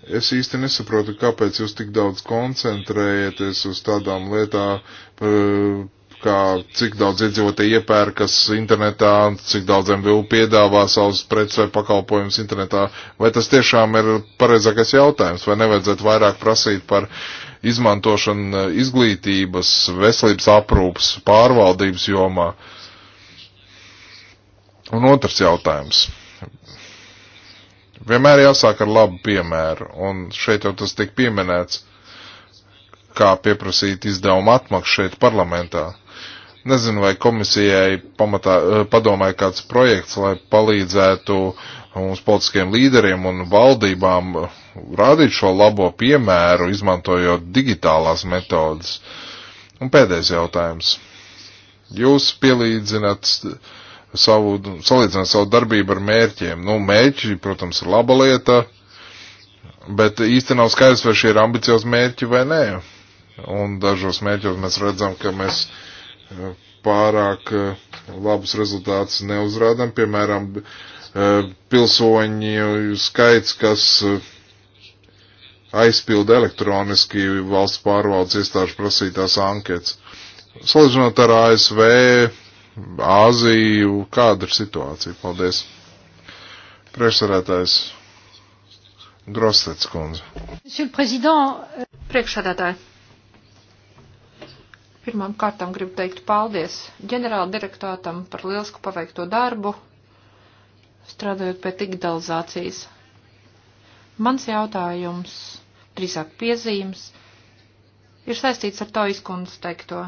Es īsti nesaprotu, kāpēc jūs tik daudz koncentrējaties uz tādām lietām, e, kā cik daudz iedzīvotāji iepērkas internetā, cik daudz MVU piedāvā savus preces vai pakalpojumus internetā, vai tas tiešām ir pareizākais jautājums, vai nevajadzētu vairāk prasīt par izmantošanu eh, izglītības, veselības aprūpas, pārvaldības jomā. Un otrs jautājums. Vienmēr jāsāk ar labu piemēru, un šeit jau tas tik pieminēts, kā pieprasīt izdevumu atmaksu šeit parlamentā Nezinu, vai komisijai pamatā, eh, padomāja kāds projekts, lai palīdzētu mums politiskiem līderiem un valdībām eh, rādīt šo labo piemēru, izmantojot digitālās metodas. Un pēdējais jautājums. Jūs pielīdzināt savu, salīdzināt savu darbību ar mērķiem. Nu, mērķi, protams, ir laba lieta, bet īsti nav skaidrs, vai šie ir ambiciozi mērķi vai nē. Un dažos mērķos mēs redzam, ka mēs uh, pārāk eh, labus rezultātus neuzrādām. Piemēram, eh, pilsoņu skaits, kas eh, aizpilda elektroniski valsts pārvaldes iestāžu prasītās anketas. Salīdzinot ar ASV, Āziju, kāda ir situācija? Paldies. Priekšsarētājs Grostets kundze. Euh, Priekšsarētāji. Pirmām kārtām gribu teikt paldies ģenerāla direktātam par lielisku paveikto darbu, strādājot pie digitalizācijas. Mans jautājums, drīzāk piezīmes, ir saistīts ar to izkundas teikto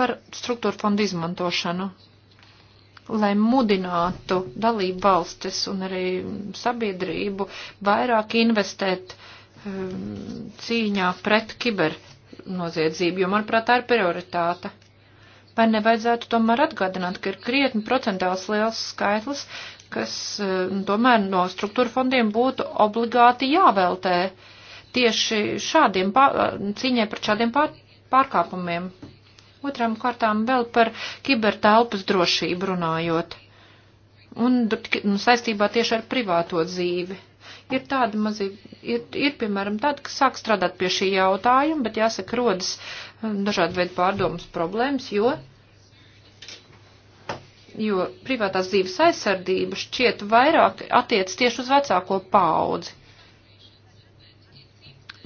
par struktūra fondu izmantošanu, lai mudinātu dalību valstis un arī sabiedrību vairāk investēt um, cīņā pret kiber noziedzību, jo, manuprāt, tā ir prioritāte. Vai nevajadzētu tomēr atgādināt, ka ir krietni procentāls liels skaitlis, kas e, tomēr no struktūra fondiem būtu obligāti jāvēltē tieši šādiem e, cīņai par šādiem pār, pārkāpumiem? Otrām kārtām vēl par kibertelpas drošību runājot un, un nu, saistībā tieši ar privāto dzīvi Ir tādi mazi, ir, ir piemēram tādi, kas sāk strādāt pie šī jautājuma, bet jāsaka, rodas um, dažādi veidi pārdomas problēmas, jo, jo privātās dzīves aizsardība šķiet vairāk attiec tieši uz vecāko paudzi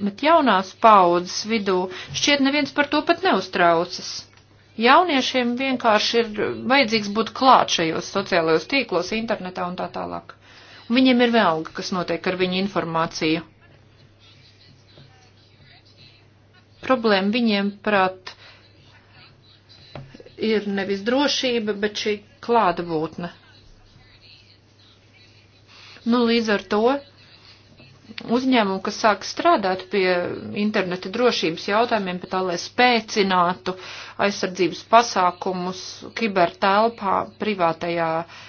bet jaunās paudzes vidū šķiet neviens par to pat neuztraucas. Jauniešiem vienkārši ir vajadzīgs būt klāt šajos sociālajos tīklos, internetā un tā tālāk. Viņiem ir vēlga, kas notiek ar viņu informāciju. Problēma viņiem, prāt, ir nevis drošība, bet šī klātbūtne. Nu, līdz ar to uzņēmumu, kas sāk strādāt pie interneta drošības jautājumiem, pie tā, lai spēcinātu aizsardzības pasākumus kibertelpā, privātajā uh,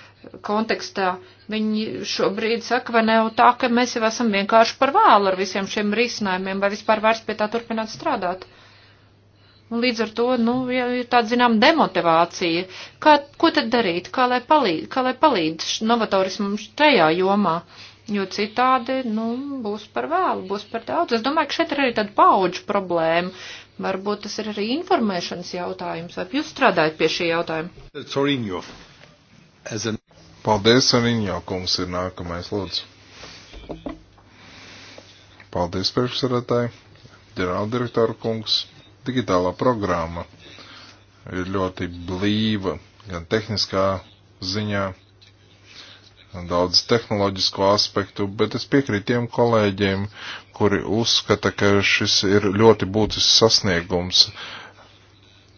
kontekstā. Viņi šobrīd saka, vai ne jau tā, ka mēs jau esam vienkārši par vēlu ar visiem šiem risinājumiem, vai vispār vairs pie tā turpināt strādāt. Un līdz ar to, nu, ja ir tāda, zinām, demotivācija. Kā, ko tad darīt? Kā lai palīdz, kā lai palīdz novatorismam šajā jomā? Jo citādi, nu, būs par vēlu, būs par daudz. Es domāju, ka šeit ir arī tāda paudžu problēma. Varbūt tas ir arī informēšanas jautājums. Vai jūs strādājat pie šī jautājuma? Sorry, an... Paldies, Aniņo, kungs ir nākamais, lūdzu. Paldies, priekšsarētāji, ģenerāldirektoru kungs. Digitālā programma ir ļoti blīva, gan tehniskā ziņā, daudz tehnoloģisko aspektu, bet es piekrītu tiem kolēģiem, kuri uzskata, ka šis ir ļoti būtisks sasniegums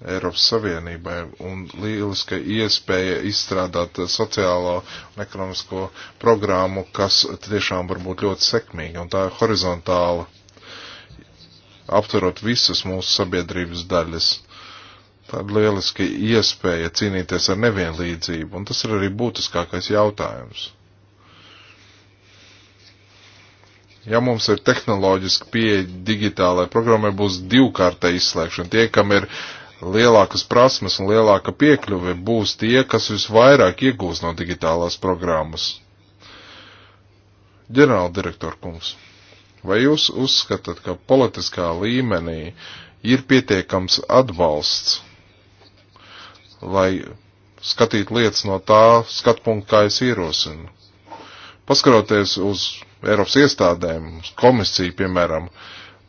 Eiropas Savienībai un lieliska iespēja izstrādāt sociālo un ekonomisko programmu, kas tiešām var būt ļoti sekmīga un tā horizontāla, aptverot visas mūsu sabiedrības daļas. Tāda lieliska iespēja cīnīties ar nevienlīdzību, un tas ir arī būtiskākais jautājums. ja mums ir tehnoloģiski pieeja digitālai programmai, būs divkārta izslēgšana. Tie, kam ir lielākas prasmes un lielāka piekļuve būs tie, kas visvairāk iegūs no digitālās programmas. Ģenerāldirektor kungs, vai jūs uzskatāt, ka politiskā līmenī ir pietiekams atbalsts, lai skatītu lietas no tā skatu punkta, kā es ierosinu? Paskaroties uz Eiropas iestādēm, komisiju, piemēram,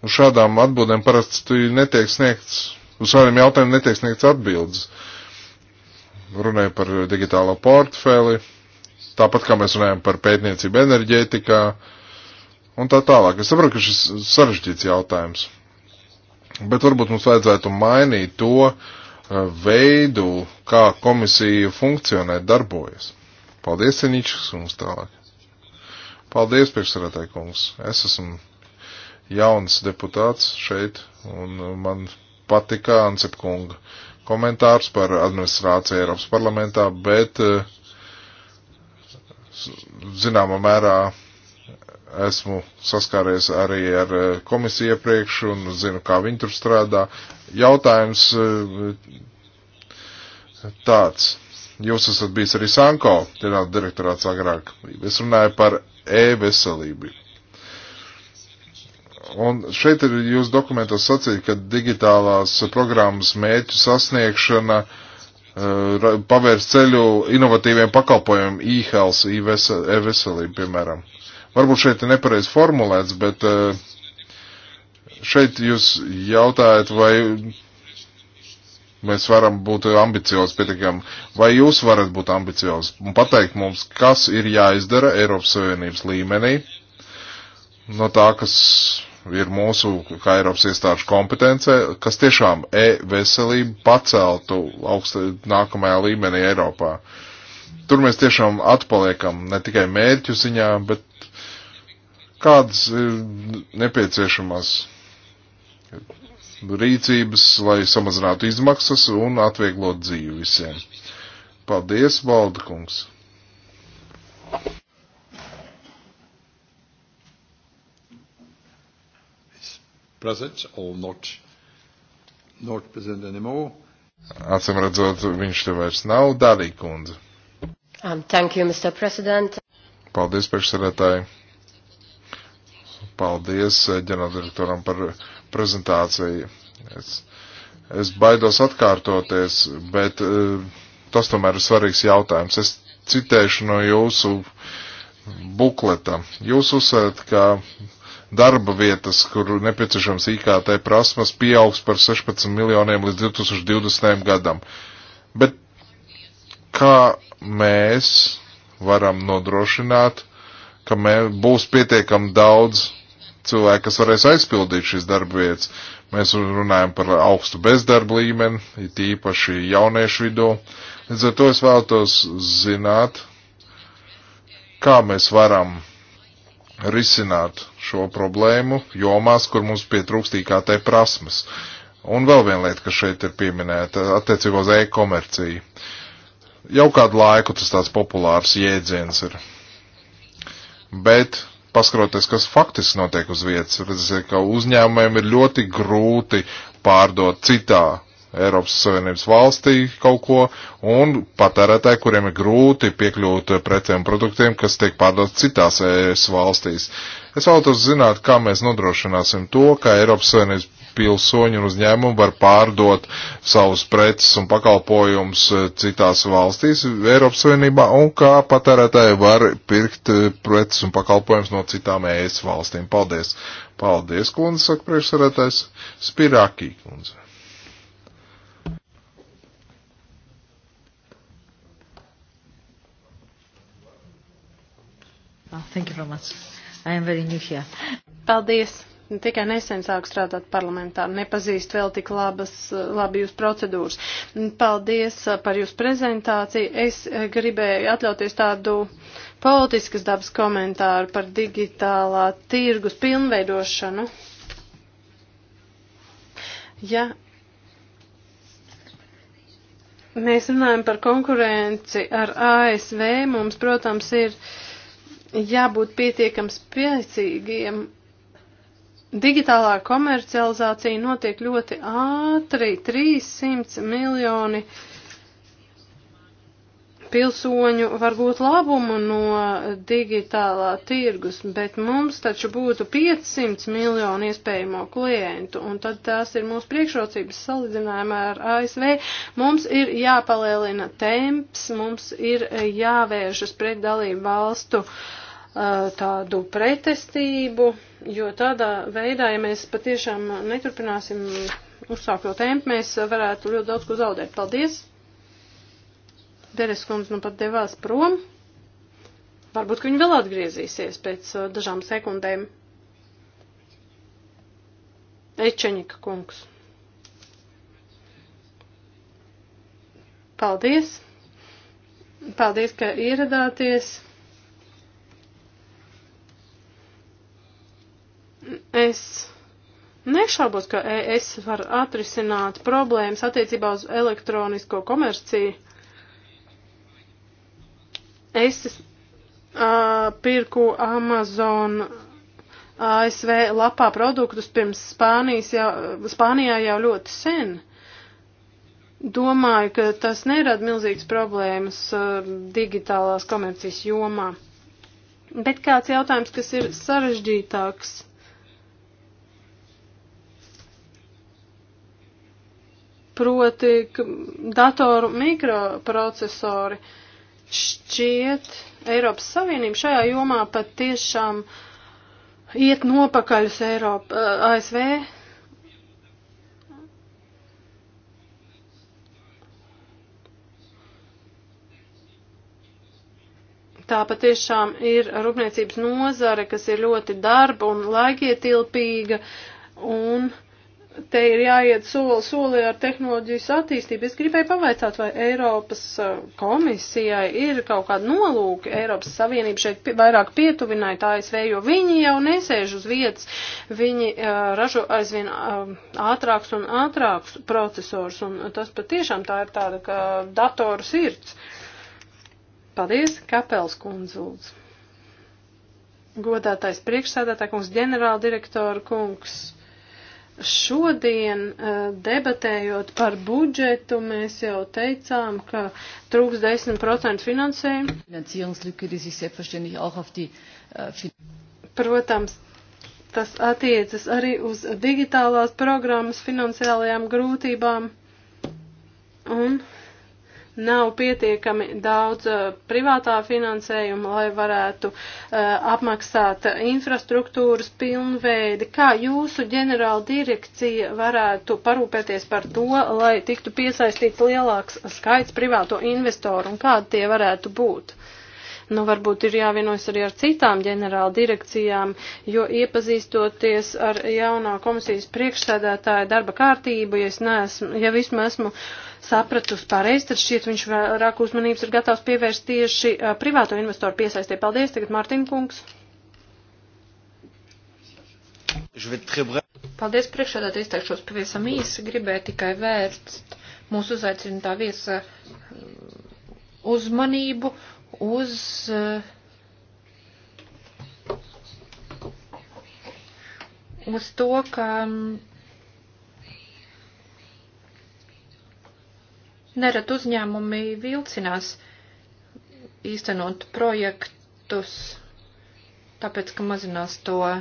nu, šādām atbildēm parasti netiek sniegts Uz nu, saviem jautājumiem netiek sniegts atbildes. Runāju par digitālo portfeli, tāpat kā mēs runājam par pētniecību enerģētikā un tā tālāk. Es saprotu, ka šis sarežģīts jautājums. Bet varbūt mums vajadzētu mainīt to eh, veidu, kā komisija funkcionē, darbojas. Paldies, Enīčs, un uz tālāk. Paldies, priekšsarētāji kungs. Es esmu jauns deputāts šeit, un man patika Ansepkunga komentārs par administrāciju Eiropas parlamentā, bet eh, zināmā mērā esmu saskāries arī ar eh, komisiju iepriekš un zinu, kā viņi tur strādā. Jautājums eh, tāds. Jūs esat bijis arī Sanko, ģenerāla direktorāts agrāk. Es runāju par e-veselību. Un šeit ir jūs dokumentos sacīt, ka digitālās programmas mēķu sasniegšana uh, pavērs ceļu inovatīviem pakalpojumiem, e-health, e-veselību, piemēram. Varbūt šeit ir nepareiz formulēts, bet uh, šeit jūs jautājat, vai mēs varam būt ambiciozi pietiekami, vai jūs varat būt ambiciozi un pateikt mums, kas ir jāizdara Eiropas Savienības līmenī no tā, kas ir mūsu, kā Eiropas iestāžu kompetence, kas tiešām e-veselību paceltu augst, nākamajā līmenī Eiropā. Tur mēs tiešām atpaliekam ne tikai mērķu ziņā, bet kādas ir nepieciešamās rīcības, lai samazinātu izmaksas un atvieglot dzīvi visiem. Paldies, Valda kungs! present or not, not present anymore. Acim redzot, viņš te vairs nav, Dalī kundze. Um, thank you, Mr. President. Paldies, priekšsēdētāji. Paldies eh, ģenerāldirektoram par prezentāciju. Es, es baidos atkārtoties, bet uh, tas tomēr ir svarīgs jautājums. Es citēšu no jūsu bukleta. Jūs uzsverat, ka darba vietas, kur nepieciešams IKT prasmas, pieaugs par 16 miljoniem līdz 2020. gadam. Bet kā mēs varam nodrošināt, ka mē, būs pietiekami daudz cilvēku, kas varēs aizpildīt šīs darba vietas? Mēs runājam par augstu bezdarba līmeni, it īpaši jauniešu vidū. Līdz ar to es vēlētos zināt, kā mēs varam risināt šo problēmu jomās, kur mums pietrūkst IKT prasmes. Un vēl viena lieta, kas šeit ir pieminēta, attiecībā uz e-komerciju. Jau kādu laiku tas tāds populārs jēdziens ir. Bet, paskroties, kas faktiski notiek uz vietas, redzēsiet, ka uzņēmumiem ir ļoti grūti pārdot citā Eiropas Savienības valstī kaut ko, un patērētāji, kuriem ir grūti piekļūt precēm un produktiem, kas tiek pārdot citās ES valstīs. Uh, Es vēlētos zināt, kā mēs nodrošināsim to, ka Eiropas Savienības pilsoņi un uzņēmumi var pārdot savus preces un pakalpojumus eh, citās valstīs Eiropas Savienībā un kā patērētāji var pirkt eh, preces un pakalpojumus no citām ES valstīm. Paldies! Paldies, kundze, saka priekšsarētājs Spirākī, kundze. Oh, thank you very much. I am very new here. Paldies! Tikai nesen sāku strādāt parlamentā, nepazīst vēl tik labas, labi jūs procedūras. Paldies par jūsu prezentāciju. Es gribēju atļauties tādu politiskas dabas komentāru par digitālā tirgus pilnveidošanu. Ja mēs runājam par konkurenci ar ASV, mums, protams, ir. Uh, jābūt pietiekam spēcīgiem. Digitālā komercializācija notiek ļoti ātri - 300 miljoni pilsoņu var būt labumu no digitālā tirgus, bet mums taču būtu 500 miljonu iespējamo klientu, un tad tās ir mūsu priekšrocības salīdzinājumā ar ASV. Mums ir jāpalielina temps, mums ir jāvēršas pret dalību valstu uh, Uh, tādu pretestību, jo tādā veidā, ja mēs patiešām neturpināsim uzsākt to tempu, mēs varētu ļoti daudz ko zaudēt. Paldies! Deres kundze nu pat devās prom. Varbūt, ka viņi vēl atgriezīsies pēc uh, dažām sekundēm. Ečeņika kungs. Paldies! Paldies, ka ieradāties! Es nešaubos, ka ES var atrisināt problēmas attiecībā uz elektronisko komerciju. Es uh, pirku Amazon ASV lapā produktus pirms Spānijas jau, Spānijā jau ļoti sen. Domāju, ka tas nerada milzīgas problēmas uh, digitālās komercijas jomā. Bet kāds jautājums, kas ir sarežģītāks? proti datoru mikroprocesori. Šķiet, Eiropas Savienība šajā jomā pat tiešām iet nopakaļ uz Eiropu, eh, ASV. Tā patiešām ir rūpniecības nozare, kas ir ļoti darba un laikietilpīga, un uh, te ir jāiet soli solī ar tehnoloģijas attīstību. Es gribēju pavaicāt, vai Eiropas uh, komisijai ir kaut kāda nolūka Eiropas Savienība šeit vairāk pietuvināt ASV, jo viņi jau nesēž uz vietas, viņi uh, ražo aizvien uh, ātrāks un ātrāks procesors, un tas patiešām tā ir tāda, ka datoru sirds. Paldies, Kapels kundzulds. Godātais priekšsēdētā kungs, ģenerāldirektora kungs Šodien eh, debatējot par budžetu, mēs jau teicām, ka trūks 10% finansējumu. Äh, Protams, tas attiecas arī uz digitālās programmas finansiālajām grūtībām. Un nav pietiekami daudz uh, privātā finansējuma, lai varētu uh, apmaksāt infrastruktūras pilnveidi. Kā jūsu ģenerāla direkcija varētu parūpēties par to, lai tiktu piesaistīts lielāks skaits privāto investoru un kādi tie varētu būt? nu, varbūt ir jāvienojas arī ar citām ģenerāla direkcijām, jo iepazīstoties ar jaunā komisijas priekšsēdētāja darba kārtību, ja, es neesmu, ja vismaz esmu sapratusi pareizi, tad šķiet viņš vairāk uzmanības ir gatavs pievērst tieši privāto investoru piesaistē. Paldies, tagad Mārtiņa kungs. Paldies priekšādāt, izteikšos pavisam īsi, gribēju tikai vērst mūsu uzaicinātā viesa uzmanību uz uh, uz to, ka Nerad uzņēmumi vilcinās īstenot projektus, tāpēc, ka mazinās to uh,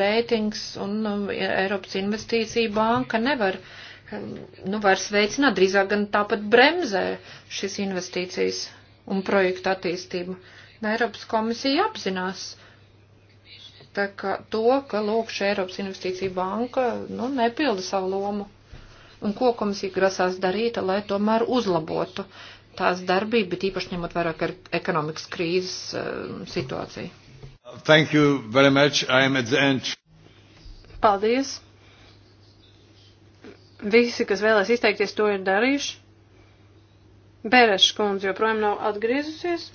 reitings un uh, Eiropas investīcija banka nevar um, nu, vairs veicināt, drīzāk gan tāpat bremzē šīs investīcijas un projektu attīstību. Eiropas komisija apzinās tā, ka, to, ka lūk, šī Eiropas investīcija banka nu, nepilda savu lomu un ko komisija grasās darīt, lai tomēr uzlabotu tās darbību, bet īpaši ņemot vērā ekonomikas krīzes uh, eh, situāciju. Thank you very much. I am at the end. Paldies. Visi, kas vēlēs izteikties, to ir darījuši. Bereša kundze joprojām nav atgriezusies.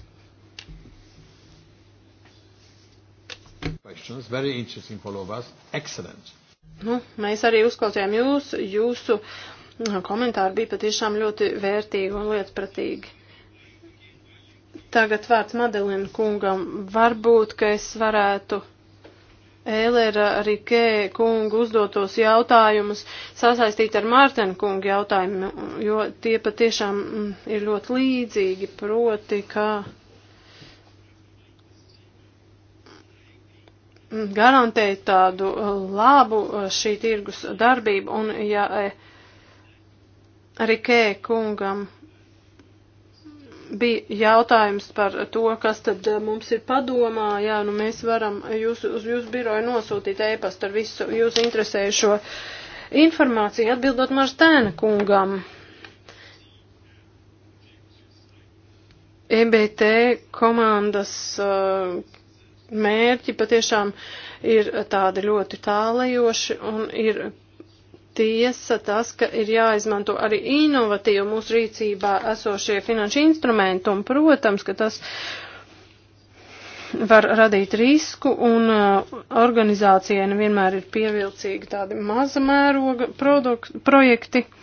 Questions, very interesting for all of us. Excellent. Nu, mēs arī uzklausījām jūs, jūsu mm, komentāri bija patiešām ļoti vērtīgi un lietpratīgi. Tagad vārds Madelina kungam. Varbūt, ka es varētu Ēlera Rikē kungu uzdotos jautājumus sasaistīt ar Mārtenu kungu jautājumu, jo tie patiešām mm, ir ļoti līdzīgi, proti, kā. Ka Mm, garantēt tādu uh, labu uh, šī tirgus darbību un ja e, arī Kē kungam bija jautājums par to, kas tad uh, mums ir padomā, jā, nu mēs varam jūs, uz jūsu biroju nosūtīt ēpastu ar visu jūs interesējušo informāciju, atbildot Marstēna kungam. EBT komandas uh, mērķi patiešām ir tādi ļoti tālajoši un ir tiesa tas, ka ir jāizmanto arī inovatīvi mūsu rīcībā esošie finanšu instrumenti un, protams, ka tas var radīt risku un uh, organizācijai nevienmēr ir pievilcīgi tādi maza mēroga produkti, projekti. Uh,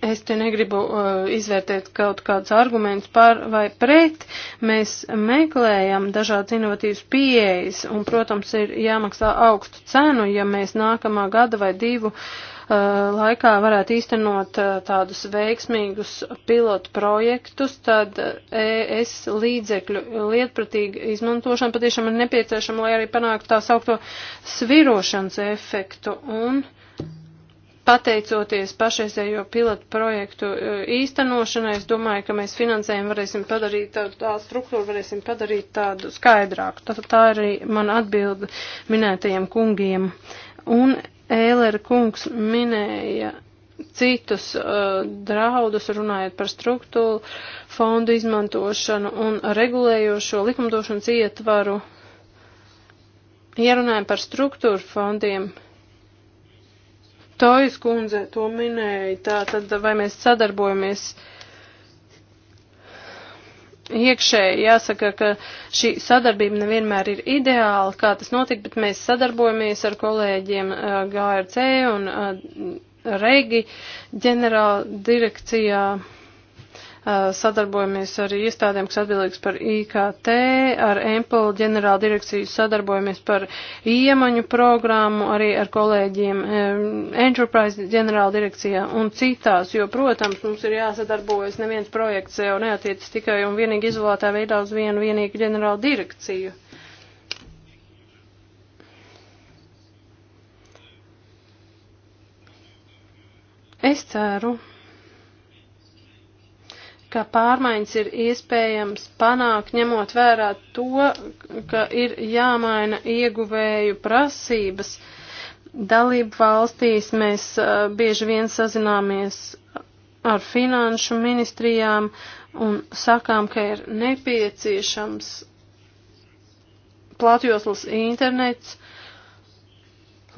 Es te negribu uh, izvērtēt kaut kādus argumentus par vai pret. Mēs meklējam dažādas inovatīvas pieejas un, protams, ir jāmaksā augstu cenu, ja mēs nākamā gada vai divu uh, laikā varētu īstenot uh, tādus veiksmīgus pilotu projektus, tad uh, ES līdzekļu lietpratīga izmantošana patiešām ir nepieciešama, lai arī panāktu tā saukto svirošanas efektu. Un, uh, pateicoties pašreizējo pilotu projektu e, īstenošanai, es domāju, ka mēs finansējumu varēsim padarīt, tā, tā struktūru varēsim padarīt tādu skaidrāku. Tā, tā ir arī man atbilda minētajiem kungiem. Un Ēlera kungs minēja citus uh, draudus, runājot par struktūru, fondu izmantošanu un regulējošo likumdošanas ietvaru. Ja runājam par struktūru fondiem, uh, Tojas kundze to minēja, tā tad vai mēs sadarbojamies iekšēji, jāsaka, ka šī sadarbība nevienmēr ir ideāla, kā tas notika, bet mēs sadarbojamies ar kolēģiem GRC un Regi ģenerāla direkcijā sadarbojamies ar iestādēm, kas atbildīgs par IKT, ar Empel ģenerāla direkciju sadarbojamies par iemaņu programmu, arī ar kolēģiem Enterprise ģenerāla direkcijā un citās, jo, protams, mums ir jāsadarbojas, neviens projekts jau neatiec tikai un vienīgi izolētā veidā uz vienu vienīgu ģenerāla direkciju. Es ceru, ka pārmaiņas ir iespējams panākt, ņemot vērā to, ka ir jāmaina ieguvēju prasības. Dalību valstīs mēs eh, bieži vien sazināmies ar finanšu ministrijām un sakām, ka ir nepieciešams platjoslas internets,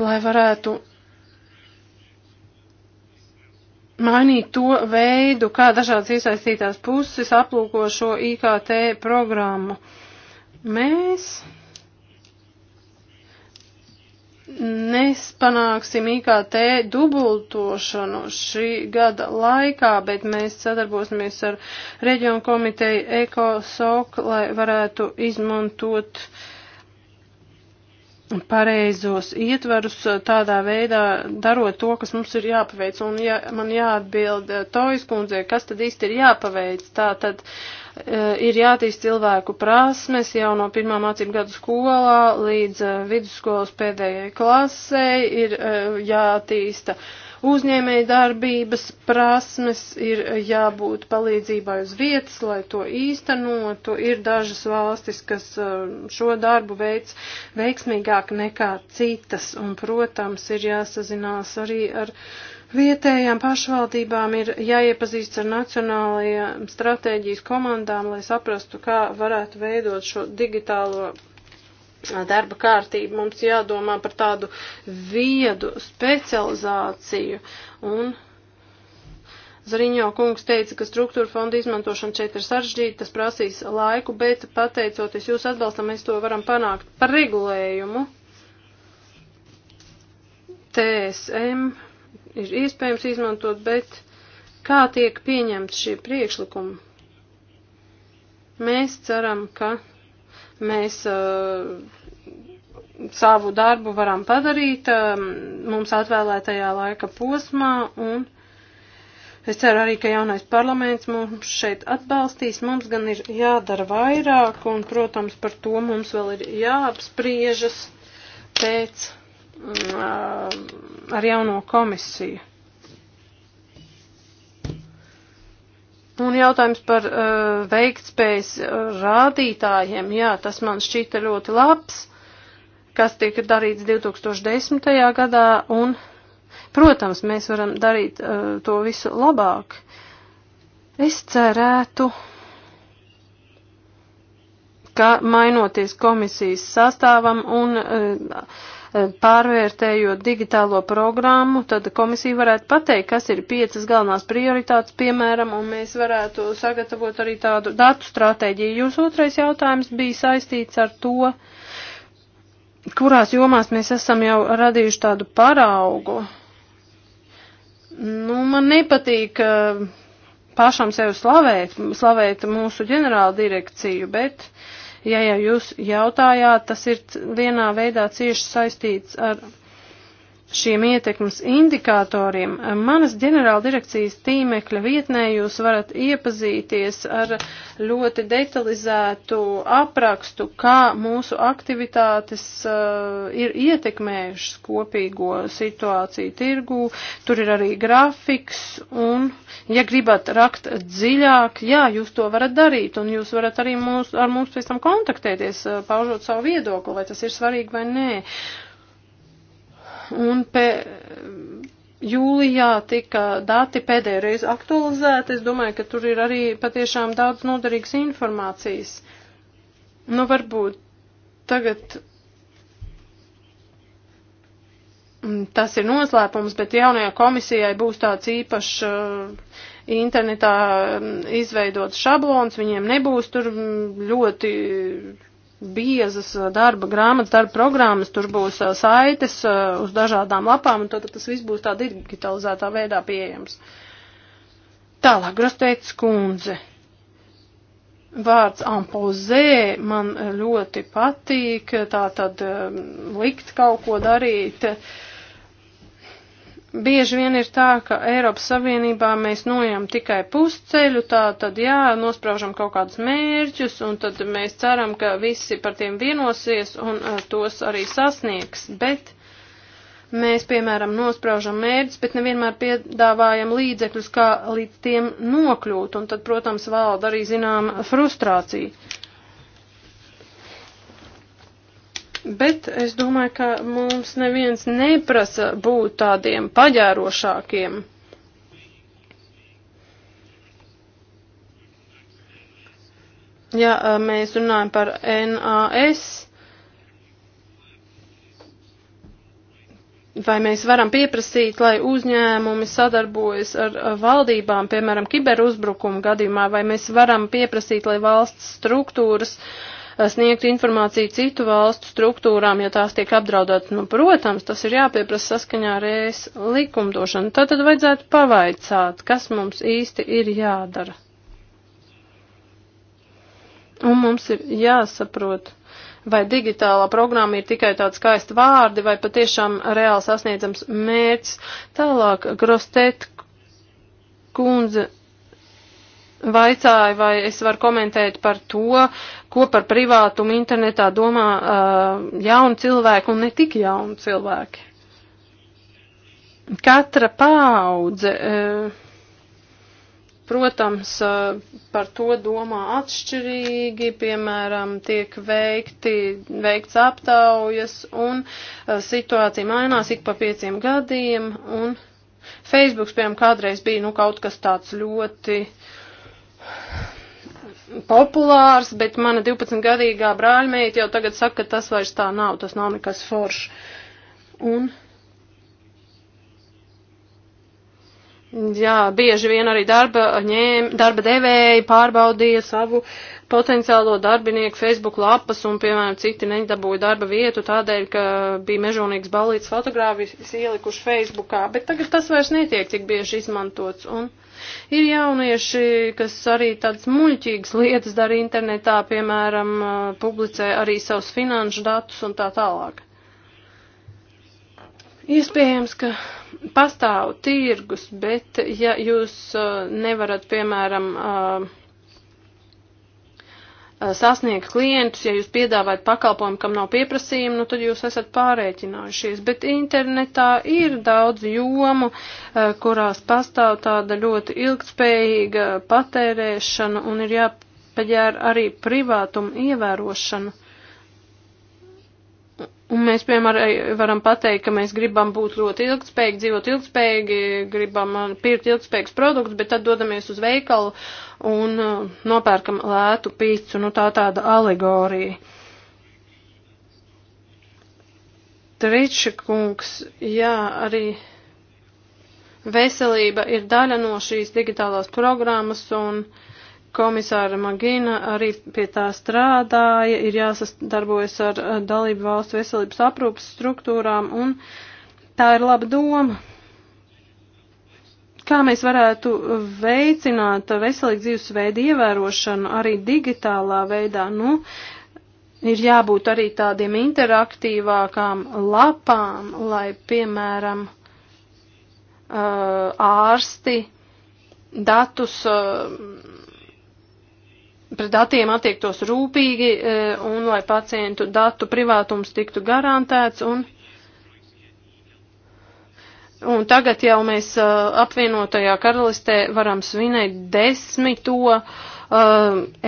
lai varētu mainīt to veidu, kā dažādas iesaistītās puses aplūko šo IKT programmu. Mēs nespanāksim IKT dubultošanu šī gada laikā, bet mēs sadarbosimies ar reģionu komiteju ECOSOC, lai varētu izmantot uh, pareizos ietvarus eh, tādā veidā darot to, kas mums ir jāpaveic. Un ja man jāatbild eh, Tojas kundzē, kas tad īsti ir jāpaveic, tā tad e, ir jātīst cilvēku prasmes jau no pirmā mācību gadu skolā līdz e, vidusskolas pēdējai klasē, ir e, jātīsta. E, Uzņēmēja darbības prasmes ir jābūt palīdzībai uz vietas, lai to īstenotu. Ir dažas valstis, kas um, šo darbu veids veiksmīgāk nekā citas, un, protams, ir jāsazinās arī ar. Vietējām pašvaldībām ir jāiepazīst ar nacionālajām stratēģijas komandām, lai saprastu, kā varētu veidot šo digitālo darba kārtību, mums jādomā par tādu viedu specializāciju. Un Zariņo kungs teica, ka struktūra fonda izmantošana šeit ir saržģīta, tas prasīs laiku, bet pateicoties jūs atbalstam, mēs to varam panākt par regulējumu. TSM ir iespējams izmantot, bet kā tiek pieņemts šie priekšlikumi? Mēs ceram, ka mēs uh, savu darbu varam padarīt uh, mums atvēlētajā laika posmā un es ceru arī, ka jaunais parlaments mums šeit atbalstīs. Mums gan ir jādara vairāk un, protams, par to mums vēl ir jāapspriežas pēc uh, ar jauno komisiju. Un jautājums par uh, veiktspējas rādītājiem, jā, tas man šķita ļoti labs, kas tika darīts 2010. gadā, un, protams, mēs varam darīt uh, to visu labāk. Es cerētu ka mainoties komisijas sastāvam un uh, pārvērtējot digitālo programmu, tad komisija varētu pateikt, kas ir piecas galvenās prioritātes, piemēram, un mēs varētu sagatavot arī tādu datu stratēģiju. Jūs otrais jautājums bija saistīts ar to, kurās jomās mēs esam jau radījuši tādu paraugu. Nu, man nepatīk eh, pašam sevi slavēt, slavēt mūsu ģenerāla direkciju, bet uh, Ja jau jūs jautājāt, tas ir vienā veidā cieši saistīts ar šiem ietekmes indikatoriem, manas ģenerāldirekcijas tīmekļa vietnē jūs varat iepazīties ar ļoti detalizētu aprakstu, kā mūsu aktivitātes uh, ir ietekmējušas kopīgo situāciju tirgū. Tur ir arī grafiks un, ja gribat rakt dziļāk, jā, jūs to varat darīt un jūs varat arī mūs, ar mums pēc tam kontaktēties, uh, paužot savu viedokli, vai tas ir svarīgi vai nē. Uh, un pe, jūlijā tika dati pēdējo reizi aktualizēti. Es domāju, ka tur ir arī patiešām daudz noderīgas informācijas. Nu, varbūt tagad mm, tas ir noslēpums, bet jaunajā komisijai būs tāds īpašs uh, internetā mm, izveidots šablons, viņiem nebūs tur mm, ļoti biezas eh, darba grāmatas, darba programmas, tur būs eh, saites eh, uz dažādām lapām, un tad tas viss būs tā digitalizētā veidā pieejams. Tālāk, Grosteitas kundze. Vārds ampozē man ļoti patīk, tā tad likt kaut ko darīt. Uh, Bieži vien ir tā, ka Eiropas Savienībā mēs nojam tikai pusceļu, tā tad jā, nospraužam kaut kādus mērķus, un tad mēs ceram, ka visi par tiem vienosies un eh, tos arī sasniegs, bet mēs, piemēram, nospraužam mērķus, bet nevienmēr piedāvājam līdzekļus, kā līdz tiem nokļūt, un tad, protams, valda arī zinām frustrācija. Bet es domāju, ka mums neviens neprasa būt tādiem paģērošākiem. Ja mēs runājam par NAS, vai mēs varam pieprasīt, lai uzņēmumi sadarbojas ar valdībām, piemēram, kiberuzbrukuma gadījumā, vai mēs varam pieprasīt, lai valsts struktūras uh, Eh, sniegt informāciju citu valstu struktūrām, ja tās tiek apdraudētas. Nu, protams, tas ir jāpieprasa saskaņā ar ES likumdošanu. Tad, tad vajadzētu pavaicāt, kas mums īsti ir jādara. Un mums ir jāsaprot, vai digitālā programma ir tikai tāds skaisti vārdi, vai patiešām reāli sasniedzams mērķis. Tālāk, Grostet kundze vaicāja, vai es varu komentēt par to, ko par privātumu internetā domā uh, jauni cilvēki un ne tik jauni cilvēki. Katra paudze, uh, protams, uh, par to domā atšķirīgi, piemēram, tiek veikti, veikts aptaujas un uh, situācija mainās ik pa pieciem gadiem un Facebooks, piemēram, kādreiz bija, nu, kaut kas tāds ļoti uh, populārs, bet mana 12-gadīgā brāļmeita jau tagad saka, ka tas vairs tā nav, tas nav nekas foršs. Un Jā, bieži vien arī darba, ņēm, darba devēji pārbaudīja savu potenciālo darbinieku Facebook lapas un, piemēram, citi nedabūja darba vietu tādēļ, ka bija mežonīgs balīts fotogrāfijas ielikuši Facebookā, bet tagad tas vairs netiek tik bieži izmantots. Un... Ir jaunieši, kas arī tādas muļķīgas lietas dara internetā, piemēram, publicē arī savus finanšu datus un tā tālāk. Iespējams, ka pastāv tirgus, bet ja jūs nevarat, piemēram, uh, Uh, sasniegt klientus, ja jūs piedāvājat pakalpojumu, kam nav pieprasījuma, nu tad jūs esat pārēķinājušies. Bet internetā ir daudz jomu, uh, kurās pastāv tāda ļoti ilgtspējīga patērēšana un ir jāpaģēra arī privātuma ievērošana. Un mēs, piemēram, varam pateikt, ka mēs gribam būt ļoti ilgspējīgi, dzīvot ilgspējīgi, gribam uh, pirkt ilgspējīgus produktus, bet tad dodamies uz veikalu un uh, nopērkam lētu pīcu, nu tā tāda alegorija. Tričakungs, jā, arī veselība ir daļa no šīs digitālās programmas un komisāra Magina arī pie tā strādāja, ir jāsadarbojas ar uh, dalību valstu veselības aprūpas struktūrām un tā ir laba doma kā mēs varētu veicināt veselīgu dzīvesveidu ievērošanu arī digitālā veidā. Nu, ir jābūt arī tādiem interaktīvākām lapām, lai, piemēram, ārsti datus pret datiem attiektos rūpīgi un lai pacientu datu privātums tiktu garantēts un Un tagad jau mēs uh, apvienotajā karalistē varam svinēt desmito uh,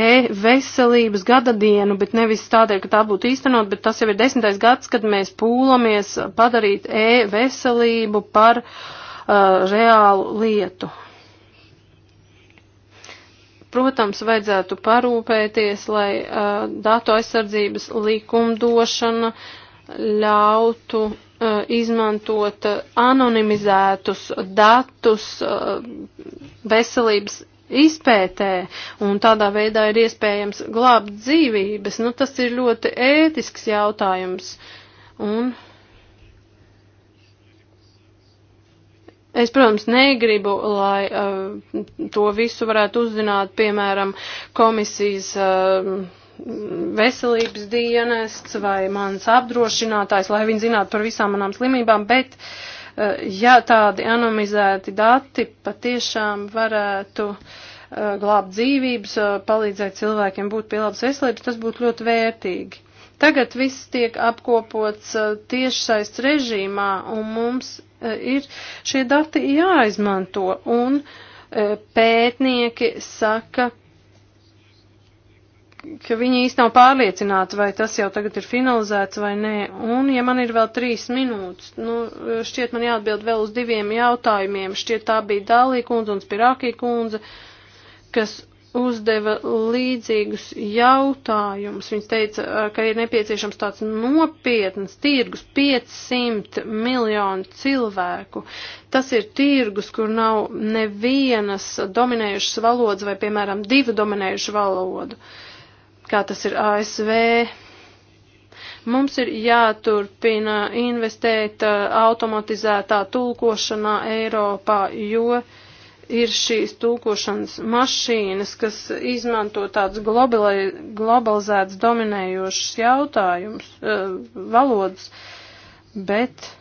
e-veselības gada dienu, bet nevis tādēļ, ka tā būtu īstenot, bet tas jau ir desmitais gads, kad mēs pūlamies padarīt e-veselību par uh, reālu lietu. Protams, vajadzētu parūpēties, lai uh, datu aizsardzības likumdošana ļautu Uh, izmantot anonimizētus datus uh, veselības izpētē, un tādā veidā ir iespējams glābt dzīvības. Nu, tas ir ļoti ētisks jautājums. Un Es, protams, negribu, lai uh, to visu varētu uzzināt, piemēram, komisijas uh, veselības dienests vai mans apdrošinātājs, lai viņi zinātu par visām manām slimībām, bet eh, ja tādi anonimizēti dati patiešām varētu eh, glābt dzīvības, eh, palīdzēt cilvēkiem būt pie labas veselības, tas būtu ļoti vērtīgi. Tagad viss tiek apkopots tiešsaist režīmā un mums ir šie dati jāizmanto un pētnieki saka, ka viņi īsti nav pārliecināti, vai tas jau tagad ir finalizēts vai nē. Un, ja man ir vēl trīs minūtes, nu, šķiet man jāatbild vēl uz diviem jautājumiem. Šķiet tā bija Dālī kundze un Spirākī kundze, kas uzdeva līdzīgus jautājumus. Viņas teica, ka ir nepieciešams tāds nopietns tirgus 500 miljonu cilvēku. Tas ir tirgus, kur nav nevienas dominējušas valodas vai, piemēram, divu dominējušu valodu. Uh, kā tas ir ASV. Mums ir jāturpina investēt uh, automatizētā tulkošanā Eiropā, jo ir šīs tulkošanas mašīnas, kas izmanto tāds globalizēts dominējošs jautājums, uh, valodas, bet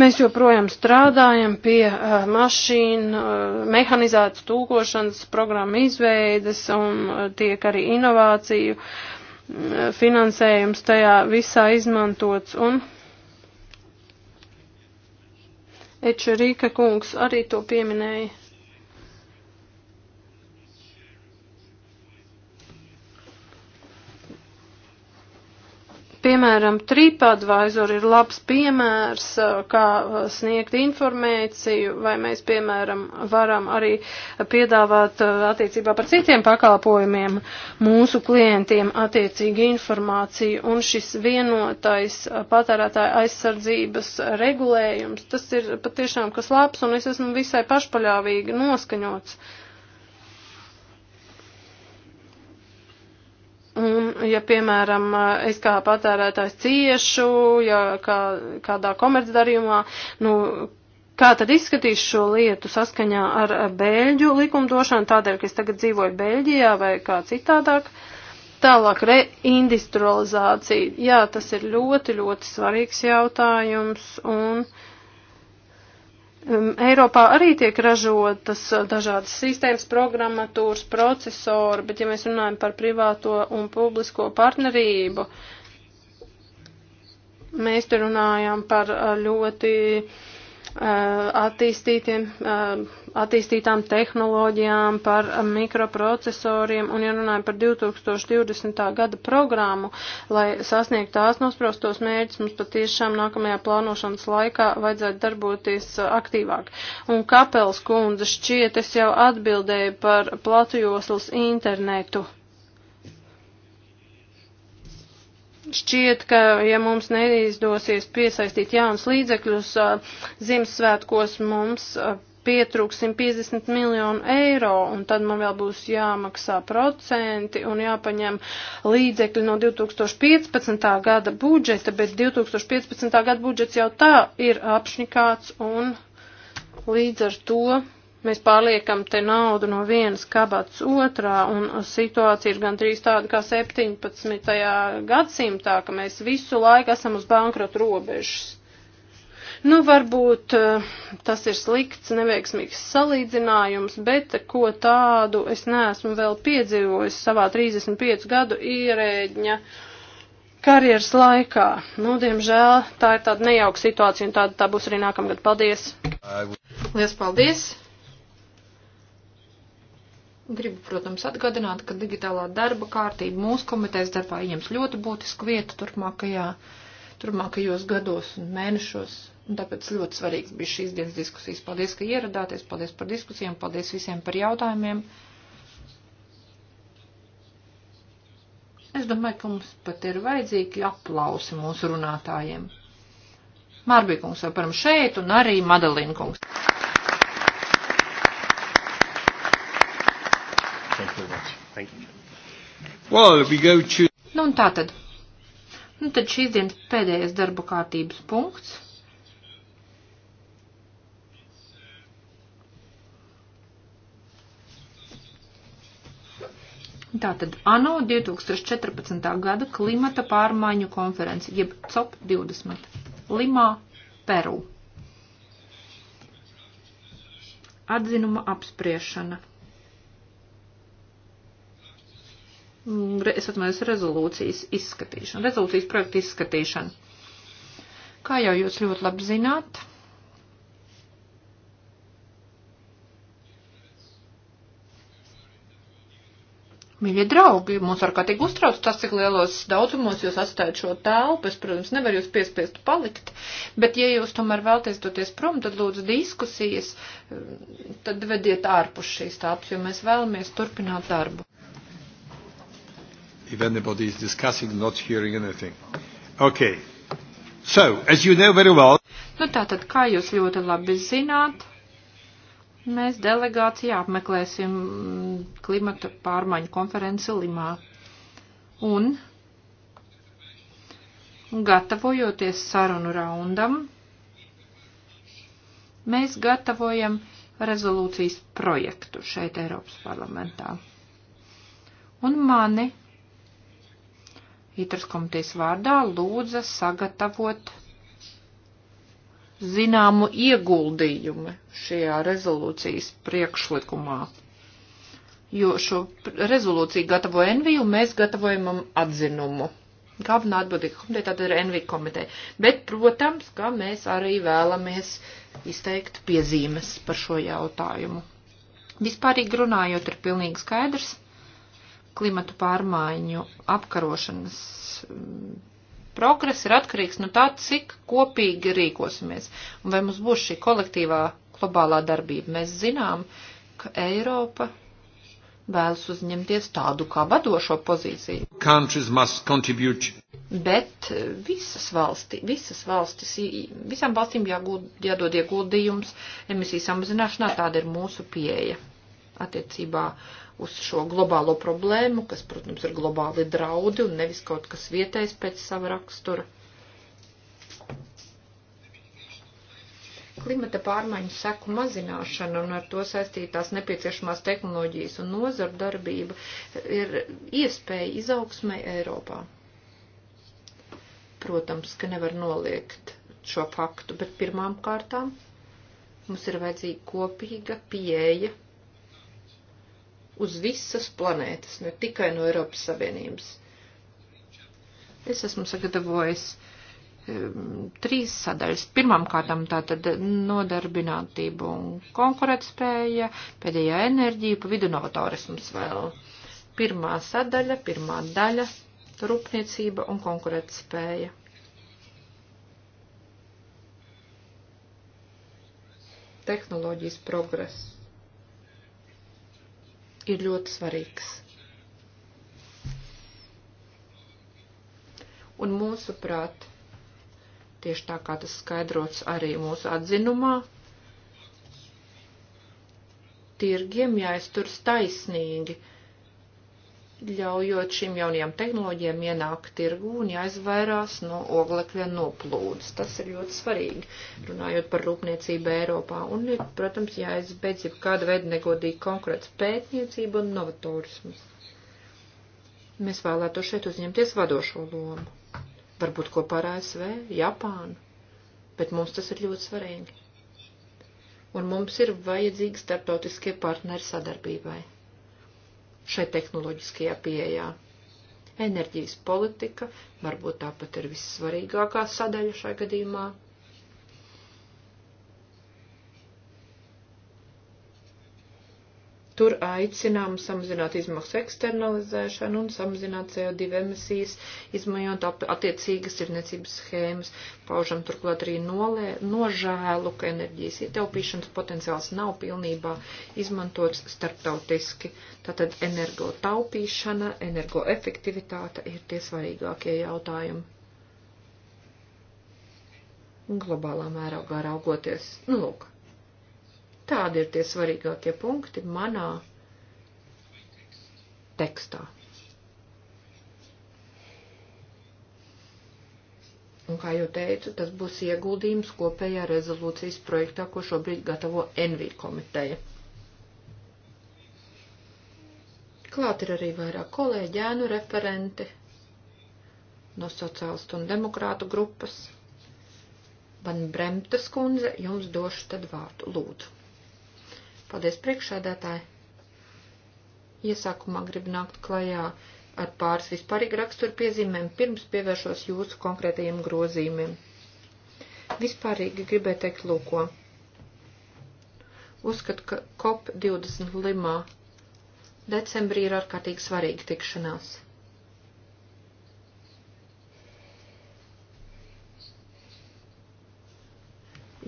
Mēs joprojām strādājam pie uh, mašīnu, uh, mehanizētas tūkošanas programmu izveides un uh, tiek arī inovāciju uh, finansējums tajā visā izmantots. Un Ečerīka kungs arī to pieminēja. Piemēram, TripAdvisor ir labs piemērs, kā sniegt informāciju, vai mēs, piemēram, varam arī piedāvāt attiecībā par citiem pakalpojumiem mūsu klientiem attiecīgi informāciju. Un šis vienotais patērētāja aizsardzības regulējums, tas ir patiešām kas labs, un es esmu visai pašpaļāvīgi noskaņots. Un, ja, piemēram, es kā patērētājs ciešu, ja kā, kādā komercdarījumā, nu, kā tad izskatīs šo lietu saskaņā ar Bēļģu likumdošanu, tādēļ, ka es tagad dzīvoju Bēļģijā vai kā citādāk. Tālāk reindustrializācija. Jā, tas ir ļoti, ļoti svarīgs jautājums un. Uh, Um, Eiropā arī tiek ražotas uh, dažādas sistēmas, programmatūras, procesori, bet ja mēs runājam par privāto un publisko partnerību, mēs te runājam par uh, ļoti uh, attīstītiem uh, attīstītām tehnoloģijām, par mikroprocesoriem, un ja runājam par 2020. gada programmu, lai sasniegtu tās nosprostos mērķus, mums patiešām nākamajā plānošanas laikā vajadzētu darboties aktīvāk. Un Kapels kundze šķiet, es jau atbildēju par platujoslas internetu. šķiet, ka, ja mums neizdosies piesaistīt jaunas līdzekļus Ziemassvētkos, mums pietrūks 150 miljonu eiro, un tad man vēl būs jāmaksā procenti un jāpaņem līdzekļi no 2015. gada budžeta, bet 2015. gada budžets jau tā ir apšņikāts, un līdz ar to mēs pārliekam te naudu no vienas kabatas otrā, un situācija ir gandrīz tāda kā 17. gadsimtā, ka mēs visu laiku esam uz bankrota robežas. Nu, varbūt eh, tas ir slikts, neveiksmīgs salīdzinājums, bet ko tādu es neesmu vēl piedzīvojis savā 35 gadu ierēģņa karjeras laikā. Nu, diemžēl tā ir tāda nejauka situācija un tāda tā būs arī nākamgad. Paldies! Lielas paldies! Gribu, protams, atgādināt, ka digitālā darba kārtība mūsu komitejas darbā ieņems ļoti būtisku vietu turpmākajā, turpmākajos gados un mēnešos. Un tāpēc ļoti svarīgs bija šīs dienas diskusijas. Paldies, ka ieradāties, paldies par diskusijām, paldies visiem par jautājumiem. Es domāju, ka mums pat ir vajadzīgi aplausi mūsu runātājiem. Mārbīkungs varam šeit un arī Madalīnkungs. Well, we go to... Nu un tā tad. Nu tad šīs dienas pēdējais darba kārtības punkts. Tātad ANO 2014. gada klimata pārmaiņu konference, jeb COP 20, Limā, Peru. Atzinuma apspriešana. Mm, es atmanies rezolūcijas izskatīšana, rezolūcijas projekta izskatīšana. Kā jau jūs ļoti labi zināt, Mīļie draugi, mums ar kā tik uztrauc tas, cik lielos daudzumos jūs atstājat šo telpu. Es, protams, nevaru jūs piespiest palikt, bet ja jūs tomēr vēlties doties prom, tad lūdzu diskusijas, tad vediet ārpus šīs telpas, jo mēs vēlamies turpināt darbu. If anybody is discussing, not hearing anything. Okay. So, as you know very well. Nu tātad, kā jūs ļoti labi zināt, Mēs delegācijā apmeklēsim klimata pārmaiņu konferenci Limā. Un, gatavojoties sarunu raundam, mēs gatavojam rezolūcijas projektu šeit Eiropas parlamentā. Un mani Itras komitejas vārdā lūdza sagatavot zināmu ieguldījumu šajā rezolūcijas priekšlikumā. Jo šo rezolūciju gatavo Envi un mēs gatavojam atzinumu. Galvenā atbildīga komiteja tad ir Envi komiteja. Bet, protams, ka mēs arī vēlamies izteikt piezīmes par šo jautājumu. Vispārīgi runājot, ir pilnīgi skaidrs klimatu pārmaiņu apkarošanas progress ir atkarīgs no tā, cik kopīgi rīkosimies un vai mums būs šī kolektīvā globālā darbība. Mēs zinām, ka Eiropa vēlas uzņemties tādu kā vadošo pozīciju. Bet e, visas, valsti, visas valstis, visām valstīm jāgūd, jādod ieguldījums emisiju samazināšanā, tāda ir mūsu pieeja attiecībā uz šo globālo problēmu, kas, protams, ir globāli draudi un nevis kaut kas vietējs pēc sava rakstura. Klimata pārmaiņu seku mazināšana un ar to saistītās nepieciešamās tehnoloģijas un nozaru darbība ir iespēja izaugsmai Eiropā. Protams, ka nevar noliegt šo faktu, bet pirmām kārtām mums ir vajadzīga kopīga pieeja uz visas planētas, ne tikai no Eiropas Savienības. Es esmu sagatavojis um, trīs sadaļas. Pirmām kārtām tātad nodarbinātību un konkurētspēja, pēdējā enerģija, pa vidu novatorisms vēl. Pirmā sadaļa, pirmā daļa - rūpniecība un konkurētspēja. tehnoloģijas progress ir ļoti svarīgs. Un mūsuprāt, tieši tā kā tas skaidrots arī mūsu atzinumā, tirgiem jāizturas taisnīgi ļaujot šīm jaunajām tehnoloģijām ienākt tirgū un jāizvairās no oglekļa noplūdes. Tas ir ļoti svarīgi, runājot par rūpniecību Eiropā. Un ir, protams, jāizbeidz jau kāda veida negodīga konkrēts pētniecība un novatorismu. Mēs vēlētu šeit uzņemties vadošo lomu. Varbūt kopā ar ASV, Japānu. Bet mums tas ir ļoti svarīgi. Un mums ir vajadzīgi starptautiskie partneri sadarbībai šai tehnoloģiskajā pieejā. Enerģijas politika varbūt tāpat ir vissvarīgākā sadaļa šai gadījumā. Tur aicinām samazināt izmaksu eksternalizēšanu un samazināt CO2 emisijas, izmantojot attiecīgas tirniecības schēmas. Paužam turklāt arī nolē, nožēlu, ka enerģijas ietaupīšanas potenciāls nav pilnībā izmantots starptautiski. Tātad energo taupīšana, energo efektivitāte ir tie svarīgākie jautājumi. Un globālā mērogā raugoties, nu lūk, tādi ir tie svarīgākie punkti manā tekstā. Un, kā jau teicu, tas būs ieguldījums kopējā rezolūcijas projektā, ko šobrīd gatavo NV komiteja. Klāt ir arī vairāk kolēģi, ēnu referenti no sociālistu un demokrātu grupas. Van Bremtas kundze, jums došu tad vārdu lūdzu. Paldies priekšādātāji. Iesākumā gribu nākt klajā ar pāris vispārīgi raksturu piezīmēm, pirms pievēršos jūsu konkrētajiem grozījumiem. Vispārīgi gribēju teikt lūko. Uzskat, ka COP20 Limā decembrī ir ārkārtīgi svarīga tikšanās.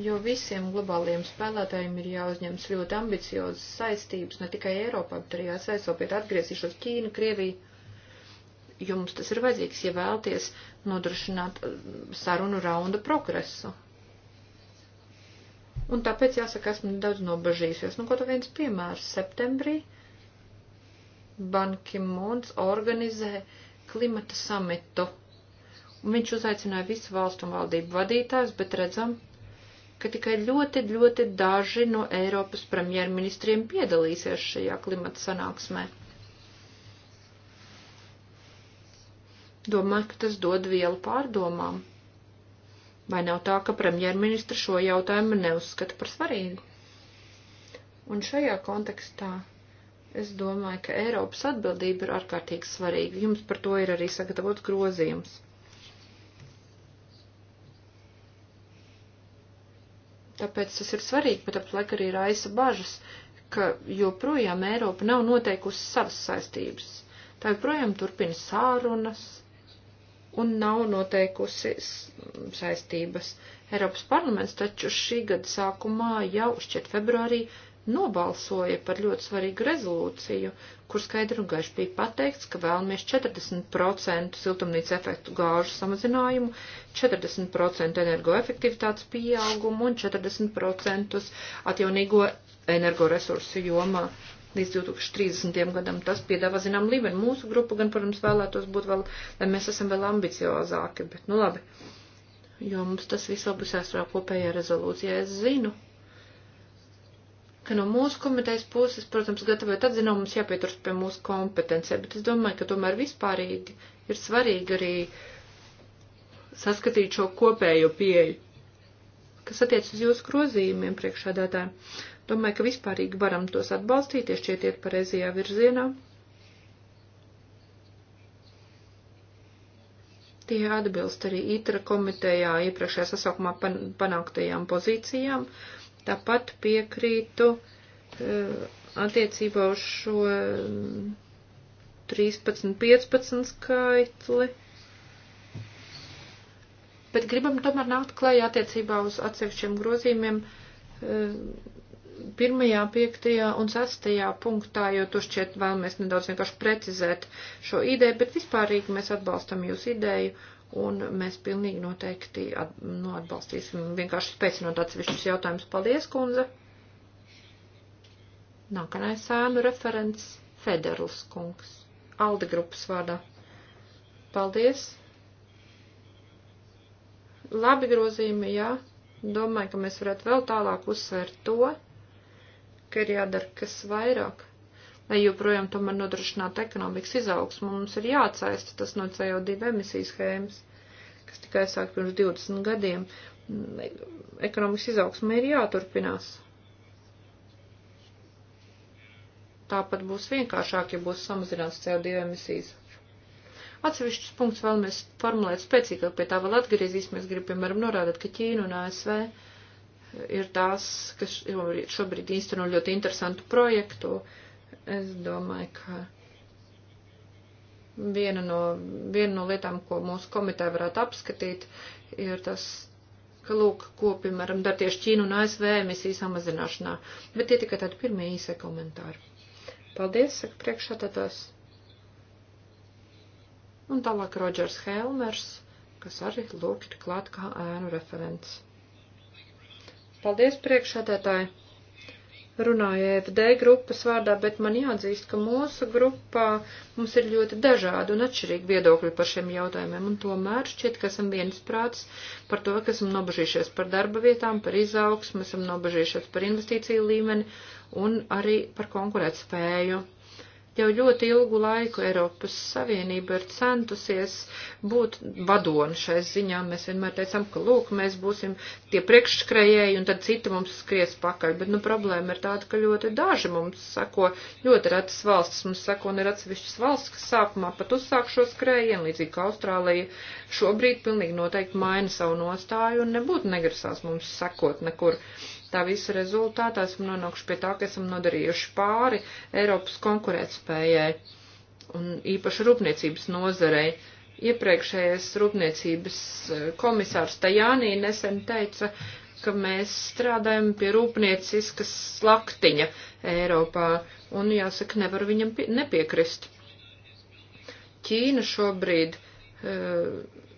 jo visiem globāliem spēlētājiem ir jāuzņems ļoti ambiciozas saistības, ne tikai Eiropā, bet arī ASV, pēc atgriezīšos Ķīnu, Krieviju, jo mums tas ir vajadzīgs, ja vēlties nodrošināt uh, sarunu raunda progresu. Un tāpēc jāsaka, esmu daudz nobažījusies. Nu, kaut viens piemērs septembrī Bankimons organizē klimata samitu. Un viņš uzaicināja visu valstu un valdību vadītājus, bet redzam, ka tikai ļoti, ļoti daži no Eiropas premjerministriem piedalīsies šajā klimata sanāksmē. Domāju, ka tas dod vielu pārdomām. Vai nav tā, ka premjerministra šo jautājumu neuzskata par svarīgu? Un šajā kontekstā es domāju, ka Eiropas atbildība ir ārkārtīgi svarīga. Jums par to ir arī sagatavots grozījums. Tāpēc tas ir svarīgi, bet aplaik arī raisa bažas, ka joprojām Eiropa nav noteikusi savas saistības. Tā joprojām turpina sārunas un nav noteikusi saistības. Eiropas parlaments taču šī gada sākumā jau šķiet februārī nobalsoja par ļoti svarīgu rezolūciju, kur skaidri un gaiši bija pateikts, ka vēlamies 40% siltumnīca efektu gāžu samazinājumu, 40% energoefektivitātes pieaugumu un 40% atjaunīgo energoresursu jomā. Līdz 2030. gadam tas piedāvā zinām līmeni. Mūsu grupa gan, protams, vēlētos būt vēl, lai mēs esam vēl ambiciozāki, bet nu labi. Jo mums tas viss vēl būs jāstrādā kopējā rezolūcijā, es zinu ka no mūsu komitejas puses, protams, gatavot atzinumu, mums jāpieturas pie mūsu kompetencija, bet es domāju, ka tomēr vispārīgi ir svarīgi arī saskatīt šo kopējo pieeju, kas attiec uz jūsu grozījumiem priekšādātājiem. Domāju, ka vispārīgi varam tos atbalstīt, ja šķiet iet pareizajā virzienā. Tie atbilst arī ITRA komitejā iepriekšējā sasaukumā pan panāktajām pozīcijām. Uh, Tāpat piekrītu e, attiecībā uz šo 13-15 mm, skaitli. Bet gribam tomēr nākt klajā attiecībā uz atsevišķiem grozījumiem e, pirmajā, piektajā un sestajā punktā, jo tur šķiet vēlamies nedaudz vienkārši precizēt šo ideju, bet vispārīgi mēs atbalstam jūsu ideju un mēs pilnīgi noteikti at, nu, atbalstīsim vienkārši spēcinot atsevišķus jautājumus. Paldies, kundze! Nākamais sēnu referents Federls kungs, Alde grupas vārdā. Paldies! Labi grozījumi, jā. Domāju, ka mēs varētu vēl tālāk uzsvērt to, ka ir jādara kas vairāk lai joprojām tomēr nodrošinātu ekonomikas izaugsmu, mums ir jāatsaista tas no CO2 emisijas schēmas, kas tikai sāk pirms 20 gadiem. Ekonomikas izaugsme ir jāturpinās. Tāpat būs vienkāršāk, ja būs samazināts CO2 emisijas. Atsevišķus punktus vēlamies formulēt spēcīgāk, pie tā vēl atgriezīsimies. Gribu, piemēram, norādīt, ka Ķīna un ASV ir tās, kas šobrīd īsteno ļoti interesantu projektu, uh, Es domāju, ka viena no, viena no lietām, ko mūsu komiteja varētu apskatīt, ir tas, ka lūk, ko, piemēram, dar tieši Ķīna un ASV emisiju samazināšanā. Bet tie tikai tādi pirmie īsie komentāri. Paldies, saka priekšā tātās. Un tālāk Rodžers Helmers, kas arī lūk ir klāt kā ēnu referents. Paldies, priekšsēdētāji! runāju EFD grupas vārdā, bet man jāatzīst, ka mūsu grupā mums ir ļoti dažādi un atšķirīgi viedokļi par šiem jautājumiem, un tomēr šķiet, ka esam viensprāts par to, ka esam nobežījušies par darba vietām, par izaugsmu, esam nobežījušies par investīciju līmeni un arī par konkurētspēju. Jau ļoti ilgu laiku Eiropas Savienība ir centusies būt vadoni šai ziņā. Mēs vienmēr teicām, ka lūk, mēs būsim tie priekšskrējēji un tad citi mums skries pakaļ. Bet, nu, problēma ir tāda, ka ļoti daži mums sako, ļoti retas valstis mums sako, un ir atsevišķas valsts, kas sākumā pat uzsāk šo skrējienu, līdzīgi kā Austrālija šobrīd pilnīgi noteikti maina savu nostāju un nebūtu negrasās mums sekot nekur. Tā visa rezultātā esam nonākuši pie tā, ka esam nodarījuši pāri Eiropas konkurētspējai un īpaši rūpniecības nozarei. Iepriekšējais rūpniecības eh, komisārs Tajānī nesen teica, ka mēs strādājam pie rūpnieciskas slaktiņa Eiropā, un jāsaka, nevar viņam nepiekrist. Ķīna šobrīd uh,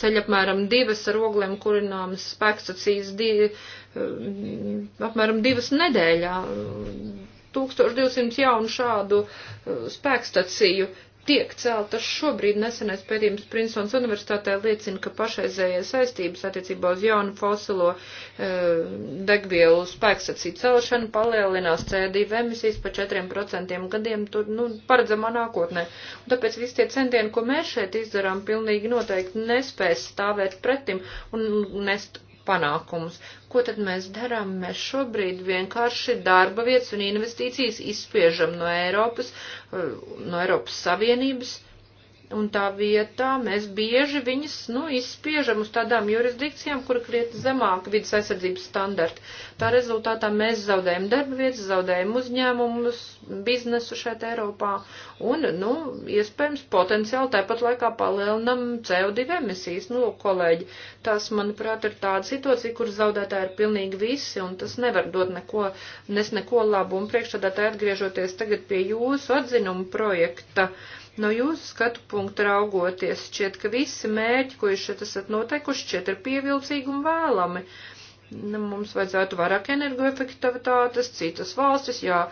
ceļ apmēram divas ar ogliem kurināmas spēkstacijas di, eh, apmēram divas nedēļā. 1200 jaunu šādu eh, spēkstaciju tiek celtas šobrīd. Nesenais pētījums Princons universitātē liecina, ka pašreizējie saistības attiecībā uz jaunu fosilo e, degvielu spēksacīju celšanu palielinās CO2 emisijas pa 4% gadiem tur, nu, paredzamā nākotnē. Un tāpēc visi tie centieni, ko mēs šeit izdarām, pilnīgi noteikti nespēs stāvēt pretim un nest panākumus. Ko tad mēs darām? Mēs šobrīd vienkārši darba vietas un investīcijas izspiežam no Eiropas, eh, no Eiropas Savienības. Uh, Un tā vietā mēs bieži viņas, nu, izspiežam uz tādām jurisdikcijām, kur krietni zemāka vidas aizsardzības standarta. Tā rezultātā mēs zaudējam darba vietas, zaudējam uzņēmumus, biznesu šeit Eiropā un, nu, iespējams, potenciāli tāpat laikā palielinam CO2 emisijas. Nu, kolēģi, tas, manuprāt, ir tāda situācija, kur zaudētāji ir pilnīgi visi un tas nevar dot neko, nes neko labu. Un priekšstādātāji atgriežoties tagad pie jūsu atzinumu projekta. Uh, No jūsu skatu punkta raugoties, šķiet, ka visi mērķi, ko jūs šeit esat noteikuši, šķiet ir pievilcīgi un vēlami. Nu, mums vajadzētu vairāk energoefektivitātes, citas valstis, jā,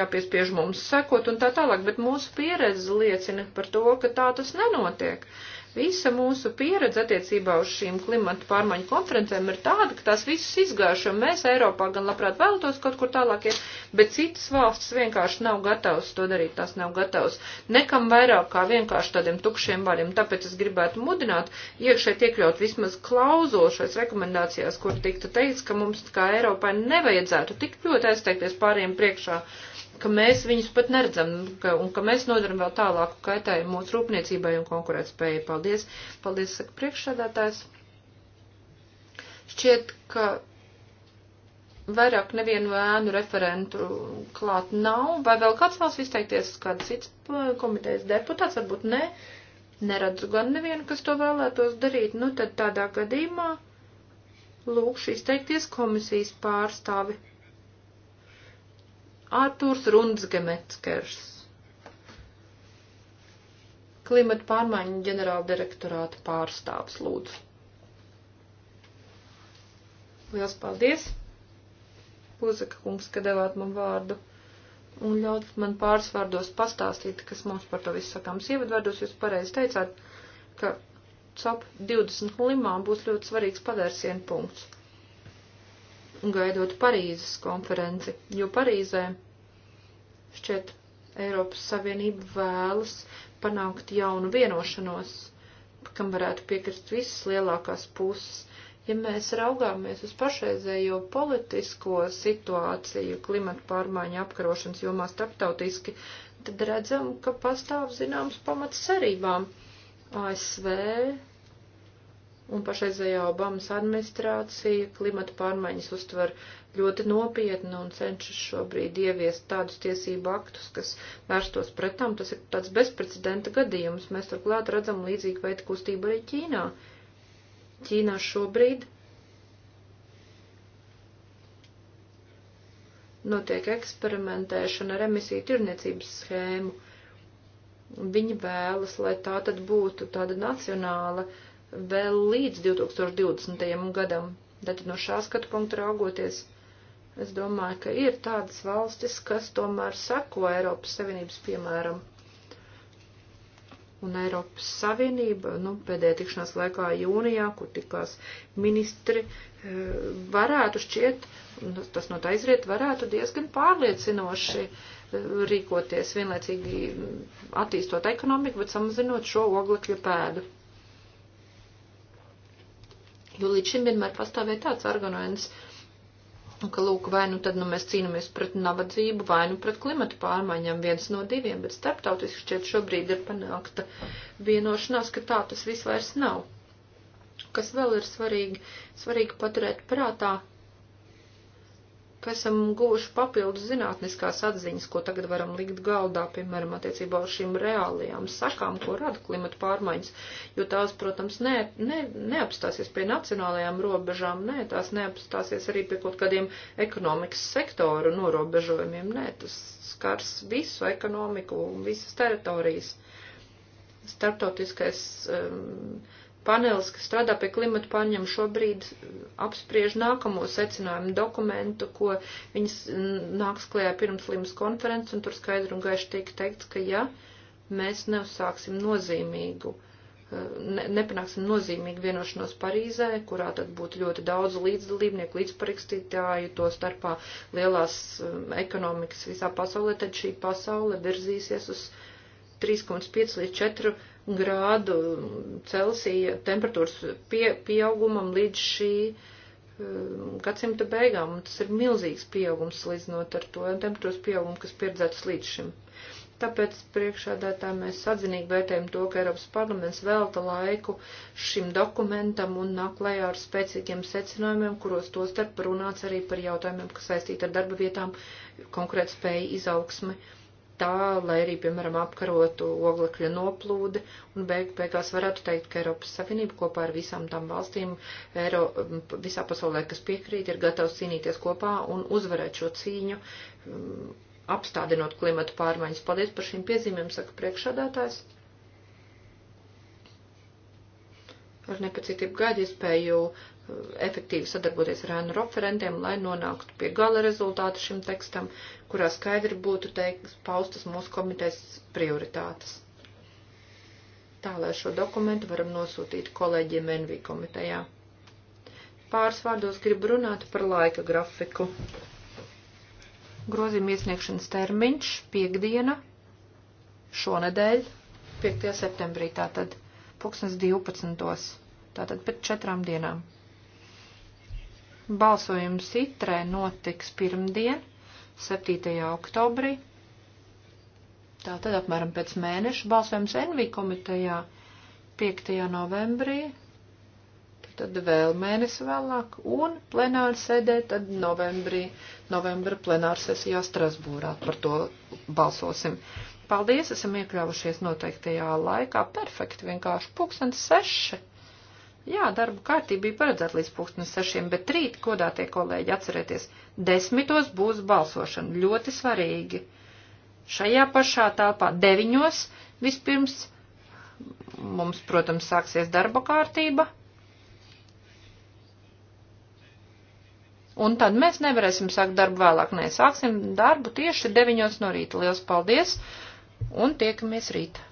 jāpiespiež mums sekot un tā tālāk, bet mūsu pieredze liecina par to, ka tā tas nenotiek. Uh, Visa mūsu pieredze attiecībā uz šīm klimatu pārmaiņu konferencēm ir tāda, ka tās visas izgājuši, un mēs Eiropā gan labprāt vēlētos kaut kur tālāk iet, bet citas valstis vienkārši nav gatavas to darīt, tās nav gatavas nekam vairāk kā vienkārši tādiem tukšiem vārdiem. Tāpēc es gribētu mudināt iekšēt iekļaut vismaz klauzošais rekomendācijās, kur tiktu teikts, ka mums kā Eiropai nevajadzētu tik ļoti aizteikties pāriem priekšā ka mēs viņus pat neredzam ka, un ka mēs nodaram vēl tālāku kaitējumu mūsu rūpniecībai un konkurētspējai. Paldies, paldies, saka priekšsādātājs. Šķiet, ka vairāk nevienu ēnu referentu klāt nav. Vai vēl kāds vēlas izteikties, kāds cits komitejas deputāts, varbūt ne. Neredzu gan nevienu, kas to vēlētos darīt. Nu, tad tādā gadījumā lūkšu izteikties komisijas pārstāvi. Ārtūrs Rundsgemetskers, klimata pārmaiņu ģenerāla direktorāta pārstāvs lūdzu. Liels paldies, Puzaka kungs, ka devāt man vārdu un ļaut man pāris vārdos pastāstīt, kas mums par to viss sakāms. Ievadvārdos jūs pareizi teicāt, ka COP 20 limā būs ļoti svarīgs pavērsienu punkts gaidot Parīzes konferenci, jo Parīzē šķiet Eiropas Savienība vēlas panākt jaunu vienošanos, kam varētu piekrist visas lielākās puses. Ja mēs raugāmies uz pašreizējo politisko situāciju klimata pārmaiņu apkarošanas jomā starptautiski, tad redzam, ka pastāv zināms pamats cerībām. ASV un pašreizējā Obamas administrācija klimata pārmaiņas uztver ļoti nopietni un cenšas šobrīd ieviest tādus tiesību aktus, kas vērstos pretām. Tas ir tāds bezprecedenta gadījums. Mēs turklāt redzam līdzīgu veidu kustību arī Ķīnā. Ķīnā šobrīd notiek eksperimentēšana ar emisiju tirniecības schēmu. Viņi vēlas, lai tā tad būtu tāda nacionāla uh, vēl līdz 2020. gadam. Tātad no šā skatu punktu raugoties, es domāju, ka ir tādas valstis, kas tomēr seko Eiropas Savienības piemēram. Un Eiropas Savienība, nu, pēdējā tikšanās laikā jūnijā, kur tikās ministri, eh, varētu šķiet, tas no tā izriet, varētu diezgan pārliecinoši eh, rīkoties vienlaicīgi attīstot ekonomiku, bet samazinot šo oglekļa pēdu. Jo līdz šim vienmēr pastāvēja tāds arguments, ka, lūk, vai nu tad nu, mēs cīnāmies pret nabadzību, vai nu pret klimatu pārmaiņām, viens no diviem, bet starptautiski šķiet šobrīd ir panākta vienošanās, ka tā tas viss vairs nav. Kas vēl ir svarīgi, svarīgi paturēt prātā, ka esam guvuši papildus zinātniskās atziņas, ko tagad varam likt galdā, piemēram, attiecībā uz šīm reālajām sakām, ko rada klimata pārmaiņas, jo tās, protams, ne, ne, neapstāsies pie nacionālajām robežām, nē, tās neapstāsies arī pie kaut kādiem ekonomikas sektoru norobežojumiem, nē, tas skars visu ekonomiku, visas teritorijas. Startautiskais. Um, panelis, kas strādā pie klimata pārņem šobrīd mm, apspriež nākamo secinājumu dokumentu, ko viņas mm, nāks klējā pirms Limas konferences, un tur skaidri un gaiši tiek teikts, ka ja mēs neuzsāksim nozīmīgu, mm, ne, nepanāksim nozīmīgu vienošanos Parīzē, kurā tad būtu ļoti daudz līdzdalībnieku, līdzparakstītāju, to starpā lielās ekonomikas visā pasaulē, tad šī pasaule virzīsies uz 3,5 līdz 4 grādu Celsija temperatūras pie, pieaugumam līdz šī um, gadsimta beigām, un tas ir milzīgs pieaugums līdzinot ar to temperatūras pieaugumu, kas pieredzēts līdz šim. Tāpēc priekšādātā mēs atzinīgi vērtējam to, ka Eiropas parlaments velta laiku šim dokumentam un nāk lejā ar spēcīgiem secinājumiem, kuros to starp runāts arī par jautājumiem, kas saistīti ar darba vietām, konkurētspēju izaugsmi. Uh, tā, lai arī, piemēram, apkarotu oglekļa noplūdi, un beig, beigās varētu teikt, ka Eiropas Savienība kopā ar visām tām valstīm Eiro, visā pasaulē, kas piekrīt, ir gatavs cīnīties kopā un uzvarēt šo cīņu, apstādinot klimatu pārmaiņas. Paldies par šīm piezīmēm, saka priekšādātājs. Ar nepacietību gaidu iespēju efektīvi sadarboties ar ēnu referentiem, lai nonāktu pie gala rezultātu šim tekstam, kurā skaidri būtu teiks paustas mūsu komitejas prioritātes. Tā, lai šo dokumentu varam nosūtīt kolēģiem NV komitejā. Pāris vārdos gribu runāt par laika grafiku. Grozījuma iesniegšanas termiņš piekdiena šonedēļ, 5. septembrī, tātad 2012. Tātad pēc četrām dienām. Balsojums itrē notiks pirmdien, 7. oktobrī. Tā tad apmēram pēc mēneša balsojums NV komitejā 5. novembrī, tad vēl mēnesi vēlāk, un plenāra sēdē tad novembrī, novembra plenāra sesijā Strasbūrā par to balsosim. Paldies, esam iekļāvušies noteiktajā laikā, perfekti, vienkārši pulkstens seši. Jā, darba kārtība bija paredzēta līdz pūkstnes sešiem, bet rīt, godātie kolēģi, atcerieties, desmitos būs balsošana. Ļoti svarīgi. Šajā pašā telpā deviņos vispirms mums, protams, sāksies darba kārtība. Un tad mēs nevarēsim sākt darbu vēlāk. Nē, sāksim darbu tieši deviņos no rīta. Liels paldies un tiekamies rīt!